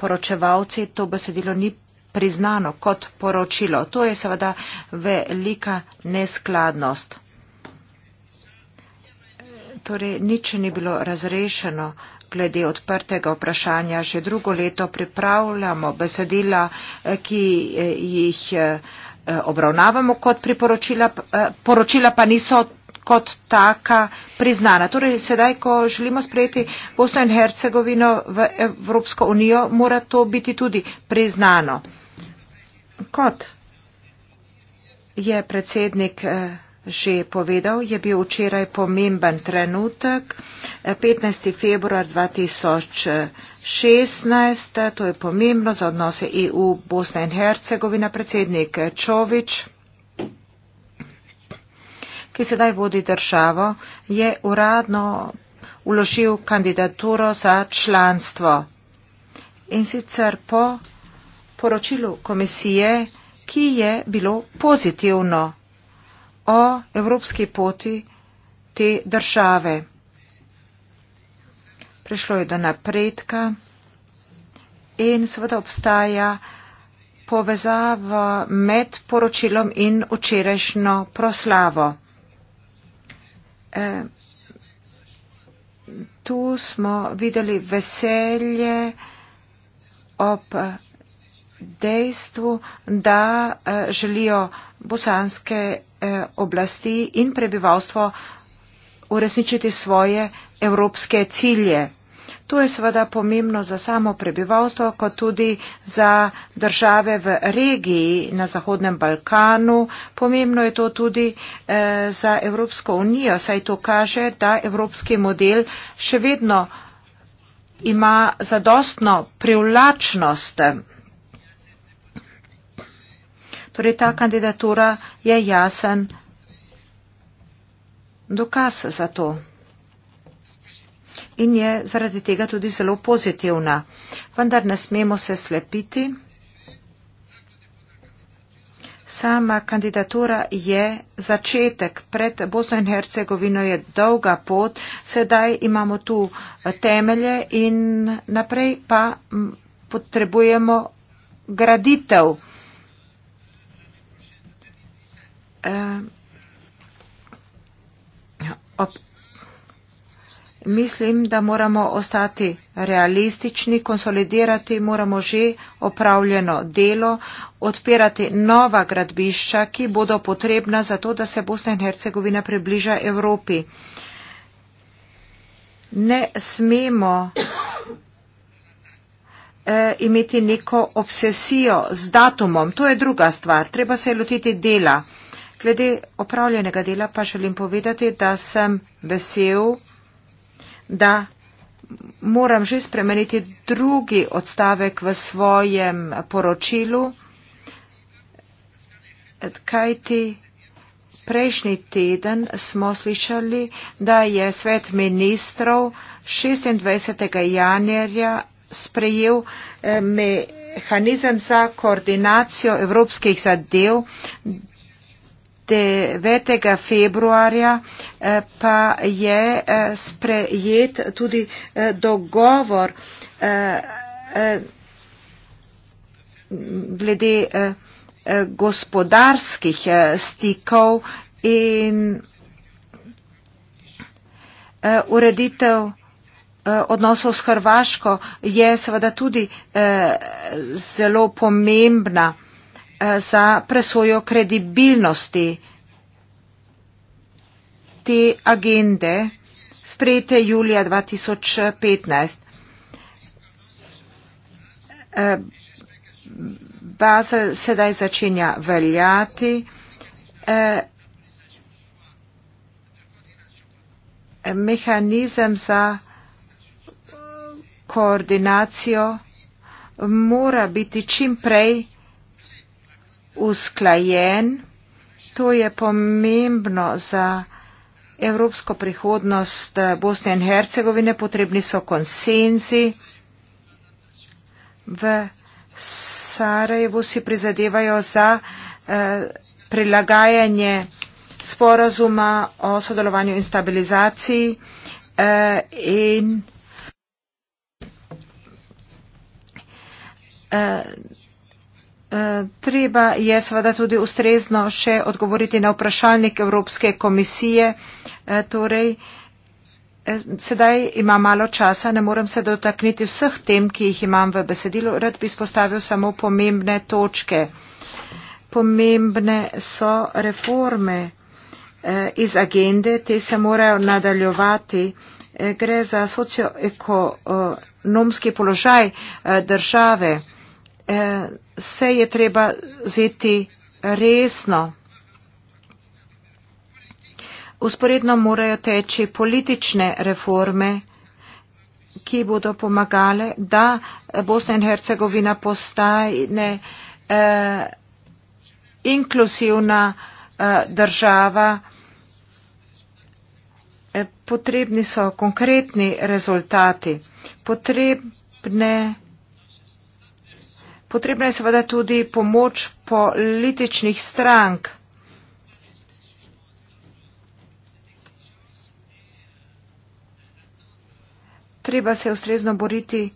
poročevalci, to besedilo ni priznano kot poročilo. To je seveda velika neskladnost. Torej, nič ni bilo razrešeno glede odprtega vprašanja. Že drugo leto pripravljamo besedila, e, ki e, jih obravnavamo kot priporočila, poročila pa niso kot taka priznana. Torej, sedaj, ko želimo sprejeti Bosno in Hercegovino v Evropsko unijo, mora to biti tudi priznano. Kot je predsednik eh, že povedal, je bil včeraj pomemben trenutek, 15. Eh, februar 2016, eh, to je pomembno za odnose EU-Bosna in Hercegovina, predsednik Čovič ki sedaj vodi državo, je uradno uložil kandidaturo za članstvo. In sicer po poročilu komisije, ki je bilo pozitivno o evropski poti te države. Prišlo je do napredka in seveda obstaja povezava med poročilom in včerajšnjo proslavo. Eh, tu smo videli veselje ob dejstvu, da eh, želijo bosanske eh, oblasti in prebivalstvo uresničiti svoje evropske cilje. To je seveda pomembno za samo prebivalstvo, kot tudi za države v regiji na Zahodnem Balkanu. Pomembno je to tudi eh, za Evropsko unijo, saj to kaže, da evropski model še vedno ima zadostno privlačnost. Torej ta kandidatura je jasen dokaz za to in je zaradi tega tudi zelo pozitivna. Vendar ne smemo se slepiti. Sama kandidatura je začetek. Pred Bosno in Hercegovino je dolga pot, sedaj imamo tu eh, temelje in naprej pa potrebujemo graditev. Eh, ob mislim, da moramo ostati realistični, konsolidirati moramo že opravljeno delo, odpirati nova gradbišča, ki bodo potrebna za to, da se Bosna in Hercegovina približa Evropi. Ne smemo eh, imeti neko obsesijo z datumom. To je druga stvar. Treba se lotiti dela. Glede opravljenega dela pa želim povedati, da sem vesel, da moram že spremeniti drugi odstavek v svojem poročilu, kajti prejšnji teden smo slišali, da je svet ministrov 26. januarja sprejel eh, mehanizem za koordinacijo evropskih zadev 9. februarja eh, pa je eh, sprejet tudi eh, dogovor glede gospodarskih stikov in ureditev odnosov s Hrvaško je seveda tudi zelo pomembna. Eh, za presojo kredibilnosti te agende sprejete julija 2015. Eh, baza sedaj začenja veljati. Eh, mehanizem za koordinacijo mora biti čim prej usklajen. To je pomembno za evropsko prihodnost Bosne in Hercegovine. Potrebni so konsenzi. V Sarajevu si prizadevajo za eh, prilagajanje sporazuma o sodelovanju in stabilizaciji eh, in eh, Eh, treba je seveda tudi ustrezno še odgovoriti na vprašalnik Evropske komisije. Eh, torej, eh, sedaj ima malo časa, ne morem se dotakniti vseh tem, ki jih imam v besedilu. Rad bi spostavil samo pomembne točke. Pomembne so reforme iz agende, te se morajo nadaljevati. Gre za socioekonomski položaj države. Eh, se je treba zeti resno. Usporedno morajo teči politične reforme, ki bodo pomagale, da Bosna in Hercegovina postane eh, inklusivna eh, država. Eh, potrebni so konkretni rezultati. Potrebne Potrebna je seveda tudi pomoč političnih strank. Treba se ustrezno boriti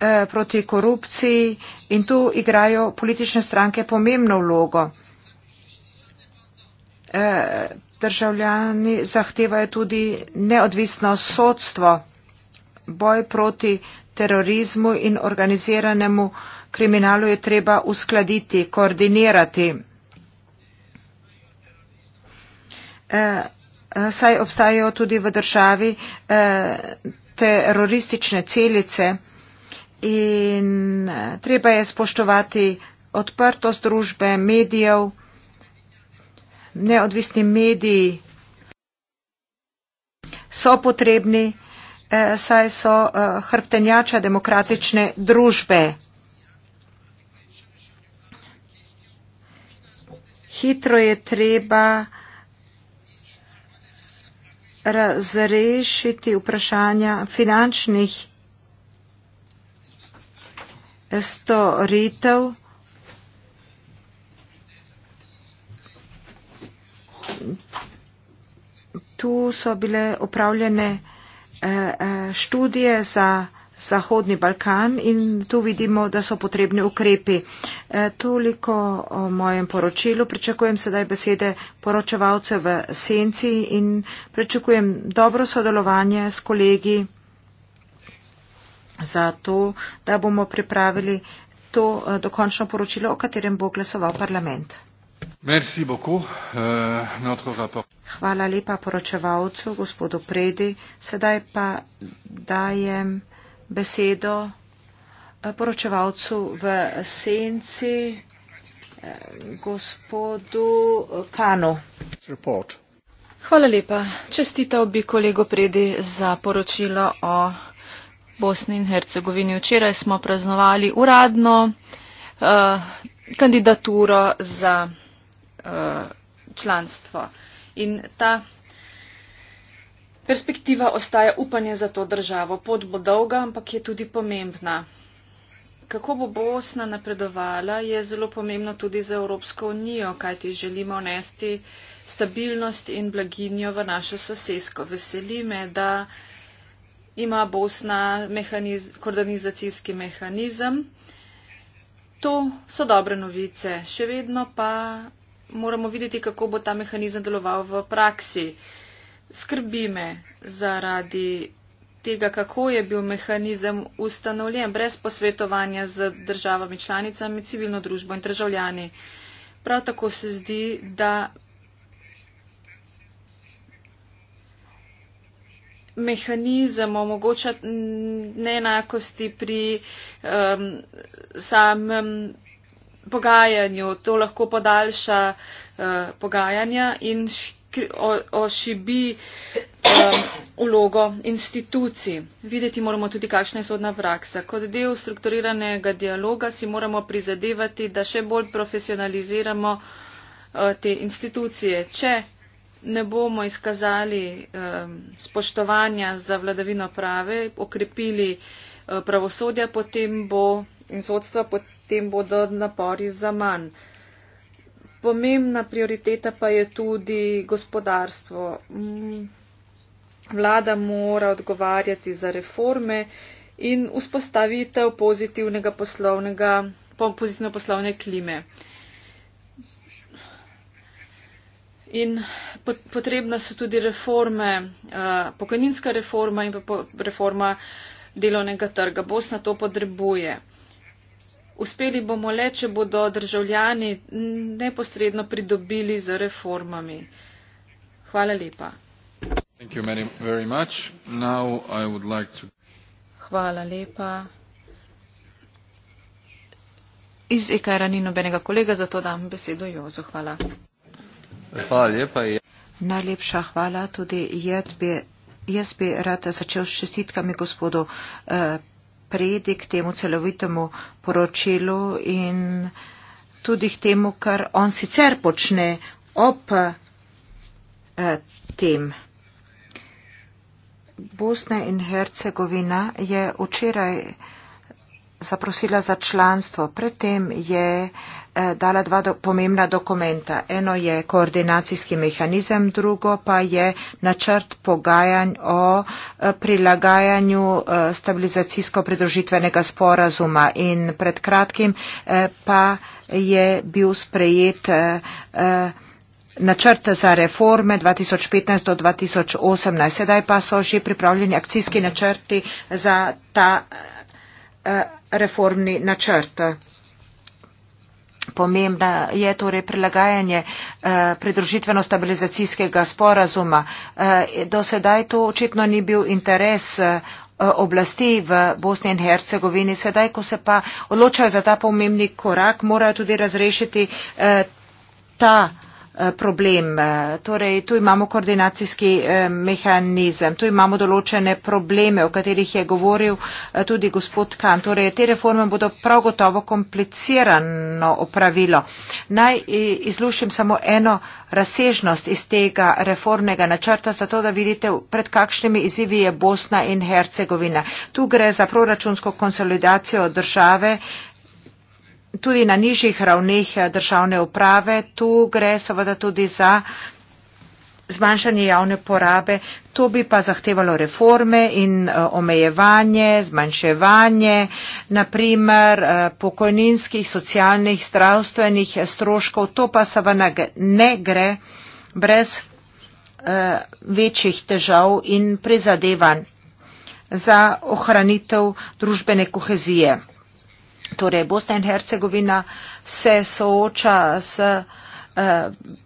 eh, proti korupciji in tu igrajo politične stranke pomembno vlogo. Eh, državljani zahtevajo tudi neodvisno sodstvo, boj proti terorizmu in organiziranemu kriminalu je treba uskladiti, koordinirati. Eh, eh, saj obstajajo tudi v državi eh, teroristične celice in eh, treba je spoštovati odprtost družbe, medijev, neodvisni mediji so potrebni. Eh, saj so eh, hrbtenjača demokratične družbe. Hitro je treba razrešiti vprašanja finančnih storitev. Tu so bile upravljene Eh, eh, študije za Zahodni Balkan in tu vidimo, da so potrebni ukrepi. Eh, toliko o mojem poročilu. Pričakujem sedaj besede poročevalcev v senci in pričakujem dobro sodelovanje s kolegi za to, da bomo pripravili to dokončno poročilo, o katerem bo glasoval parlament. Merci beaucoup. Uh, Hvala lepa poročevalcu, gospodu Predi. Sedaj pa dajem besedo eh, poročevalcu v senci, eh, gospodu Kano. Report. Hvala lepa. Čestital bi kolego Predi za poročilo o Bosni in Hercegovini. Včeraj smo praznovali uradno uh, kandidaturo za uh, članstvo. In ta perspektiva ostaja upanje za to državo. Pot bo dolga, ampak je tudi pomembna. Kako bo Bosna napredovala, je zelo pomembno tudi za Evropsko unijo, kajti želimo nesti stabilnost in blaginjo v našo sosesko. Veseli me, da ima Bosna mehaniz, koordinizacijski mehanizem. To so dobre novice. Še vedno pa moramo videti, kako bo ta mehanizem deloval v praksi. Skrbi me zaradi tega, kako je bil mehanizem ustanovljen brez posvetovanja z državami članicami, civilno družbo in državljani. Prav tako se zdi, da mehanizem omogoča neenakosti pri um, samem. Um, pogajanju, to lahko podaljša uh, pogajanja in škri, o, o šibi um, eh, vlogo institucij. Videti moramo tudi, kakšna je sodna praksa. Kot del strukturiranega dialoga si moramo prizadevati, da še bolj profesionaliziramo uh, te institucije. Če ne bomo izkazali um, spoštovanja za vladavino prave, okrepili pravosodja, potem bo in sodstva, potem bodo napori za manj. Pomembna prioriteta pa je tudi gospodarstvo. Vlada mora odgovarjati za reforme in vzpostavitev pozitivnega poslovnega, pozitivne poslovne klime. In potrebna so tudi reforme, eh, pokojninska reforma in pa reforma delovnega trga. Bosna to potrebuje. Uspeli bomo le, če bodo državljani neposredno pridobili z reformami. Hvala lepa. Hvala lepa. Iz EKR-a ni nobenega kolega, zato dam besedo Jozu. Hvala. Hvala lepa. Najlepša hvala tudi jaz bi, jaz bi rada začel s čestitkami gospodu eh, napredi k temu celovitemu poročilu in tudi k temu, kar on sicer počne ob eh, tem. Bosna in Hercegovina je včeraj zaprosila za članstvo. Predtem je eh, dala dva do, pomembna dokumenta. Eno je koordinacijski mehanizem, drugo pa je načrt pogajanj o eh, prilagajanju eh, stabilizacijsko-pridružitvenega sporazuma in pred kratkim pa je bil sprejet načrt za reforme 2015 do 2018. Sedaj pa so že pripravljeni akcijski načrti za ta reformni načrt. Pomembna je torej prilagajanje eh, pridružitveno-stabilizacijskega sporazuma. Eh, do sedaj to očitno ni bil interes eh, oblasti v Bosni in Hercegovini. Sedaj, ko se pa odločajo za ta pomembni korak, morajo tudi razrešiti ta Eh, problem. Eh, torej, tu imamo koordinacijski eh, mehanizem, tu imamo določene probleme, o katerih je govoril tudi gospod Kan. Torej, te reforme bodo prav gotovo komplicirano opravilo. Naj izlušim samo eno razsežnost iz tega reformnega načrta, zato da vidite, pred kakšnimi izzivi je Bosna in Hercegovina. Tu gre za proračunsko konsolidacijo države tudi na nižjih ravneh eh, državne uprave. Tu gre seveda tudi za zmanjšanje javne porabe. To bi pa zahtevalo reforme in eh, omejevanje, zmanjševanje, naprimer eh, pokojninskih, socialnih, zdravstvenih stroškov. To pa seveda ne gre brez večjih težav in prizadevanj za ohranitev družbene kohezije. Torej, Bosna in Hercegovina se sooča s uh,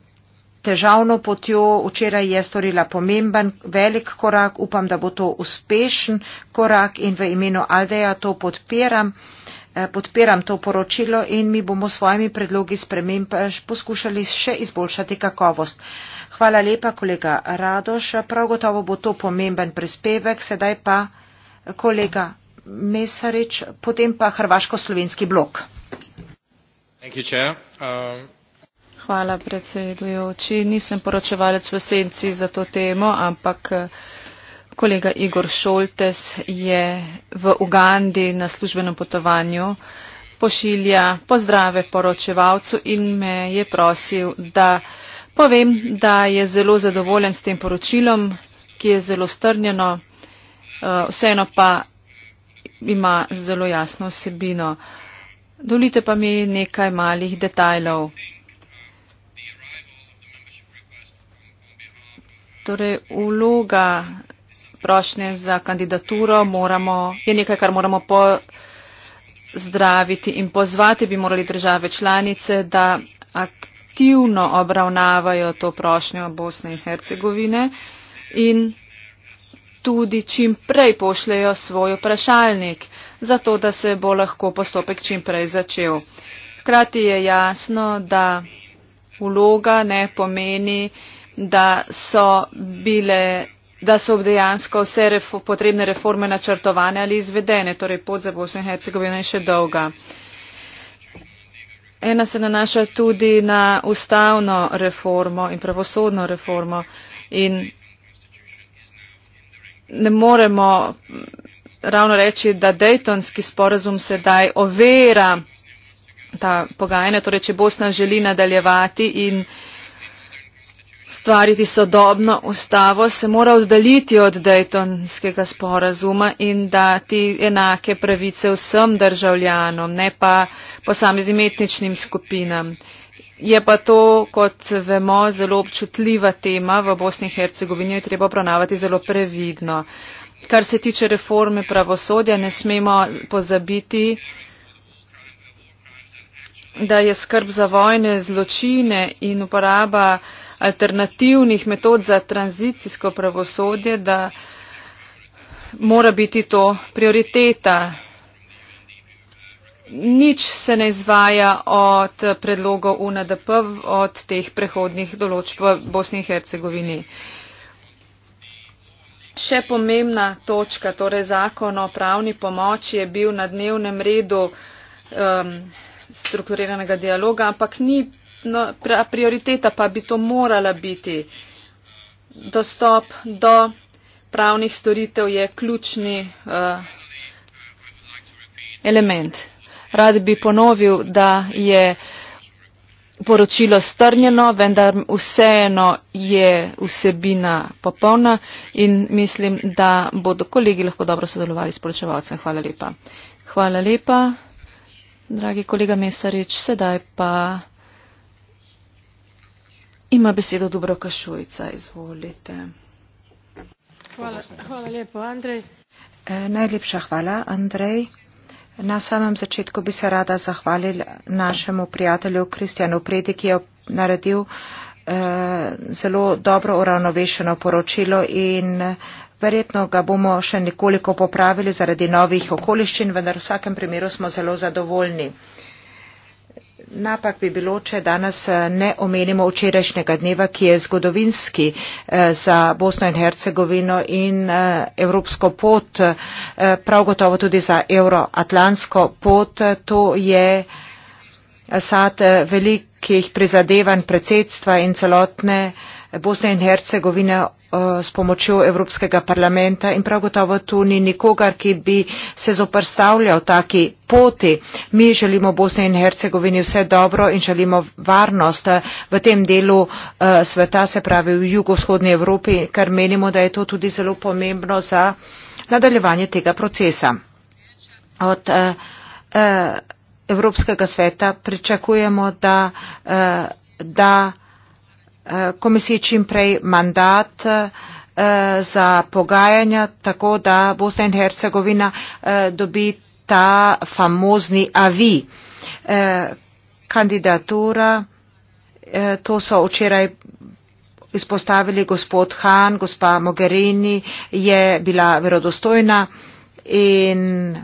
težavno potjo. Včeraj je storila pomemben, velik korak. Upam, da bo to uspešen korak in v imenu Aldeja to podpiram. Eh, podpiram to poročilo in mi bomo s svojimi predlogi sprememb eh, poskušali še izboljšati kakovost. Hvala lepa, kolega Radoš. Prav gotovo bo to pomemben prispevek. Sedaj pa, kolega Mesarič, potem pa Hrvaško-Slovenski blok. Um, Hvala, predsedujoči. Nisem poročevalec v senci za to temo, ampak eh, kolega Igor Šoltes je v Ugandi na službenem potovanju, pošilja pozdrave poročevalcu in me je prosil, da povem, da je zelo zadovoljen s tem poročilom, ki je zelo strnjeno. Eh, vseeno pa ima zelo jasno vsebino. Dovolite pa mi nekaj malih detajlov. Torej, vloga prošnje za kandidaturo moramo, je nekaj, kar moramo pozdraviti in pozvati bi morali države članice, da aktivno obravnavajo to prošnjo Bosne in Hercegovine in tudi čim prej pošljejo svoj vprašalnik, zato da se bo lahko postopek čim prej začel. Hkrati je jasno, da vloga ne pomeni, da so bile da so dejansko vse refo, potrebne reforme načrtovane ali izvedene, torej pot za Bosno in Hercegovino je še dolga. Ena se nanaša tudi na ustavno reformo in pravosodno reformo in ne moremo ravno reči, da Daytonski sporazum sedaj ovira ta pogajanja, torej če Bosna želi nadaljevati in stvariti sodobno ustavo, se mora vzdaliti od Daytonskega sporazuma in dati enake pravice vsem državljanom, ne pa posameznim etničnim skupinam. Uh, Je pa to, kot vemo, zelo občutljiva tema v Bosni in Hercegovini, jo je treba obravnavati zelo previdno. Kar se tiče reforme pravosodja, ne smemo pozabiti, da je skrb za vojne zločine in uporaba alternativnih metod za tranzicijsko pravosodje, da mora biti to prioriteta nič se ne izvaja od predlogov UNDP od teh prehodnih določb v Bosni in Hercegovini. Še pomembna točka, torej zakon o pravni pomoči je bil na dnevnem redu um, strukturiranega dialoga, ampak ni no, prioriteta, pa bi to morala biti. Dostop do pravnih storitev je ključni uh, element. Rad bi ponovil, da je poročilo strnjeno, vendar vseeno je vsebina popolna in mislim, da bodo kolegi lahko dobro sodelovali s poročevalcem. Hvala lepa. Hvala lepa, dragi kolega Mesarič. Sedaj pa ima besedo Dubrovka Šujca. Izvolite. Hvala, hvala lepa, Andrej. Eh, najlepša hvala, Andrej. Na samem začetku bi se rada zahvalil našemu prijatelju Kristjanu Predi, ki je naredil eh, zelo dobro uravnovešeno poročilo in eh, verjetno ga bomo še nekoliko popravili zaradi novih okoliščin, vendar v vsakem primeru smo zelo zadovoljni napak bi bilo, če danes eh, ne omenimo včerajšnjega dneva, ki je zgodovinski eh, za Bosno in Hercegovino in eh, evropsko pot, prav gotovo tudi za euroatlantsko pot. To je sad velikih prizadevanj predsedstva in celotne Bosne in Hercegovine Eh, s pomočjo evropskega parlamenta in prav gotovo tu ni nikogar, ki bi se zoprstavljal taki poti. Mi želimo Bosni in Hercegovini vse dobro in želimo varnost eh, v tem delu eh, sveta, se pravi v jugovzhodni Evropi, ker menimo, da je to tudi zelo pomembno za nadaljevanje tega procesa. Od Evropskega sveta pričakujemo, da, da Eh, komisiji čim prej mandat eh, za pogajanja, tako da Bosna in Hercegovina eh, dobi ta famozni avi. Kandidatura, to so včeraj izpostavili gospod Han, gospa Mogherini, je bila verodostojna in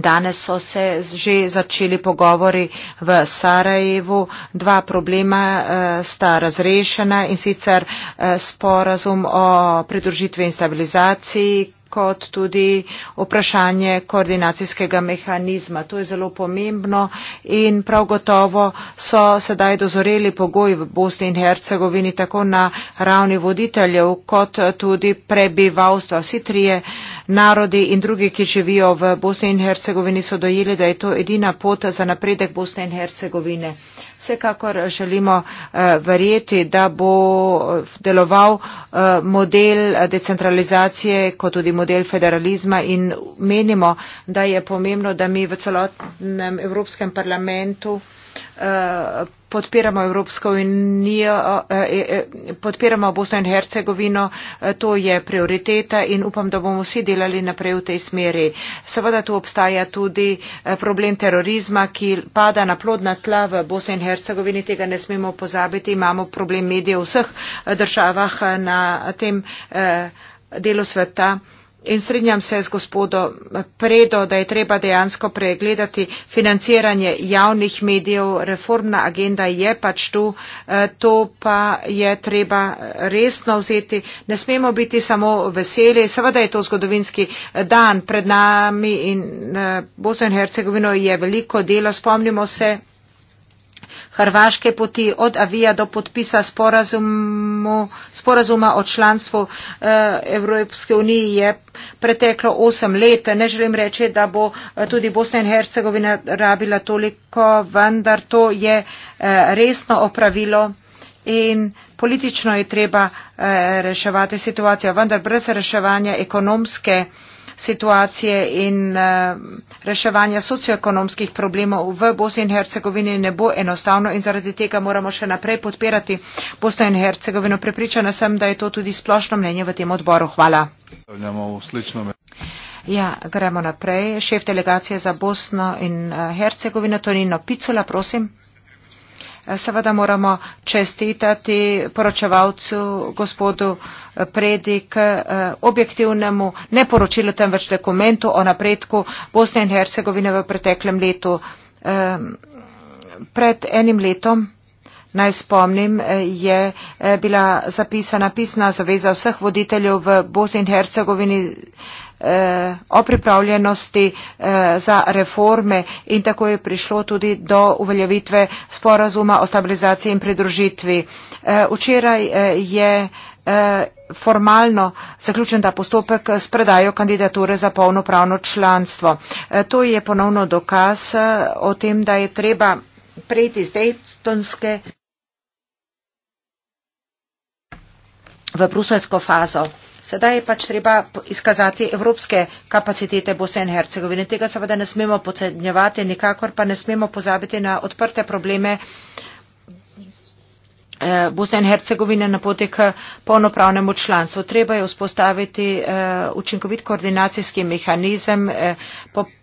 Danes so se že začeli pogovori v Sarajevu. Dva problema eh, sta razrešena in sicer eh, sporazum o pridružitvi in stabilizaciji kot tudi vprašanje koordinacijskega mehanizma. To je zelo pomembno in prav gotovo so sedaj dozoreli pogoji v Bosni in Hercegovini tako na ravni voditeljev kot tudi prebivalstva. Vsi trije uh, narodi in drugi ki živijo v bosni in hercegovini so dojeli da je to edina pot za napredek bosne in hercegovine vsekakor želimo eh, verjeti da bo eh, deloval eh, model decentralizacije kot tudi model federalizma in menimo da je pomembno da mi v celotnem evropskem parlamentu podpiramo Evropsko unijo, eh, eh, eh, podpiramo Bosno in Hercegovino, to je prioriteta in upam, da bomo vsi delali naprej v tej smeri. Seveda tu obstaja tudi problem terorizma, ki pada na plodna tla v Bosni in Hercegovini, tega ne smemo pozabiti, imamo problem medijev v vseh državah na tem delu sveta. In strinjam se z gospodo Predo, da je treba dejansko pregledati financiranje javnih medijev. Reformna agenda je pač tu, eh, to pa je treba resno vzeti. Ne smemo biti samo veseli. Seveda je to zgodovinski eh, dan pred nami in eh, Bosno in Hercegovino je veliko delo. Spomnimo se Hrvaške puti od avija do potpisa sporazumu, sporazuma o članstvu eh, Evropske unije je preteklo osem let. Ne želim reči, da bo eh, tudi Bosna in Hercegovina rabila toliko, vendar to je eh, resno opravilo in politično je treba reševati situacijo, vendar brez reševanja ekonomske situacije in eh, reševanja socioekonomskih problemov v Bosni in Hercegovini ne bo enostavno in zaradi tega moramo še naprej podpirati Bosno in Hercegovino. Prepričana sem, da je to tudi splošno mnenje v tem odboru. Hvala. Ja, gremo naprej. Šef delegacije za Bosno in eh, Hercegovino, Tonino Picula, prosim. Seveda moramo čestitati poročevalcu gospodu Predik eh, objektivnemu ne poročilu, temveč dokumentu o napredku Bosne in Hercegovine v preteklem letu. Pred enim letom, naj spomnim, eh, je eh, bila zapisana pisna zaveza vseh voditeljev v Bosni in Hercegovini Eh, o pripravljenosti eh, za reforme in tako je prišlo tudi do uveljavitve sporazuma o stabilizaciji in pridružitvi. Eh, včeraj je formalno zaključen ta postopek s predajo kandidature za polnopravno članstvo. To je ponovno dokaz o tem, da je treba prejti iz Dejtonske v bruselsko fazo. Sedaj je pač treba izkazati evropske kapacitete Bosne in Hercegovine. Tega seveda ne smemo pocenjevati, nikakor pa ne smemo pozabiti na odprte probleme eh, Bosne in Hercegovine na poti k polnopravnemu članstvu. Treba je vzpostaviti eh, učinkovit koordinacijski mehanizem, eh,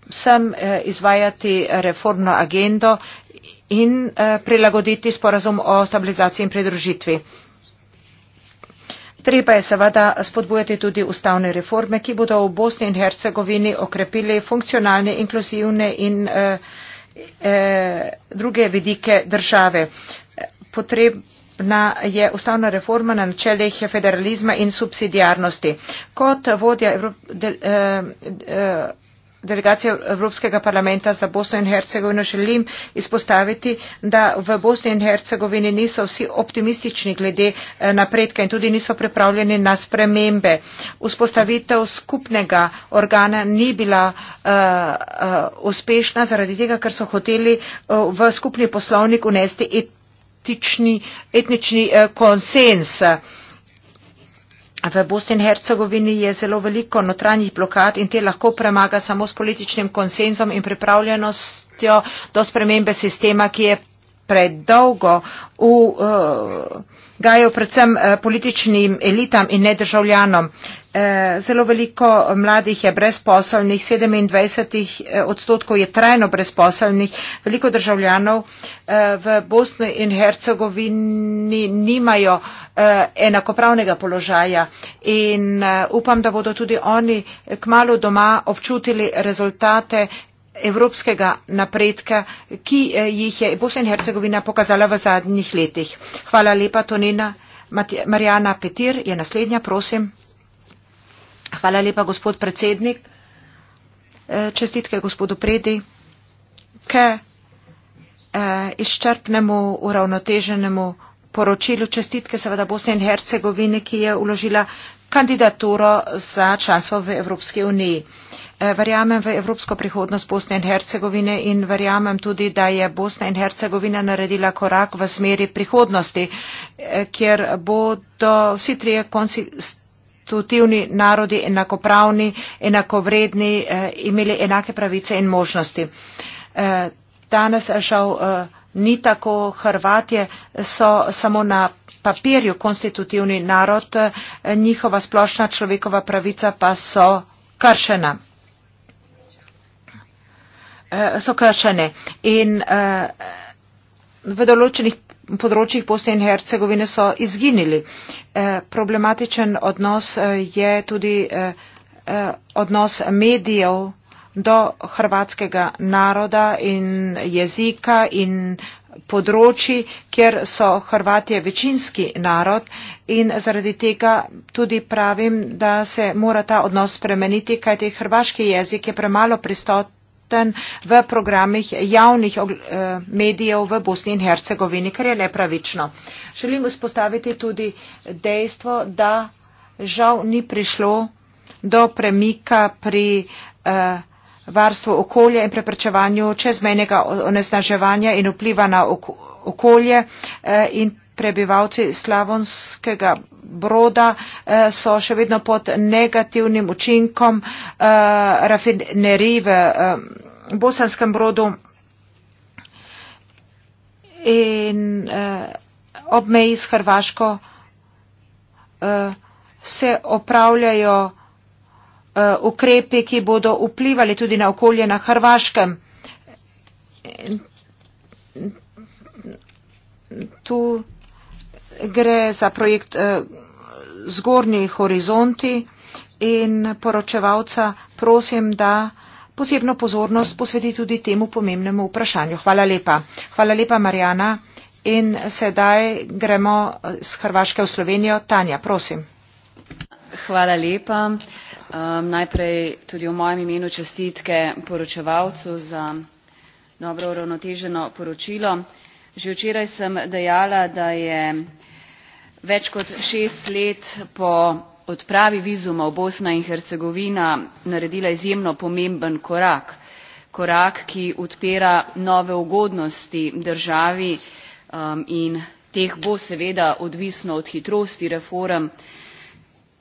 sem izvajati reformno agendo in prilagoditi sporazum o stabilizaciji in pridružitvi. Treba je seveda spodbujati tudi ustavne reforme, ki bodo v Bosni in Hercegovini okrepili funkcionalne, inkluzivne in eh, eh, druge vidike države. Potrebna je ustavna reforma na načelih federalizma in subsidijarnosti. Kot vodja Evrope. Eh, eh, delegacije evropskega parlamenta za bosno in hercegovino želim izpostaviti da v bosni in hercegovini niso vsi optimistični glede eh, napredka in tudi niso pripravljeni na spremembe. vzpostavitev skupnega organa ni bila eh, eh, uspešna zaradi tega ker so hoteli v skupni poslovnik vnesti etični etnični konsenz. V Bosni in Hercegovini je zelo veliko notranjih blokad in te lahko premaga samo s političnim konsenzom in pripravljenostjo do spremembe sistema, ki je predolgo v. Uh, eh, Gajo predvsem eh, političnim elitam in nedržavljanom. Eh, zelo veliko mladih je brezposelnih, 27 odstotkov je trajno brezposelnih, veliko državljanov v Bosni in Hercegovini nimajo Eh, enakopravnega položaja in eh, upam, da bodo tudi oni kmalo doma občutili rezultate evropskega napredka, ki eh, jih je Bosna in Hercegovina pokazala v zadnjih letih. Hvala lepa, Tonina. Marijana Petir je naslednja, prosim. Hvala lepa, gospod predsednik. Čestitke gospodu Predi. K izčrpnemu, uravnoteženemu poročilu čestitke seveda Bosni in Hercegovini, ki je uložila kandidaturo za članstvo v Evropski uniji. Eh, verjamem v evropsko prihodnost Bosne in Hercegovine in verjamem tudi, da je Bosna in Hercegovina naredila korak v smeri prihodnosti, eh, kjer bodo vsi trije konstitutivni narodi enakopravni, enakovredni, eh, imeli enake pravice in možnosti. Danes žal ni tako. Hrvatije so samo na papirju konstitutivni narod, njihova splošna človekova pravica pa so kršena. E, so kršene. In e, v določenih področjih Bosne in Hercegovine so izginili. E, problematičen odnos je tudi odnos medijev do hrvatskega naroda in jezika in področji, kjer so Hrvatije večinski narod in zaradi tega tudi pravim, da se mora ta odnos spremeniti, kajti hrvaški jezik je premalo prisoten v programih javnih eh, medijev v Bosni in Hercegovini, kar je nepravično. Želim vzpostaviti tudi dejstvo, da žal ni prišlo do premika pri eh, varstvu okolja in preprečevanju čezmejnega onesnaževanja in vpliva na okolje eh, in prebivalci slavonskega broda eh, so še vedno pod negativnim učinkom eh, rafinerij v bosanskem brodu in ob meji s Hrvaško se opravljajo Eh, ukrepi, ki bodo vplivali tudi na okolje na Hrvaškem. Tu gre za projekt eh, Zgornji horizonti in poročevalca prosim, da posebno pozornost posveti tudi temu pomembnemu vprašanju. Hvala lepa. Hvala lepa, Marjana. In sedaj gremo z eh, Hrvaške v Slovenijo. Tanja, prosim. Hvala lepa. Um, najprej tudi v mojem imenu čestitke poročevalcu za dobro uravnoteženo poročilo. Že včeraj sem dejala, da je več kot šest let po odpravi vizumov Bosna in Hercegovina naredila izjemno pomemben korak. Korak, ki odpira nove ugodnosti državi um, in teh bo seveda odvisno od hitrosti reform,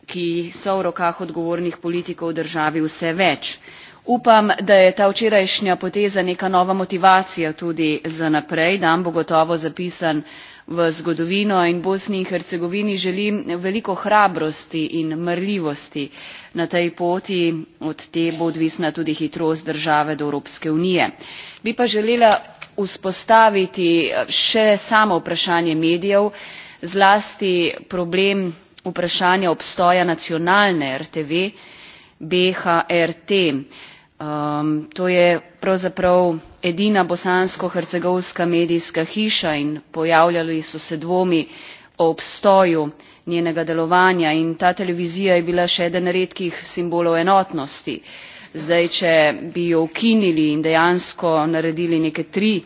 ki so v rokah odgovornih politikov v državi vse več. Upam, da je ta včerajšnja poteza neka nova motivacija tudi za naprej. Dan bo gotovo zapisan v zgodovino in Bosni in Hercegovini želim veliko hrabrosti in mrljivosti na tej poti, od te bo odvisna tudi hitrost države do Evropske unije. Bi pa želela vzpostaviti še samo vprašanje medijev, zlasti problem vprašanja obstoja nacionalne RTV BHRT. Um, to je pravzaprav edina bosansko-hercegovska medijska hiša in pojavljali so se dvomi o obstoju njenega delovanja in ta televizija je bila še eden redkih simbolov enotnosti. Zdaj, če bi jo ukinili in dejansko naredili neke tri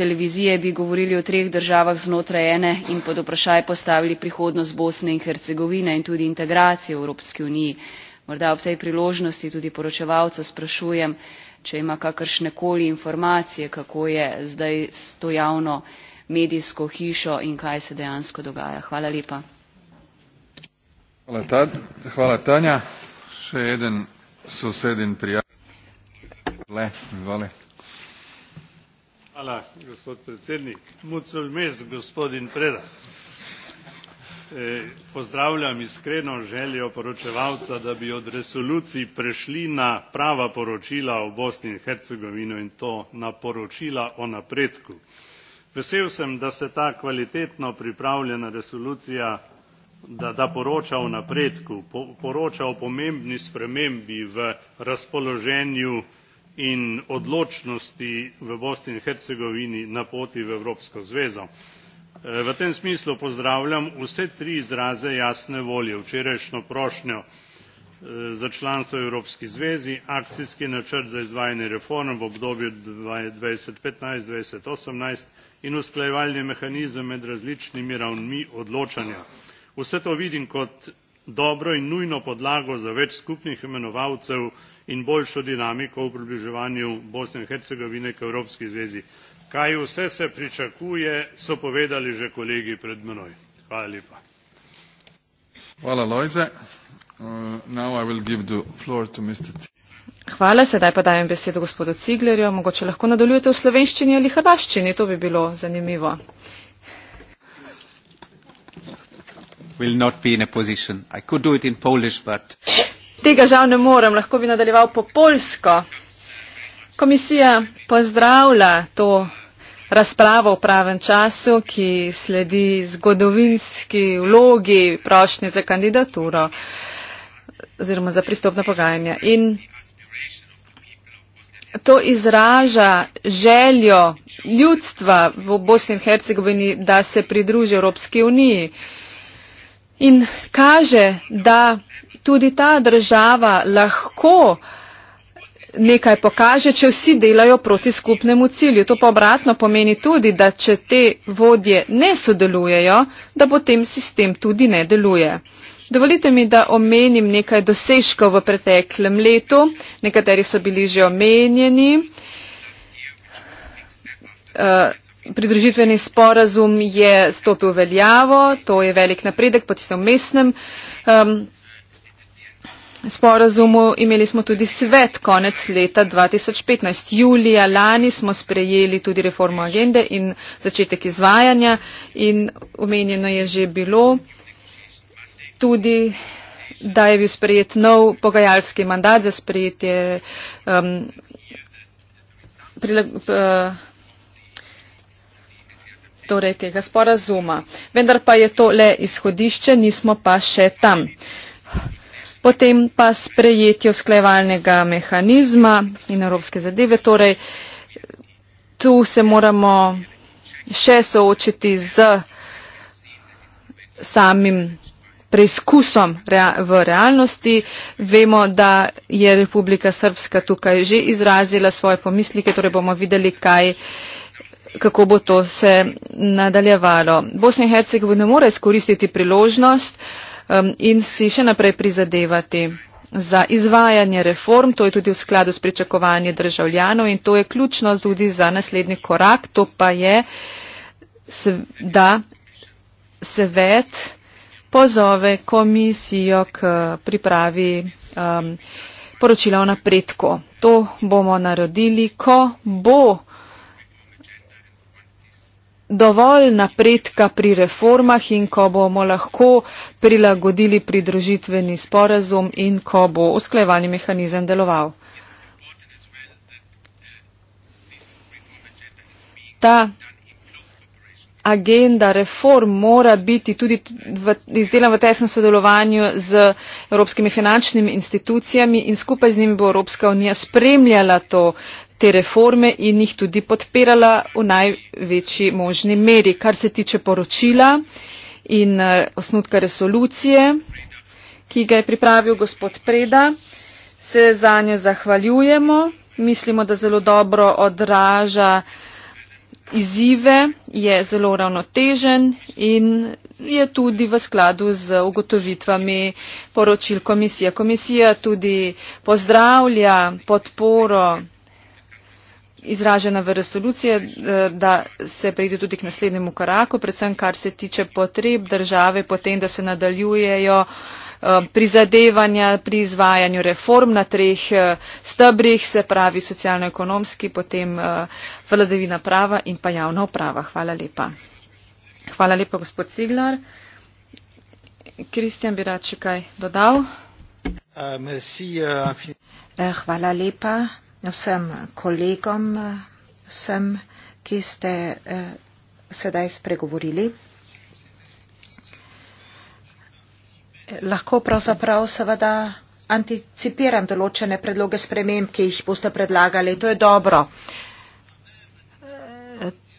televizije bi govorili o treh državah znotraj ene in pod vprašaj postavili prihodnost Bosne in Hercegovine in tudi integracije v Evropski uniji. Morda ob tej priložnosti tudi poročevalca sprašujem, če ima kakršne koli informacije, kako je zdaj s to javno medijsko hišo in kaj se dejansko dogaja. Hvala lepa. Hvala, ta, hvala Tanja. Še eden sosedin prijatelj. Le, izvali. Hvala, gospod predsednik. Muculmes, gospodin Preda. E, pozdravljam iskreno željo poročevalca, da bi od resolucij prešli na prava poročila o Bosni in Hercegovini in to na poročila o napredku. Vesel sem, da se ta kvalitetno pripravljena resolucija, da, da poroča o napredku, po, poroča o pomembni spremembi v razpoloženju in odločnosti v bosni in hercegovini na poti v evropsko zvezo. Eh, v tem smislu pozdravljam vse tri izraze jasne volje včerajšnjo prošnjo eh, za članstvo v evropski zvezi akcijski načrt za izvajanje reform v obdobju dva tisoč petnajst dva tisoč osemnajst in usklajevalni mehanizem med različnimi ravnmi odločanja. vse to vidim kot dobro in nujno podlago za več skupnih imenovalcev in boljšo dinamiko v približevanju bosne in hercegovine k evropski zvezi. kaj vse se pričakuje so povedali že kolegi pred menoj. Uh, hvala sedaj pa dajem besedo gospodu ciglerju mogoče lahko nadaljujete v slovenščini ali hrvaščini to bi bilo zanimivo. will not be in a position i could do it in polish but Tega žal ne morem, lahko bi nadaljeval po polsko. Komisija pozdravlja to razpravo v pravem času, ki sledi zgodovinski vlogi prošnje za kandidaturo oziroma za pristopno pogajanje. In to izraža željo ljudstva v Bosni in Hercegovini, da se pridruži Evropski uniji. Uh, in kaže, da tudi ta država lahko nekaj pokaže, če vsi delajo proti skupnemu cilju. To pa obratno pomeni tudi, da če te vodje ne sodelujejo, da potem sistem tudi ne deluje. Dovolite mi, da omenim nekaj dosežkov v preteklem letu. Nekateri so bili že omenjeni. Uh, pridružitveni sporazum je stopil v veljavo, to je velik napredek po tistem mestnem um, sporazumu. Imeli smo tudi svet konec leta 2015. Julija lani smo sprejeli tudi reformo agende in začetek izvajanja in omenjeno je že bilo tudi da je bil sprejet nov pogajalski mandat za sprejetje um, prilag, uh, torej tega sporazuma. Vendar pa je to le izhodišče, nismo pa še tam. Potem pa sprejetje usklajevalnega mehanizma in evropske zadeve. Torej, tu se moramo še soočiti z samim preizkusom rea v realnosti. Vemo, da je Republika Srpska tukaj že izrazila svoje pomislike, torej bomo videli, kaj uh, kako bo to se nadaljevalo. Bosna in Hercegovina mora izkoristiti priložnost um, in si še naprej prizadevati za izvajanje reform, to je tudi v skladu s pričakovanjem državljanov in to je ključno tudi za naslednji korak, to pa je, da svet pozove komisijo k pripravi um, poročila o napredku. To bomo naredili, ko bo dovolj napredka pri reformah in ko bomo lahko prilagodili pridružitveni sporazum in ko bo usklajevalni mehanizem deloval. Ta agenda reform mora biti tudi v, izdelan v tesnem sodelovanju z evropskimi finančnimi institucijami in skupaj z njimi bo Evropska unija spremljala to te reforme in jih tudi podpirala v največji možni meri. Kar se tiče poročila in eh, osnutka resolucije, ki ga je pripravil gospod Preda, se za njo zahvaljujemo. Mislimo, da zelo dobro odraža izzive, je zelo ravnotežen in je tudi v skladu z ugotovitvami poročil komisije. Komisija tudi pozdravlja podporo izražena v resoluciji, eh, da se prejde tudi k naslednjemu koraku, predvsem kar se tiče potreb države, potem, da se nadaljujejo eh, prizadevanja pri izvajanju reform na treh eh, stebrih, se pravi socialno-ekonomski, potem vladavina prava in pa javna uprava. Hvala lepa. Hvala lepa, gospod Ciglar. Kristjan bi rad še kaj dodal. Hvala lepa vsem kolegom, vsem, ki ste eh, sedaj spregovorili. Lahko pravzaprav seveda anticipiram določene predloge sprememb, ki jih boste predlagali. To je dobro.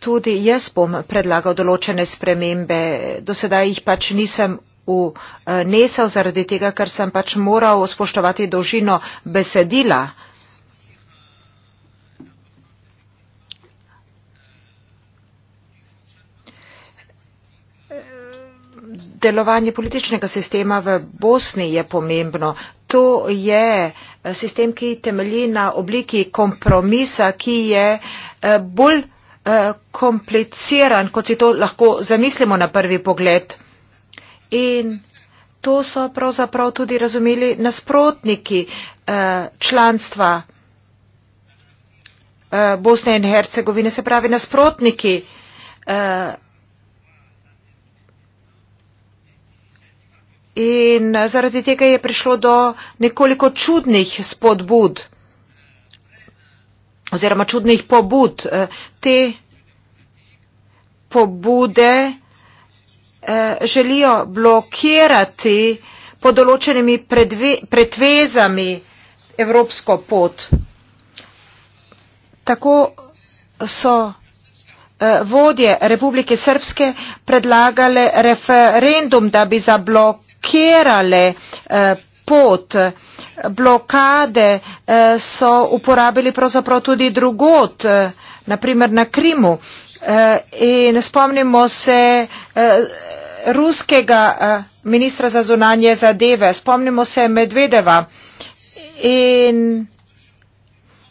Tudi jaz bom predlagal določene spremembe. Do sedaj jih pač nisem unesel zaradi tega, ker sem pač moral spoštovati dolžino besedila. delovanje političnega sistema v Bosni je pomembno. To je eh, sistem, ki temelji na obliki kompromisa, ki je eh, bolj eh, kompliciran, kot si to lahko zamislimo na prvi pogled. In to so pravzaprav tudi razumeli nasprotniki članstva Bosne in Hercegovine, se pravi nasprotniki in eh, zaradi tega je prišlo do nekoliko čudnih spodbud oziroma čudnih pobud. Eh, te pobude eh, želijo blokirati pod določenimi predve, pretvezami evropsko pot. Tako so vodje Republike Srpske predlagale referendum, da bi zablokirali blokirale eh, pot. Blokade eh, so uporabili pravzaprav tudi drugot, eh, naprimer na Krimu. In spomnimo se ruskega ministra za zunanje zadeve, spomnimo se Medvedeva. In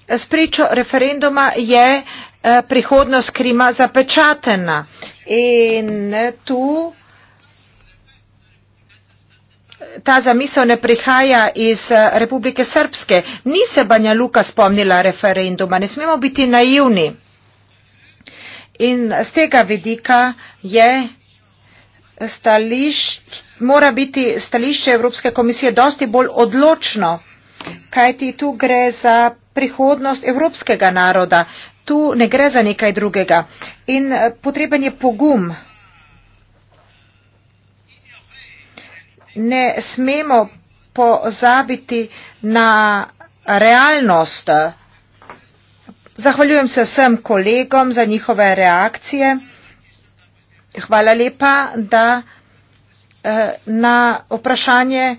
s pričo referenduma je prihodnost Krima zapečatena. In tu ta zamisel ne prihaja iz eh, Republike Srpske. Ni se Banja Luka spomnila referenduma, ne smemo biti naivni. In z tega vidika je stališč, mora biti stališče Evropske komisije dosti bolj odločno, kajti tu gre za prihodnost evropskega naroda, tu ne gre za nekaj drugega. In eh, potreben je pogum. ne smemo pozabiti na realnost. Zahvaljujem se vsem kolegom za njihove reakcije. Hvala lepa, da eh, na vprašanje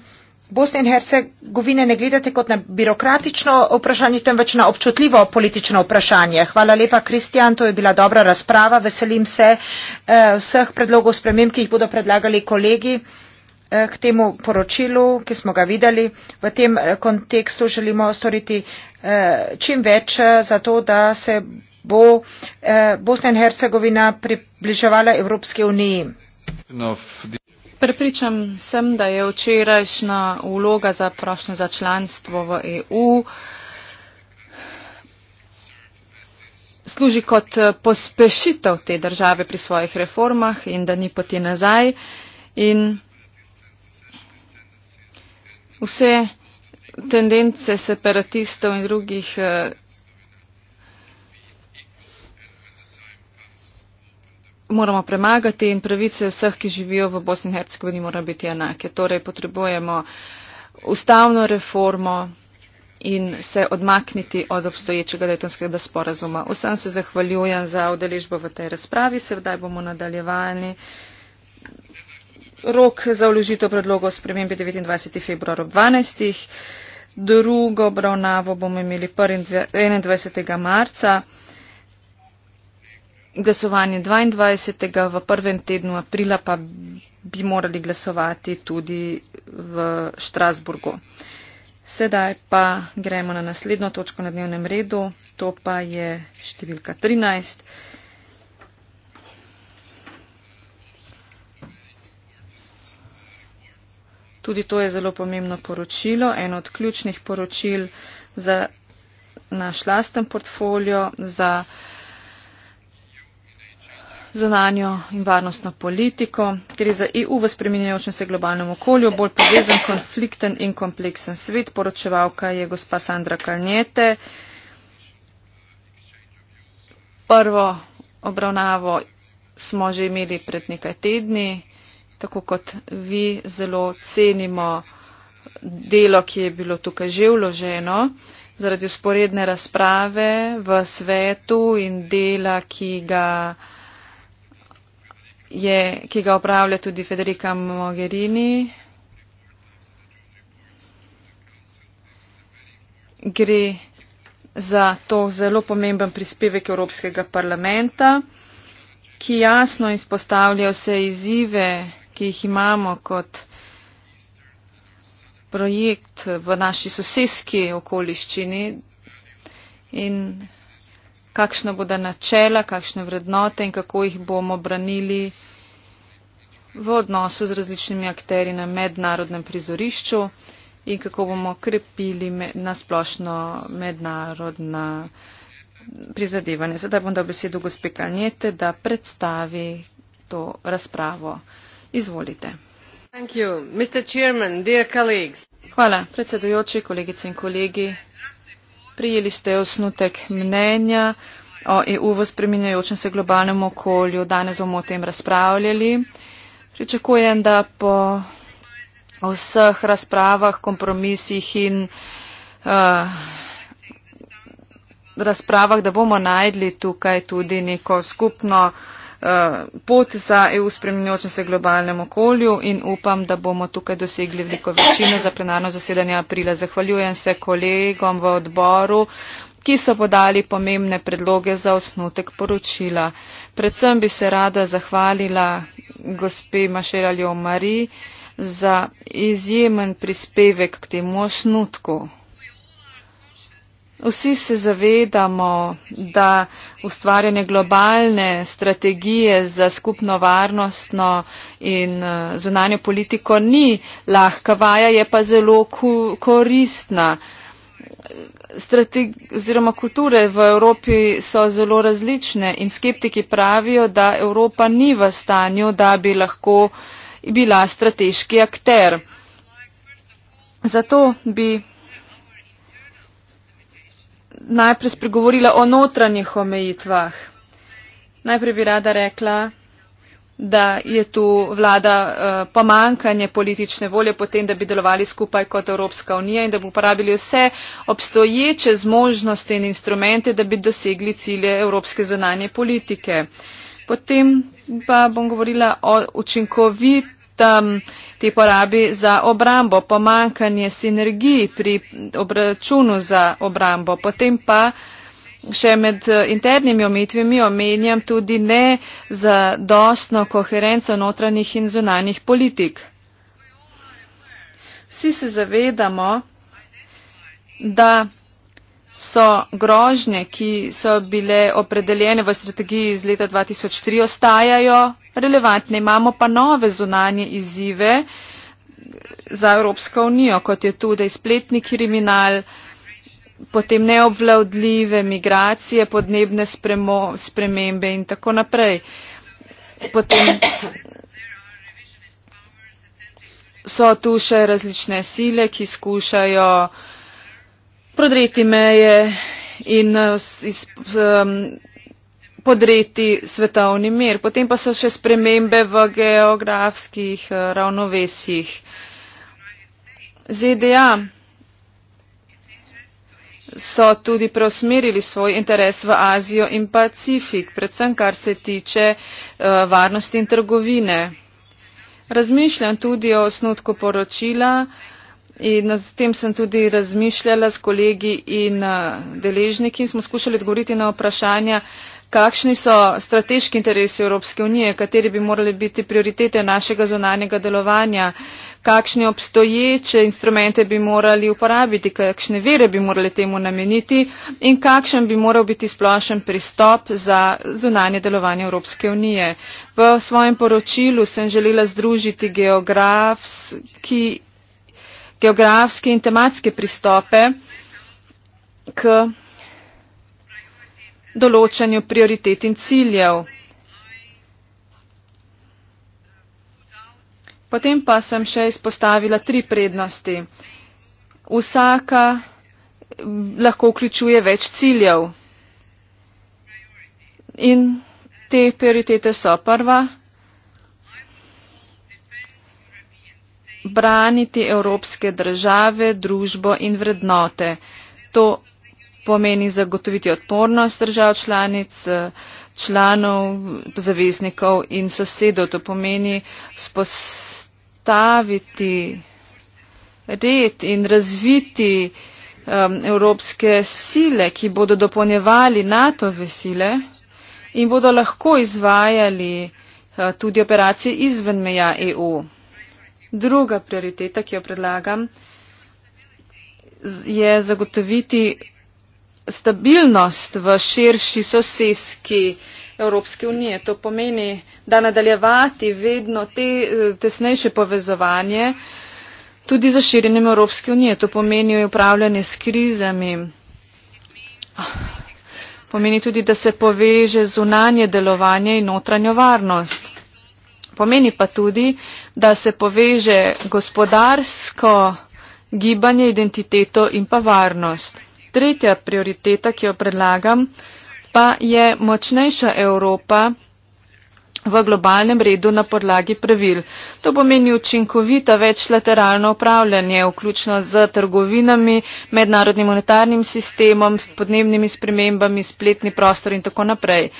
Bosne in Hercegovine ne gledate kot na birokratično vprašanje, temveč na občutljivo politično vprašanje. Hvala lepa, Kristjan, to je bila dobra razprava. Veselim se eh, vseh predlogov sprememb, ki jih bodo predlagali kolegi. Eh, k temu poročilu, ki smo ga videli. V tem eh, kontekstu želimo storiti eh, čim več za to, da se bo Bosna in Hercegovina približevala Evropske uniji. Prepričam sem, da je včerajšnja vloga za prošnje za članstvo v EU služi kot pospešitev te države pri svojih reformah in da ni poti nazaj. In vse tendence separatistov in drugih. Eh, moramo premagati in pravice vseh, ki živijo v Bosni in Hercegovini, morajo biti enake. Torej, potrebujemo ustavno reformo in se odmakniti od obstoječega letonskega sporazuma. Vsem se zahvaljujem za udeležbo v tej razpravi, sedaj bomo nadaljevali rok za vložitev predlogov spremembe 29. februar ob 12. Drugo obravnavo bomo imeli 21. marca, glasovanje 22. v prvem tednu aprila pa bi morali glasovati tudi v Štrasburgu. Sedaj pa gremo na naslednjo točko na dnevnem redu, to pa je številka 13. Tudi to je zelo pomembno poročilo, eno od ključnih poročil za naš lasten portfolio, za zonanjo in varnostno politiko, ker je za EU v spreminjajočem se globalnem okolju bolj povezan, konflikten in kompleksen svet. Poročevalka je gospa Sandra Kalnjete. Prvo obravnavo smo že imeli pred nekaj tedni tako kot vi zelo cenimo delo, ki je bilo tukaj že vloženo zaradi usporedne razprave v svetu in dela, ki ga, je, ki ga opravlja tudi Federica Mogherini. Gre za to zelo pomemben prispevek Evropskega parlamenta, ki jasno izpostavlja vse izzive ki jih imamo kot projekt v naši sosedski okoliščini in kakšna bodo načela, kakšne vrednote in kako jih bomo branili v odnosu z različnimi akteri na mednarodnem prizorišču in kako bomo krepili na splošno mednarodna prizadevanja. Zdaj bom dal besedo gospe Kalnjete, da predstavi to razpravo izvolite. Hvala, predsedujoči, kolegice in kolegi. Prijeli ste osnutek mnenja o EU v spreminjajočem se globalnem okolju. Danes bomo o tem razpravljali. Pričakujem, da po vseh razpravah, kompromisih in uh, razpravah, da bomo najdli tukaj tudi neko skupno. Uh, Eh, pot za EU spremenjoče se globalnem okolju in upam, da bomo tukaj dosegli veliko večino za plenarno zasedanje aprila. Zahvaljujem se kolegom v odboru ki so podali pomembne predloge za osnutek poročila. Predvsem bi se rada zahvalila gospe Mašeraljo Mari za izjemen prispevek k temu osnutku. Vsi se zavedamo, da ustvarjanje globalne strategije za skupno varnostno in eh, zunanjo politiko ni lahka vaja, je pa zelo koristna. Strateg oziroma kulture v Evropi so zelo različne in skeptiki pravijo, da Evropa ni v stanju, da bi lahko bila strateški akter. Zato bi najprej spregovorila o notranjih omejitvah. Najprej bi rada rekla, da je tu vlada eh, pomankanje politične volje potem, da bi delovali skupaj kot Evropska unija in da bi uporabili vse obstoječe zmožnosti in instrumente, da bi dosegli cilje Evropske zunanje politike. Potem pa bom govorila o učinkovitem ti porabi za obrambo, pomankanje sinergij pri obračunu za obrambo. Potem pa še med eh, internimi omitvimi omenjam tudi ne za dosno koherenco notranjih in zunanjih politik. Vsi se zavedamo, da so grožnje, ki so bile opredeljene v strategiji iz leta 2003, ostajajo relevantne. Imamo pa nove zunanje izzive za Evropsko unijo, kot je tudi spletni kriminal, potem neobvladljive migracije, podnebne spremo, spremembe in tako naprej. Potem so tu še različne sile, ki skušajo prodreti meje in iz, iz, iz, podreti svetovni mir. Potem pa so še spremembe v geografskih eh, ravnovesjih. ZDA so tudi preusmerili svoj interes v Azijo in Pacifik, predvsem kar se tiče eh, varnosti in trgovine. Razmišljam tudi o osnutku poročila in s tem sem tudi razmišljala s kolegi in eh, deležniki in smo skušali odgovoriti na vprašanja, kakšni so strateški interesi Evropske unije, kateri bi morali biti prioritete našega zonanjega delovanja, kakšne obstoječe instrumente bi morali uporabiti, kakšne vere bi morali temu nameniti in kakšen bi moral biti splošen pristop za zonanje delovanje Evropske unije. V svojem poročilu sem želela združiti geografski, geografski in tematske pristope k določanju prioritet in ciljev. Potem pa sem še izpostavila tri prednosti. Vsaka lahko vključuje več ciljev. In te prioritete so prva. Braniti evropske države, družbo in vrednote. To pomeni zagotoviti odpornost držav članic, eh, članov, zaveznikov in sosedov. To pomeni spostaviti red in razviti um, evropske sile, ki bodo dopolnjevali NATO-ve sile in bodo lahko izvajali uh, tudi operacije izven meja EU. Druga prioriteta, ki jo predlagam, je zagotoviti stabilnost v širši soseski Evropske unije. To pomeni, da nadaljevati vedno te eh, tesnejše povezovanje tudi za širjenjem Evropske unije. To pomeni upravljanje s krizami. Pomeni tudi, da se poveže zunanje delovanje in notranjo varnost. Pomeni pa tudi, da se poveže gospodarsko gibanje, identiteto in pa varnost. Tretja prioriteta, ki jo predlagam, pa je močnejša Evropa v globalnem redu na podlagi pravil. To pomeni učinkovito večlateralno upravljanje, vključno z trgovinami, mednarodnim monetarnim sistemom, podnebnimi spremembami, spletni prostor in tako naprej.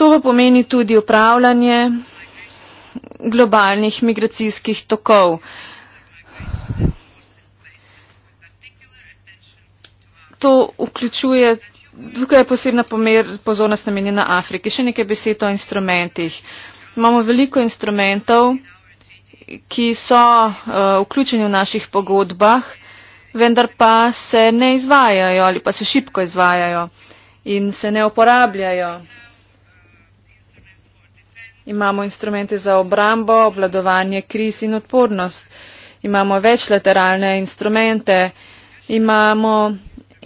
To pa pomeni tudi upravljanje globalnih migracijskih tokov. to vključuje, tukaj je posebna pomer, pozornost namenjena Afriki. Še nekaj besed o instrumentih. Imamo veliko instrumentov, ki so uh, vključeni v naših pogodbah, vendar pa se ne izvajajo ali pa se šibko izvajajo in se ne uporabljajo. Imamo instrumente za obrambo, obvladovanje kriz in odpornost. Imamo večlateralne instrumente. Imamo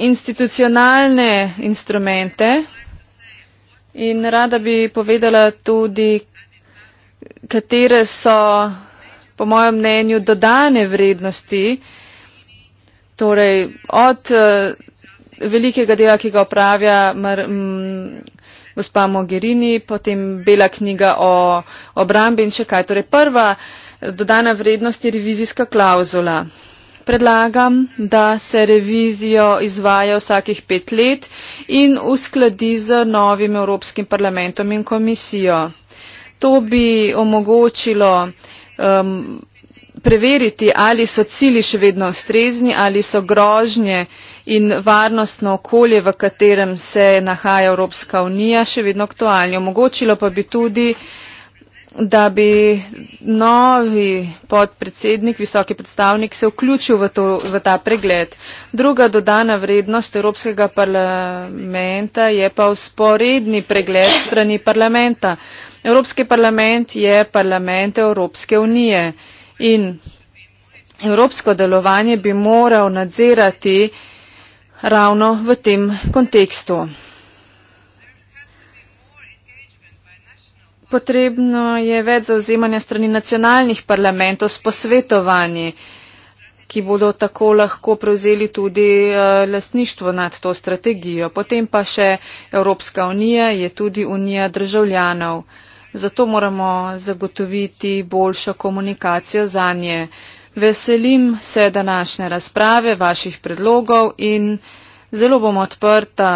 institucionalne instrumente in rada bi povedala tudi, katere so po mojem mnenju dodane vrednosti, torej od eh, velikega dela, ki ga opravlja gospa Mogherini, potem bela knjiga o obrambi in še kaj. Torej prva dodana vrednost je revizijska klauzula predlagam, da se revizijo izvaja vsakih pet let in uskladi z novim Evropskim parlamentom in komisijo. To bi omogočilo um, preveriti, ali so cili še vedno ustrezni, ali so grožnje in varnostno okolje, v katerem se nahaja Evropska unija, še vedno aktualni. Omogočilo pa bi tudi, da bi novi podpredsednik, visoki predstavnik se vključil v, to, v ta pregled. Druga dodana vrednost Evropskega parlamenta je pa usporedni pregled strani parlamenta. Evropski parlament je parlament Evropske unije in evropsko delovanje bi moral nadzirati ravno v tem kontekstu. potrebno je več zauzemanja strani nacionalnih parlamentov s posvetovanji, ki bodo tako lahko prevzeli tudi eh, lasništvo nad to strategijo. Potem pa še Evropska unija je tudi unija državljanov. Zato moramo zagotoviti boljšo komunikacijo za nje. Veselim se današnje razprave, vaših predlogov in zelo bom odprta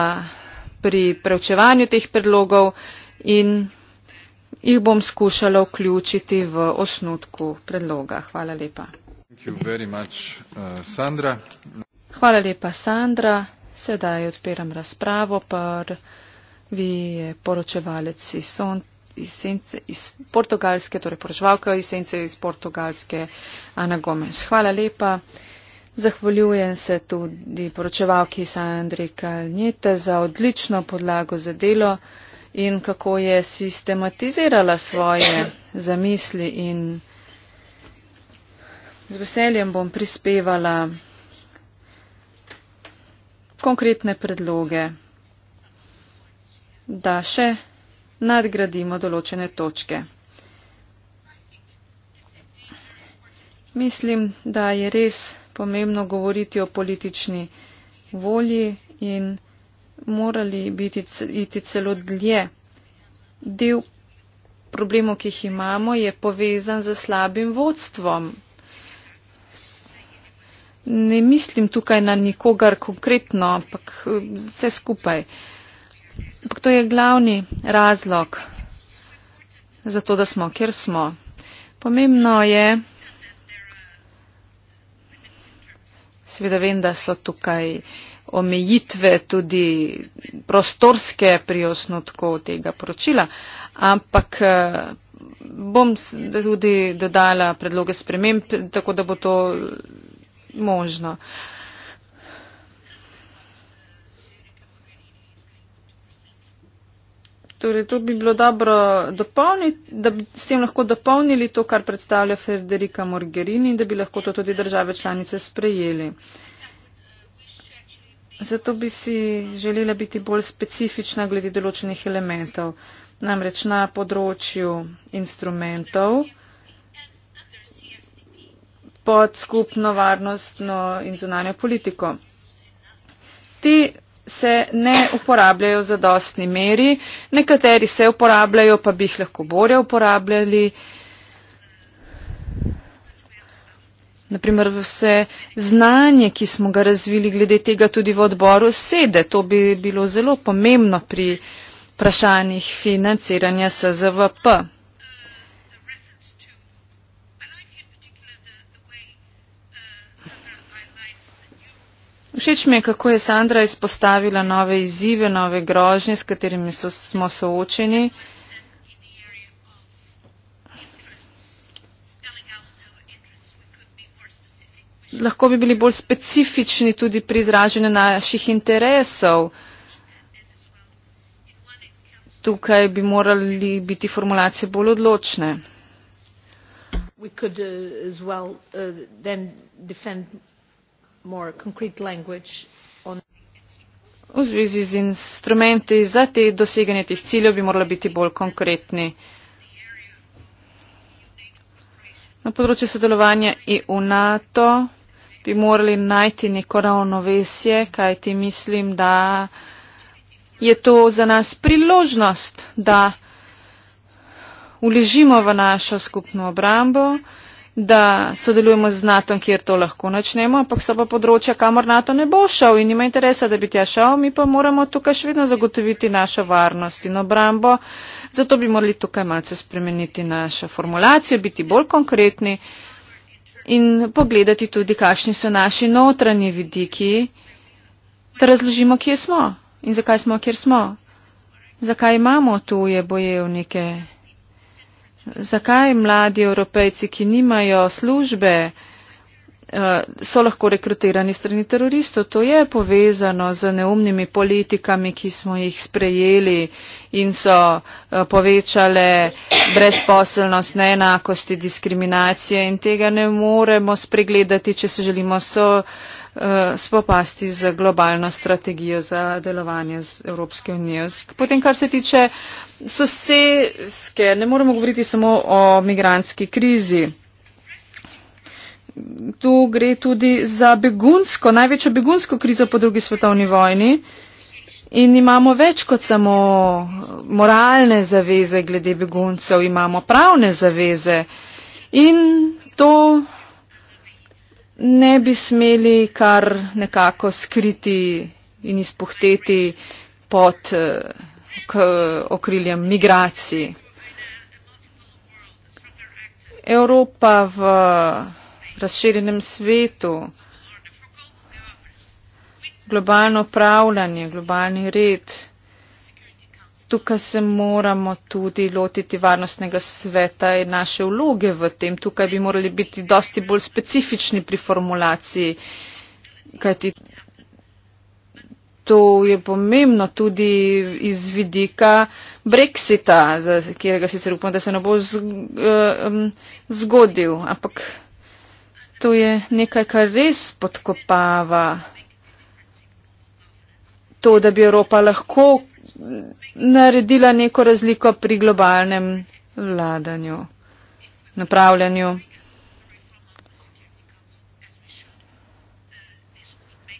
pri preučevanju teh predlogov in jih bom skušala vključiti v osnutku predloga. Hvala lepa. Much, uh, Hvala lepa, Sandra. Sedaj odpiram razpravo. Prvi je poročevalec iz, son, iz, sence, iz Portugalske, torej poročevalka iz Sence iz Portugalske, Ana Gomes. Hvala lepa. Zahvaljujem se tudi poročevalki Sandri Kalnjete za odlično podlago za delo in kako je sistematizirala svoje zamisli in z veseljem bom prispevala konkretne predloge, da še nadgradimo določene točke. Mislim, da je res pomembno govoriti o politični volji in morali biti, iti celo dlje. Del problemov, ki jih imamo, je povezan z slabim vodstvom. Ne mislim tukaj na nikogar konkretno, ampak eh, vse skupaj. Ampak to je glavni razlog za to, da smo, kjer smo. Pomembno je, seveda vem, da so tukaj. Uh, omejitve tudi prostorske pri osnutku tega poročila, ampak eh, bom tudi dodala predloge sprememb, tako da bo to možno. Torej, to bi bilo dobro dopolniti, da bi s tem lahko dopolnili to, kar predstavlja Federica Morgerini in da bi lahko to tudi države članice sprejeli. Uh, Zato bi si želela biti bolj specifična glede določenih elementov. Namreč na področju instrumentov pod skupno varnostno in zunanjo politiko. Ti se ne uporabljajo za dostni meri, nekateri se uporabljajo, pa bi jih lahko bolje uporabljali naprimer vse znanje, ki smo ga razvili glede tega tudi v odboru sede. To bi bilo zelo pomembno pri vprašanjih financiranja SZVP. Všeč mi je, kako je Sandra izpostavila nove izzive, nove grožnje, s katerimi so, smo soočeni. lahko bi bili bolj specifični tudi pri izraženju naših interesov. Tukaj bi morali biti formulacije bolj odločne. Uh, uh, v zvezi z instrumenti za te doseganje teh ciljev bi morala biti bolj konkretni. Na področju sodelovanja EU-NATO bi morali najti neko ravnovesje, kajti mislim, da je to za nas priložnost, da uležimo v našo skupno obrambo, da sodelujemo z NATO, kjer to lahko načnemo, ampak so pa področja, kamor NATO ne bo šel in nima interesa, da bi tja šel, mi pa moramo tukaj še vedno zagotoviti našo varnost in obrambo. Zato bi morali tukaj malce spremeniti našo formulacijo, biti bolj konkretni in pogledati tudi, kakšni so naši notranji vidiki, da razložimo, kje smo in zakaj smo, kjer smo, zakaj imamo tuje bojevnike, zakaj mladi evropejci, ki nimajo službe, Eh, so lahko rekrutirani strani teroristov. To je povezano z neumnimi politikami, ki smo jih sprejeli in so eh, povečale brezposelnost, neenakosti, diskriminacije in tega ne moremo spregledati, če se želimo so eh, spopasti z globalno strategijo za delovanje z Evropske unije. Potem, kar se tiče soseske, ne moremo govoriti samo o migranski krizi tu gre tudi za begunsko, največjo begunsko krizo po drugi svetovni vojni in imamo več kot samo moralne zaveze glede beguncev, imamo pravne zaveze in to ne bi smeli kar nekako skriti in izpuhteti pod eh, k, okriljem migracij. Evropa v razširjenem svetu, globalno upravljanje, globalni red. Tukaj se moramo tudi lotiti varnostnega sveta in naše vloge v tem. Tukaj bi morali biti dosti bolj specifični pri formulaciji, kajti to je pomembno tudi iz vidika Brexita, za katerega sicer upam, da se ne bo eh, zgodil, ampak to je nekaj, kar res podkopava to, da bi Evropa lahko naredila neko razliko pri globalnem vladanju, napravljanju.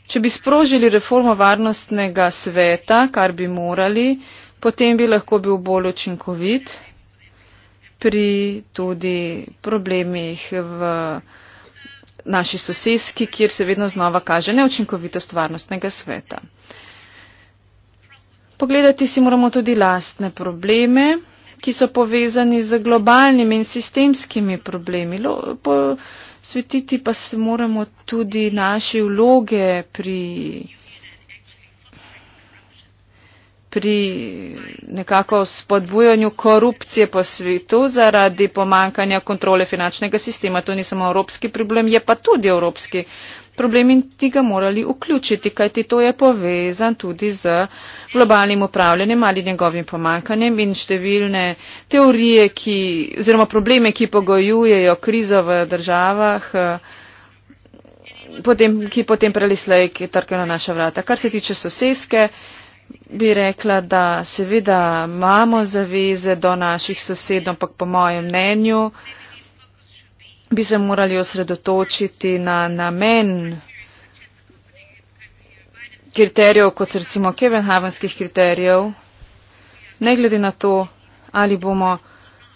Če bi sprožili reformo varnostnega sveta, kar bi morali, potem bi lahko bil bolj učinkovit pri tudi problemih v naši soseski, kjer se vedno znova kaže neučinkovitost varnostnega sveta. Pogledati si moramo tudi lastne probleme, ki so povezani z globalnimi in sistemskimi problemi. Posvetiti pa se moramo tudi naše vloge pri pri nekako spodbujanju korupcije po svetu zaradi pomankanja kontrole finančnega sistema. To ni samo evropski problem, je pa tudi evropski problem in ti ga morali vključiti, kajti to je povezan tudi z globalnim upravljanjem ali njegovim pomankanjem in številne teorije, ki, oziroma probleme, ki pogojujejo krizo v državah. Eh, potem, ki potem prelislej trkajo na naša vrata. Kar se tiče soseske, uh, bi rekla, da seveda imamo zaveze do naših sosedov, ampak po mojem mnenju bi se morali osredotočiti na namen kriterijev, kot recimo Kevenhavenskih kriterijev, ne glede na to, ali bomo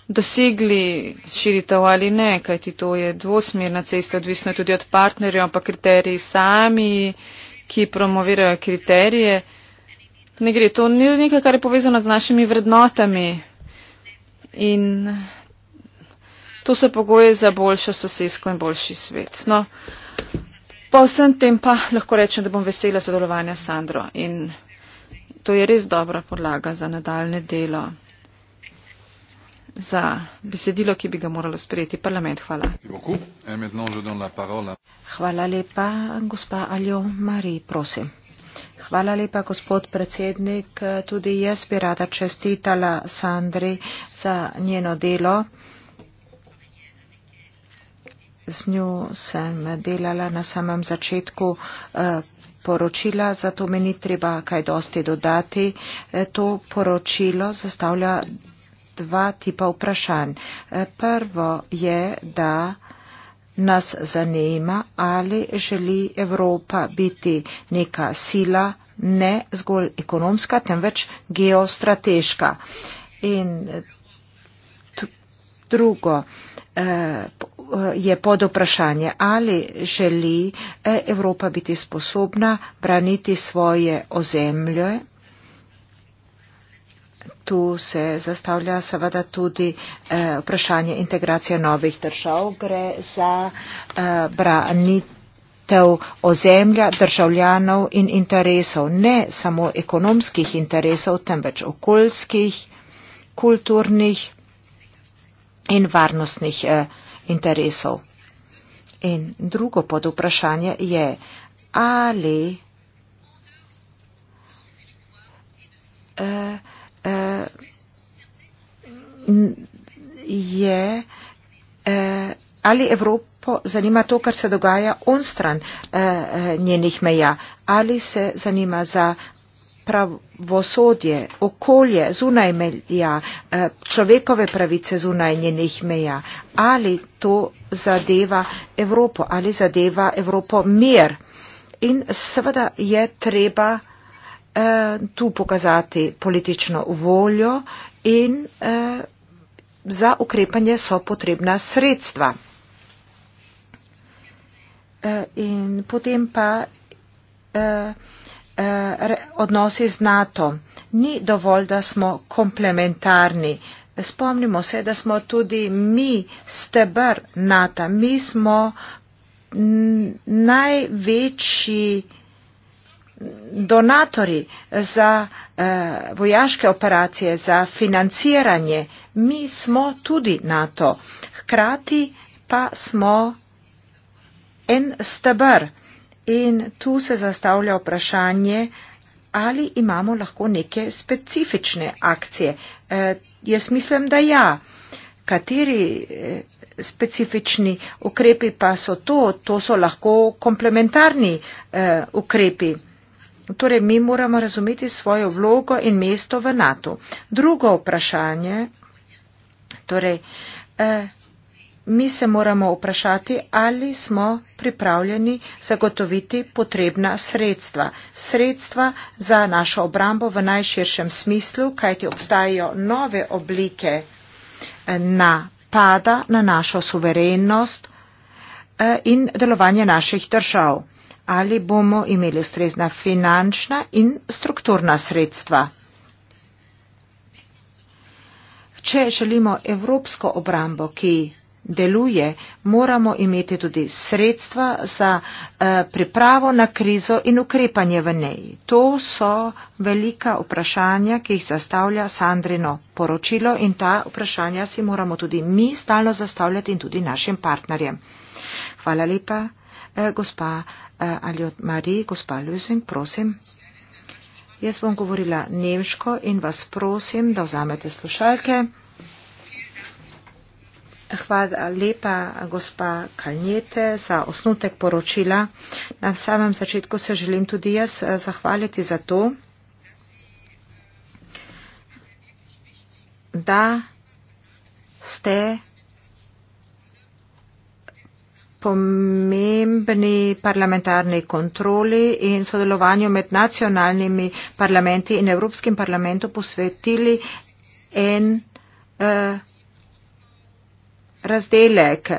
dosegli širitev ali ne, kajti to je dvosmerna cesta, odvisno je tudi od partnerjev, ampak kriteriji sami, ki promovirajo kriterije ne gre. To ni nekaj, kar je povezano z našimi vrednotami. In to so pogoje za boljšo sosedsko in boljši svet. No, po vsem tem pa lahko rečem, da bom vesela sodelovanja s Sandro. In to je res dobra podlaga za nadaljne delo, za besedilo, ki bi ga moralo sprejeti parlament. Hvala. Hvala lepa, gospa Aljo Mari, prosim. Hvala lepa, gospod predsednik. Tudi jaz bi rada čestitala Sandri za njeno delo. Z njo sem delala na samem začetku eh, poročila, zato mi ni treba kaj dosti dodati. Eh, to poročilo zastavlja dva tipa vprašanj. Eh, prvo je, da nas zanima, ali želi Evropa biti neka sila, ne zgolj ekonomska, temveč geostrateška. In eh, drugo eh, je pod vprašanje, ali želi eh, Evropa biti sposobna braniti svoje ozemlje tu se zastavlja seveda tudi eh, vprašanje integracije novih držav. Gre za eh, branitev ozemlja, državljanov in interesov, ne samo ekonomskih interesov, temveč okoljskih, kulturnih in varnostnih eh, interesov. In drugo podvprašanje je, ali eh, je, eh, ali Evropo zanima to, kar se dogaja on stran eh, eh, njenih meja, ali se zanima za pravosodje, okolje zunaj meja, človekove pravice zunaj njenih meja, ali to zadeva Evropo, ali zadeva Evropo mir. In seveda je treba eh, tu pokazati politično voljo in eh, za ukrepanje so potrebna sredstva. Eh, in potem pa eh, eh, odnosi z NATO. Ni dovolj, da smo komplementarni. Spomnimo se, da smo tudi mi stebr NATO. Mi smo največji donatori za eh, vojaške operacije, za financiranje, mi smo tudi NATO. Hkrati pa smo en stebr in tu se zastavlja vprašanje, ali imamo lahko neke specifične akcije. Eh, jaz mislim, da ja. Kateri eh, specifični ukrepi pa so to? To so lahko komplementarni ukrepi. Torej, mi moramo razumeti svojo vlogo in mesto v NATO. Drugo vprašanje, torej, eh, mi se moramo vprašati, ali smo pripravljeni zagotoviti potrebna sredstva. Sredstva za našo obrambo v najširšem smislu, kajti obstajajo nove oblike eh, napada na našo suverenost eh, in delovanje naših držav ali bomo imeli ustrezna finančna in strukturna sredstva. Če želimo evropsko obrambo, ki deluje, moramo imeti tudi sredstva za eh, pripravo na krizo in ukrepanje v njej. To so velika vprašanja, ki jih zastavlja Sandrino poročilo in ta vprašanja si moramo tudi mi stalno zastavljati in tudi našim partnerjem. Hvala lepa. Eh, gospa eh, ali od Marije, gospa Ljusing, prosim. Jaz bom govorila nemško in vas prosim, da vzamete slušalke. Hvala lepa, gospa Kalnjete, za osnutek poročila. Na samem začetku se želim tudi jaz eh, zahvaliti za to, da ste pomembni parlamentarni kontroli in sodelovanju med nacionalnimi parlamenti in Evropskim parlamentom posvetili en eh, razdelek.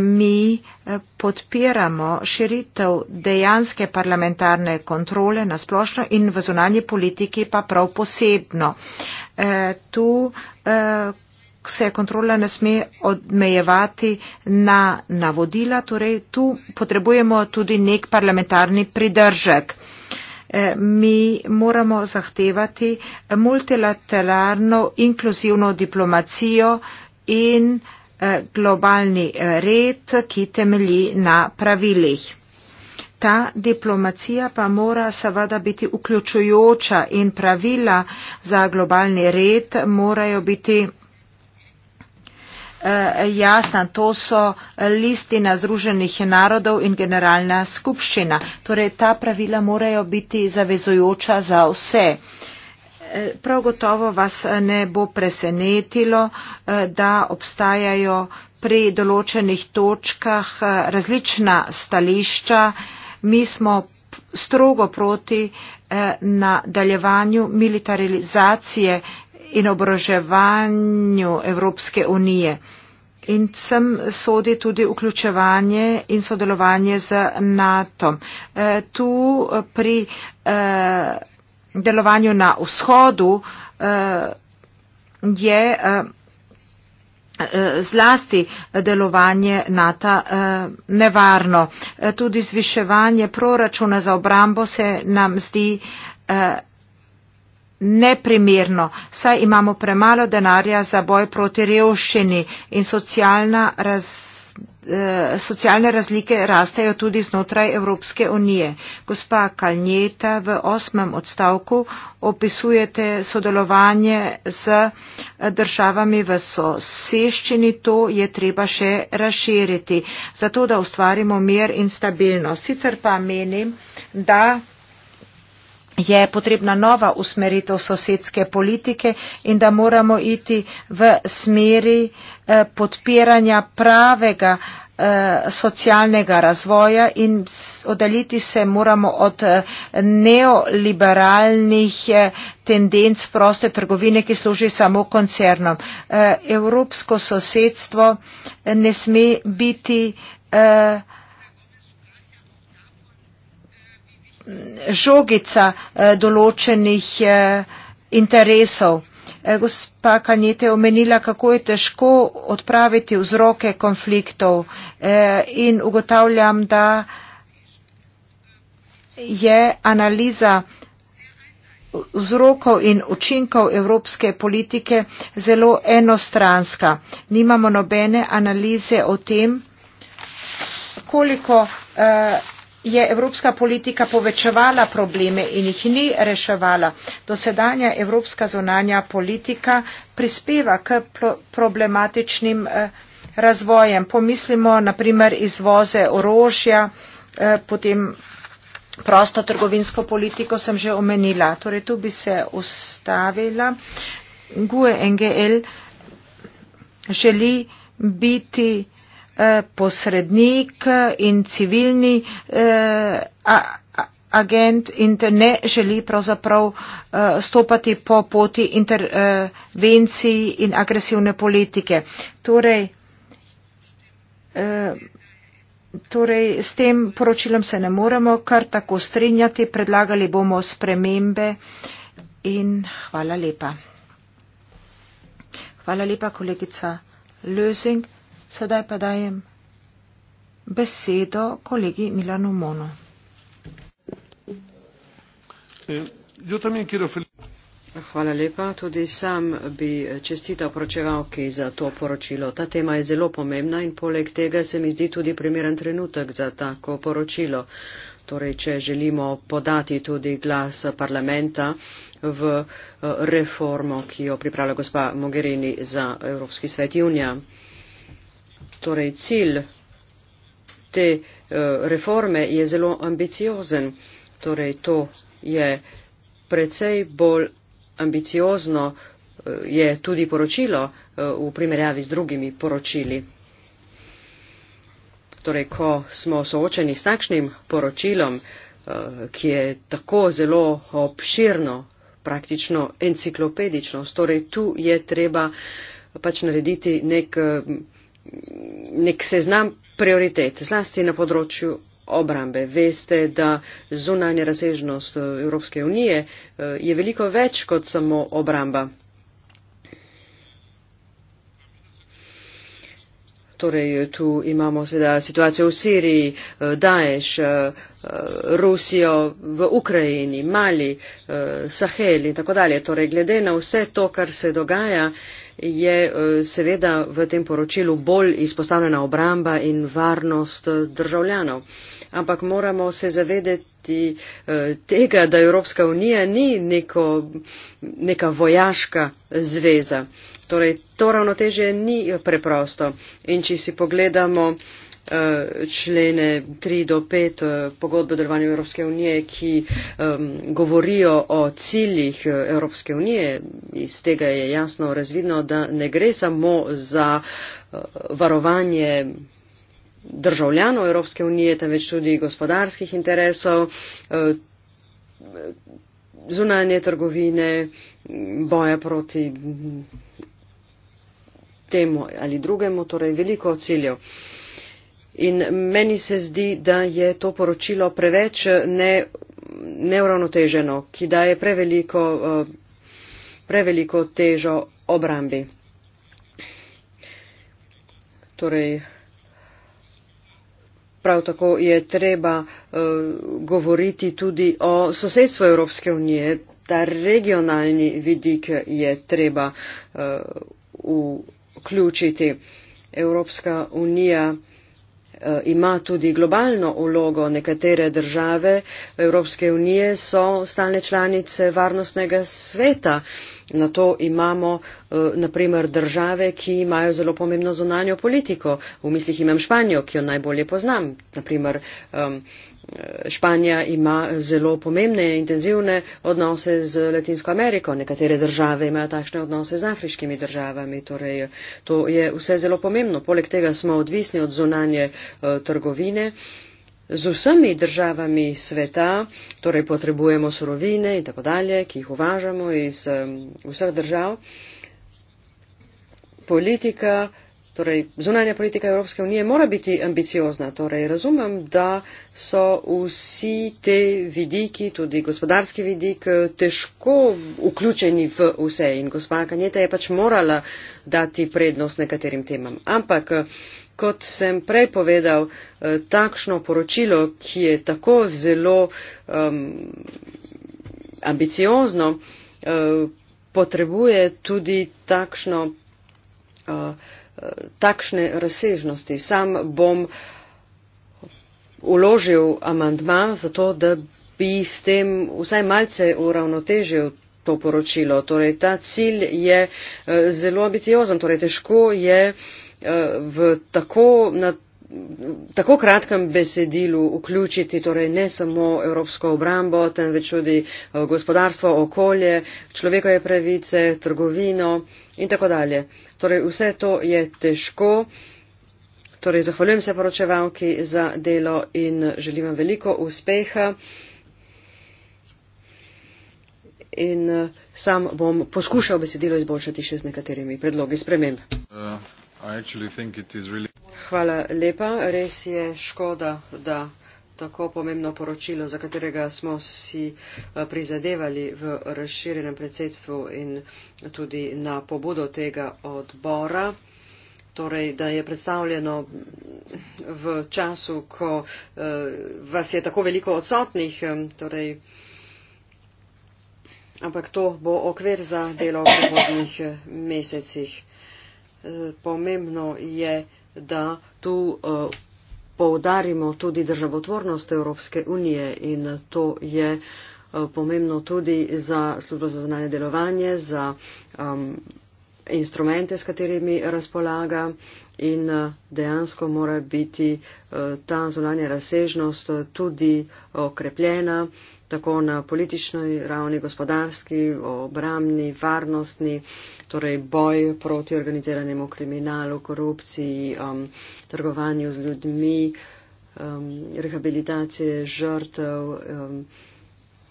Mi eh, podpiramo širitev dejanske parlamentarne kontrole na splošno in v zonanji politiki pa prav posebno. Eh, tu se kontrola ne sme odmejevati na navodila, torej tu potrebujemo tudi nek parlamentarni pridržek. Eh, mi moramo zahtevati multilateralno inkluzivno diplomacijo in eh, globalni eh, red, ki temelji na pravilih. Ta diplomacija pa mora seveda biti vključujoča in pravila za globalni red morajo biti Eh, jasna. To so listina Združenih narodov in generalna skupščina. Torej, ta pravila morajo biti zavezojoča za vse. Eh, prav gotovo vas eh, ne bo presenetilo, da obstajajo pri določenih točkah različna stališča. Mi smo strogo proti nadaljevanju militarizacije in obroževanju Evropske unije. In sem sodi tudi vključevanje in sodelovanje z NATO. E, tu e, pri e, delovanju na vzhodu e, je e, e zlasti delovanje NATO e, nevarno. E, tudi zviševanje proračuna za obrambo se nam zdi. E, neprimerno, saj imamo premalo denarja za boj proti revščini in raz, eh, socialne razlike rastejo tudi znotraj Evropske unije. Gospa Kalnjeta v osmem odstavku opisujete sodelovanje z državami v soseščini, to je treba še razširiti, zato da ustvarimo mir in stabilnost. Sicer pa menim, da je potrebna nova usmeritev sosedske politike in da moramo iti v smeri eh, podpiranja pravega eh, socialnega razvoja in oddaljiti se moramo od eh, neoliberalnih tendenc proste trgovine, ki služi samo koncernom. Evropsko sosedstvo ne sme biti žogica eh, določenih eh, interesov. Eh, gospa Kanjete je omenila, kako je težko odpraviti vzroke konfliktov in ugotavljam, da je analiza vzrokov in učinkov evropske politike zelo enostranska. Nimamo nobene analize o tem, koliko je evropska politika povečevala probleme in jih ni reševala. Dosedanja evropska zonanja politika prispeva k problematičnim eh, razvojem. Pomislimo na primer izvoze orožja, eh, potem prosto trgovinsko politiko sem že omenila. Torej tu bi se ustavila. GUE NGL želi biti Eh, posrednik in civilni eh, agent in ne želi pravzaprav eh, stopati po poti intervencij in agresivne politike. Torej, torej s tem poročilom se ne moremo kar tako strinjati, predlagali bomo spremembe in hvala lepa. Hvala lepa, kolegica Lösing. Sedaj pa dajem besedo kolegi Milanu Mono. Hvala lepa. Tudi sam bi čestital poročevalki za to poročilo. Ta tema je zelo pomembna in poleg tega se mi zdi tudi primeren trenutek za tako poročilo. Torej, če želimo podati tudi glas parlamenta v eh, reformo, ki jo pripravlja gospa Mogherini za Evropski svet junija. Torej, cilj te eh, reforme je zelo ambiciozen. Torej, to je precej bolj ambiciozno, eh, je tudi poročilo eh, v primerjavi z drugimi poročili. Torej, ko smo soočeni s takšnim poročilom, ki je tako zelo obširno, praktično enciklopedično, torej tu je treba pač narediti nek nek seznam prioritet, zlasti na področju obrambe. Veste, da zunanja razsežnost eh, Evropske unije eh, je veliko več kot samo obramba. Torej, tu imamo seveda situacijo v Siriji, eh, Daješ, Rusijo, v Ukrajini, Mali, Sahel in tako dalje. Torej, glede na vse to, kar se dogaja, je eh, seveda v tem poročilu bolj izpostavljena obramba in varnost eh, državljanov. Ampak moramo se zavedeti eh, tega, da Evropska unija ni neko, neka vojaška zveza. Torej, to ravnotežje ni preprosto. In če si pogledamo Eh, člene 3 do 5 eh, pogodbe o delovanju Evropske unije, ki um, govorijo o ciljih eh, Evropske unije. Iz tega je jasno razvidno, da ne gre samo za uh, varovanje državljanov Evropske unije, temveč tudi gospodarskih interesov, zunanje trgovine, boja proti temu ali drugemu, torej veliko ciljev. In meni se zdi, da je to poročilo preveč ne, neuravnoteženo, ki daje preveliko, eh, preveliko težo obrambi. Torej, prav tako je treba uh, govoriti tudi o sosedstvu Evropske unije. Ta regionalni vidik je treba uh, vključiti. Evropska unija. Eh, ima tudi globalno ulogo. Nekatere države Evropske unije so stalne članice varnostnega sveta. Na to imamo eh, naprimer države, ki imajo zelo pomembno zonanjo politiko. V mislih imam Španijo, ki jo najbolje poznam. Naprimer, um, Španija ima zelo pomembne, intenzivne odnose z Latinsko Ameriko, nekatere države imajo takšne odnose z afriškimi državami, torej to je vse zelo pomembno. Poleg tega smo odvisni od zunanje eh, trgovine. Z vsemi državami sveta, torej potrebujemo surovine in tako dalje, ki jih uvažamo iz eh, vseh držav, politika Torej, zunanja politika Evropske unije mora biti ambiciozna. Torej, razumem, da so vsi te vidiki, tudi gospodarski vidik, težko vključeni v vse in gospa Kanjeta je pač morala dati prednost nekaterim temam. Ampak, kot sem prej povedal, eh, takšno poročilo, ki je tako zelo um, ambiciozno, um, potrebuje tudi takšno. Um, takšne razsežnosti. Sam bom uložil amandma zato, da bi s tem vsaj malce uravnotežil to poročilo. Torej, ta cilj je eh, zelo ambiciozen, torej težko je eh, v tako, na tako kratkem besedilu vključiti torej ne samo evropsko obrambo, temveč tudi eh, gospodarstvo, okolje, človekove pravice, trgovino in tako dalje. Torej vse to je težko. Torej zahvaljujem se poročevalki za delo in želim vam veliko uspeha. In eh, sam bom poskušal besedilo izboljšati še z nekaterimi predlogi sprememb. Uh. Hvala lepa. Res je škoda, da tako pomembno poročilo, za katerega smo si eh, prizadevali v razširjenem predsedstvu in tudi na pobudo tega odbora, torej da je predstavljeno mm, v času, ko eh, vas je tako veliko odsotnih, torej, ampak to bo okvir za delo v prihodnjih eh, mesecih pomembno je, da tu eh, poudarimo tudi državotvornost Evropske unije in to je eh, pomembno tudi za službo za zunanje delovanje, za um, instrumente, s katerimi razpolaga in eh, dejansko mora biti uh, ta zunanja razsežnost tudi okrepljena. Uh, tako na politični ravni, gospodarski, obramni, varnostni, torej boj proti organiziranemu kriminalu, korupciji, um, trgovanju z ljudmi, um, rehabilitacije žrtev, um,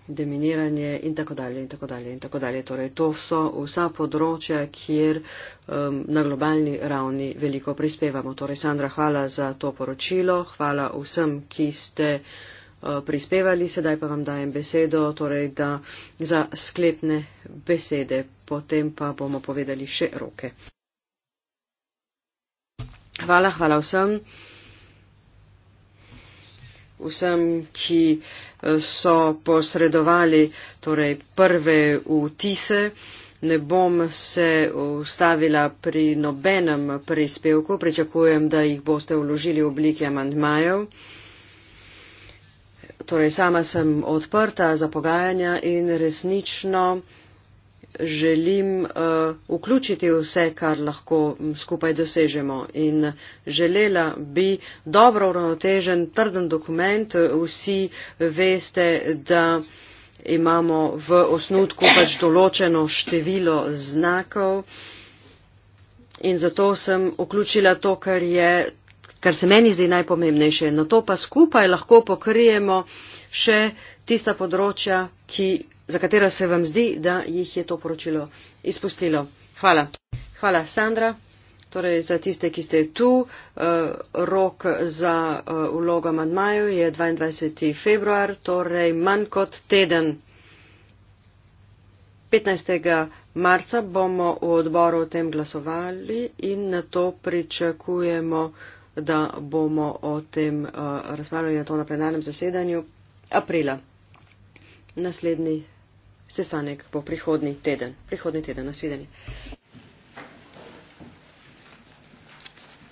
deminiranje in tako dalje in tako dalje in tako dalje. Torej, to so vsa področja, kjer um, na globalni ravni veliko prispevamo. Torej, Sandra, hvala za to poročilo, hvala vsem, ki ste. Eh, prispevali. Sedaj pa vam dajem besedo, torej da za sklepne besede, potem pa bomo povedali še roke. Hvala, hvala vsem. Vsem, ki eh, so posredovali torej prve vtise. Ne bom se ustavila pri nobenem prispevku, pričakujem, da jih boste vložili v obliki amantmajev. Torej, sama sem odprta za pogajanja in resnično želim uh, vključiti vse, kar lahko skupaj dosežemo. In želela bi dobro uravnotežen, trden dokument. Vsi veste, da imamo v osnutku pač določeno število znakov. In zato sem vključila to, kar je kar se meni zdi najpomembnejše. Na to pa skupaj lahko pokrijemo še tista področja, ki, za katera se vam zdi, da jih je to poročilo izpustilo. Hvala. Hvala, Sandra. Torej, za tiste, ki ste tu, eh, rok za eh, vlogo Madmaju je 22. februar, torej manj kot teden. 15. marca bomo v odboru o tem glasovali in na to pričakujemo da bomo o tem eh, razpravljali na to na plenarnem zasedanju aprila. Naslednji sestanek bo prihodni teden. Prihodni teden, nasvidenje.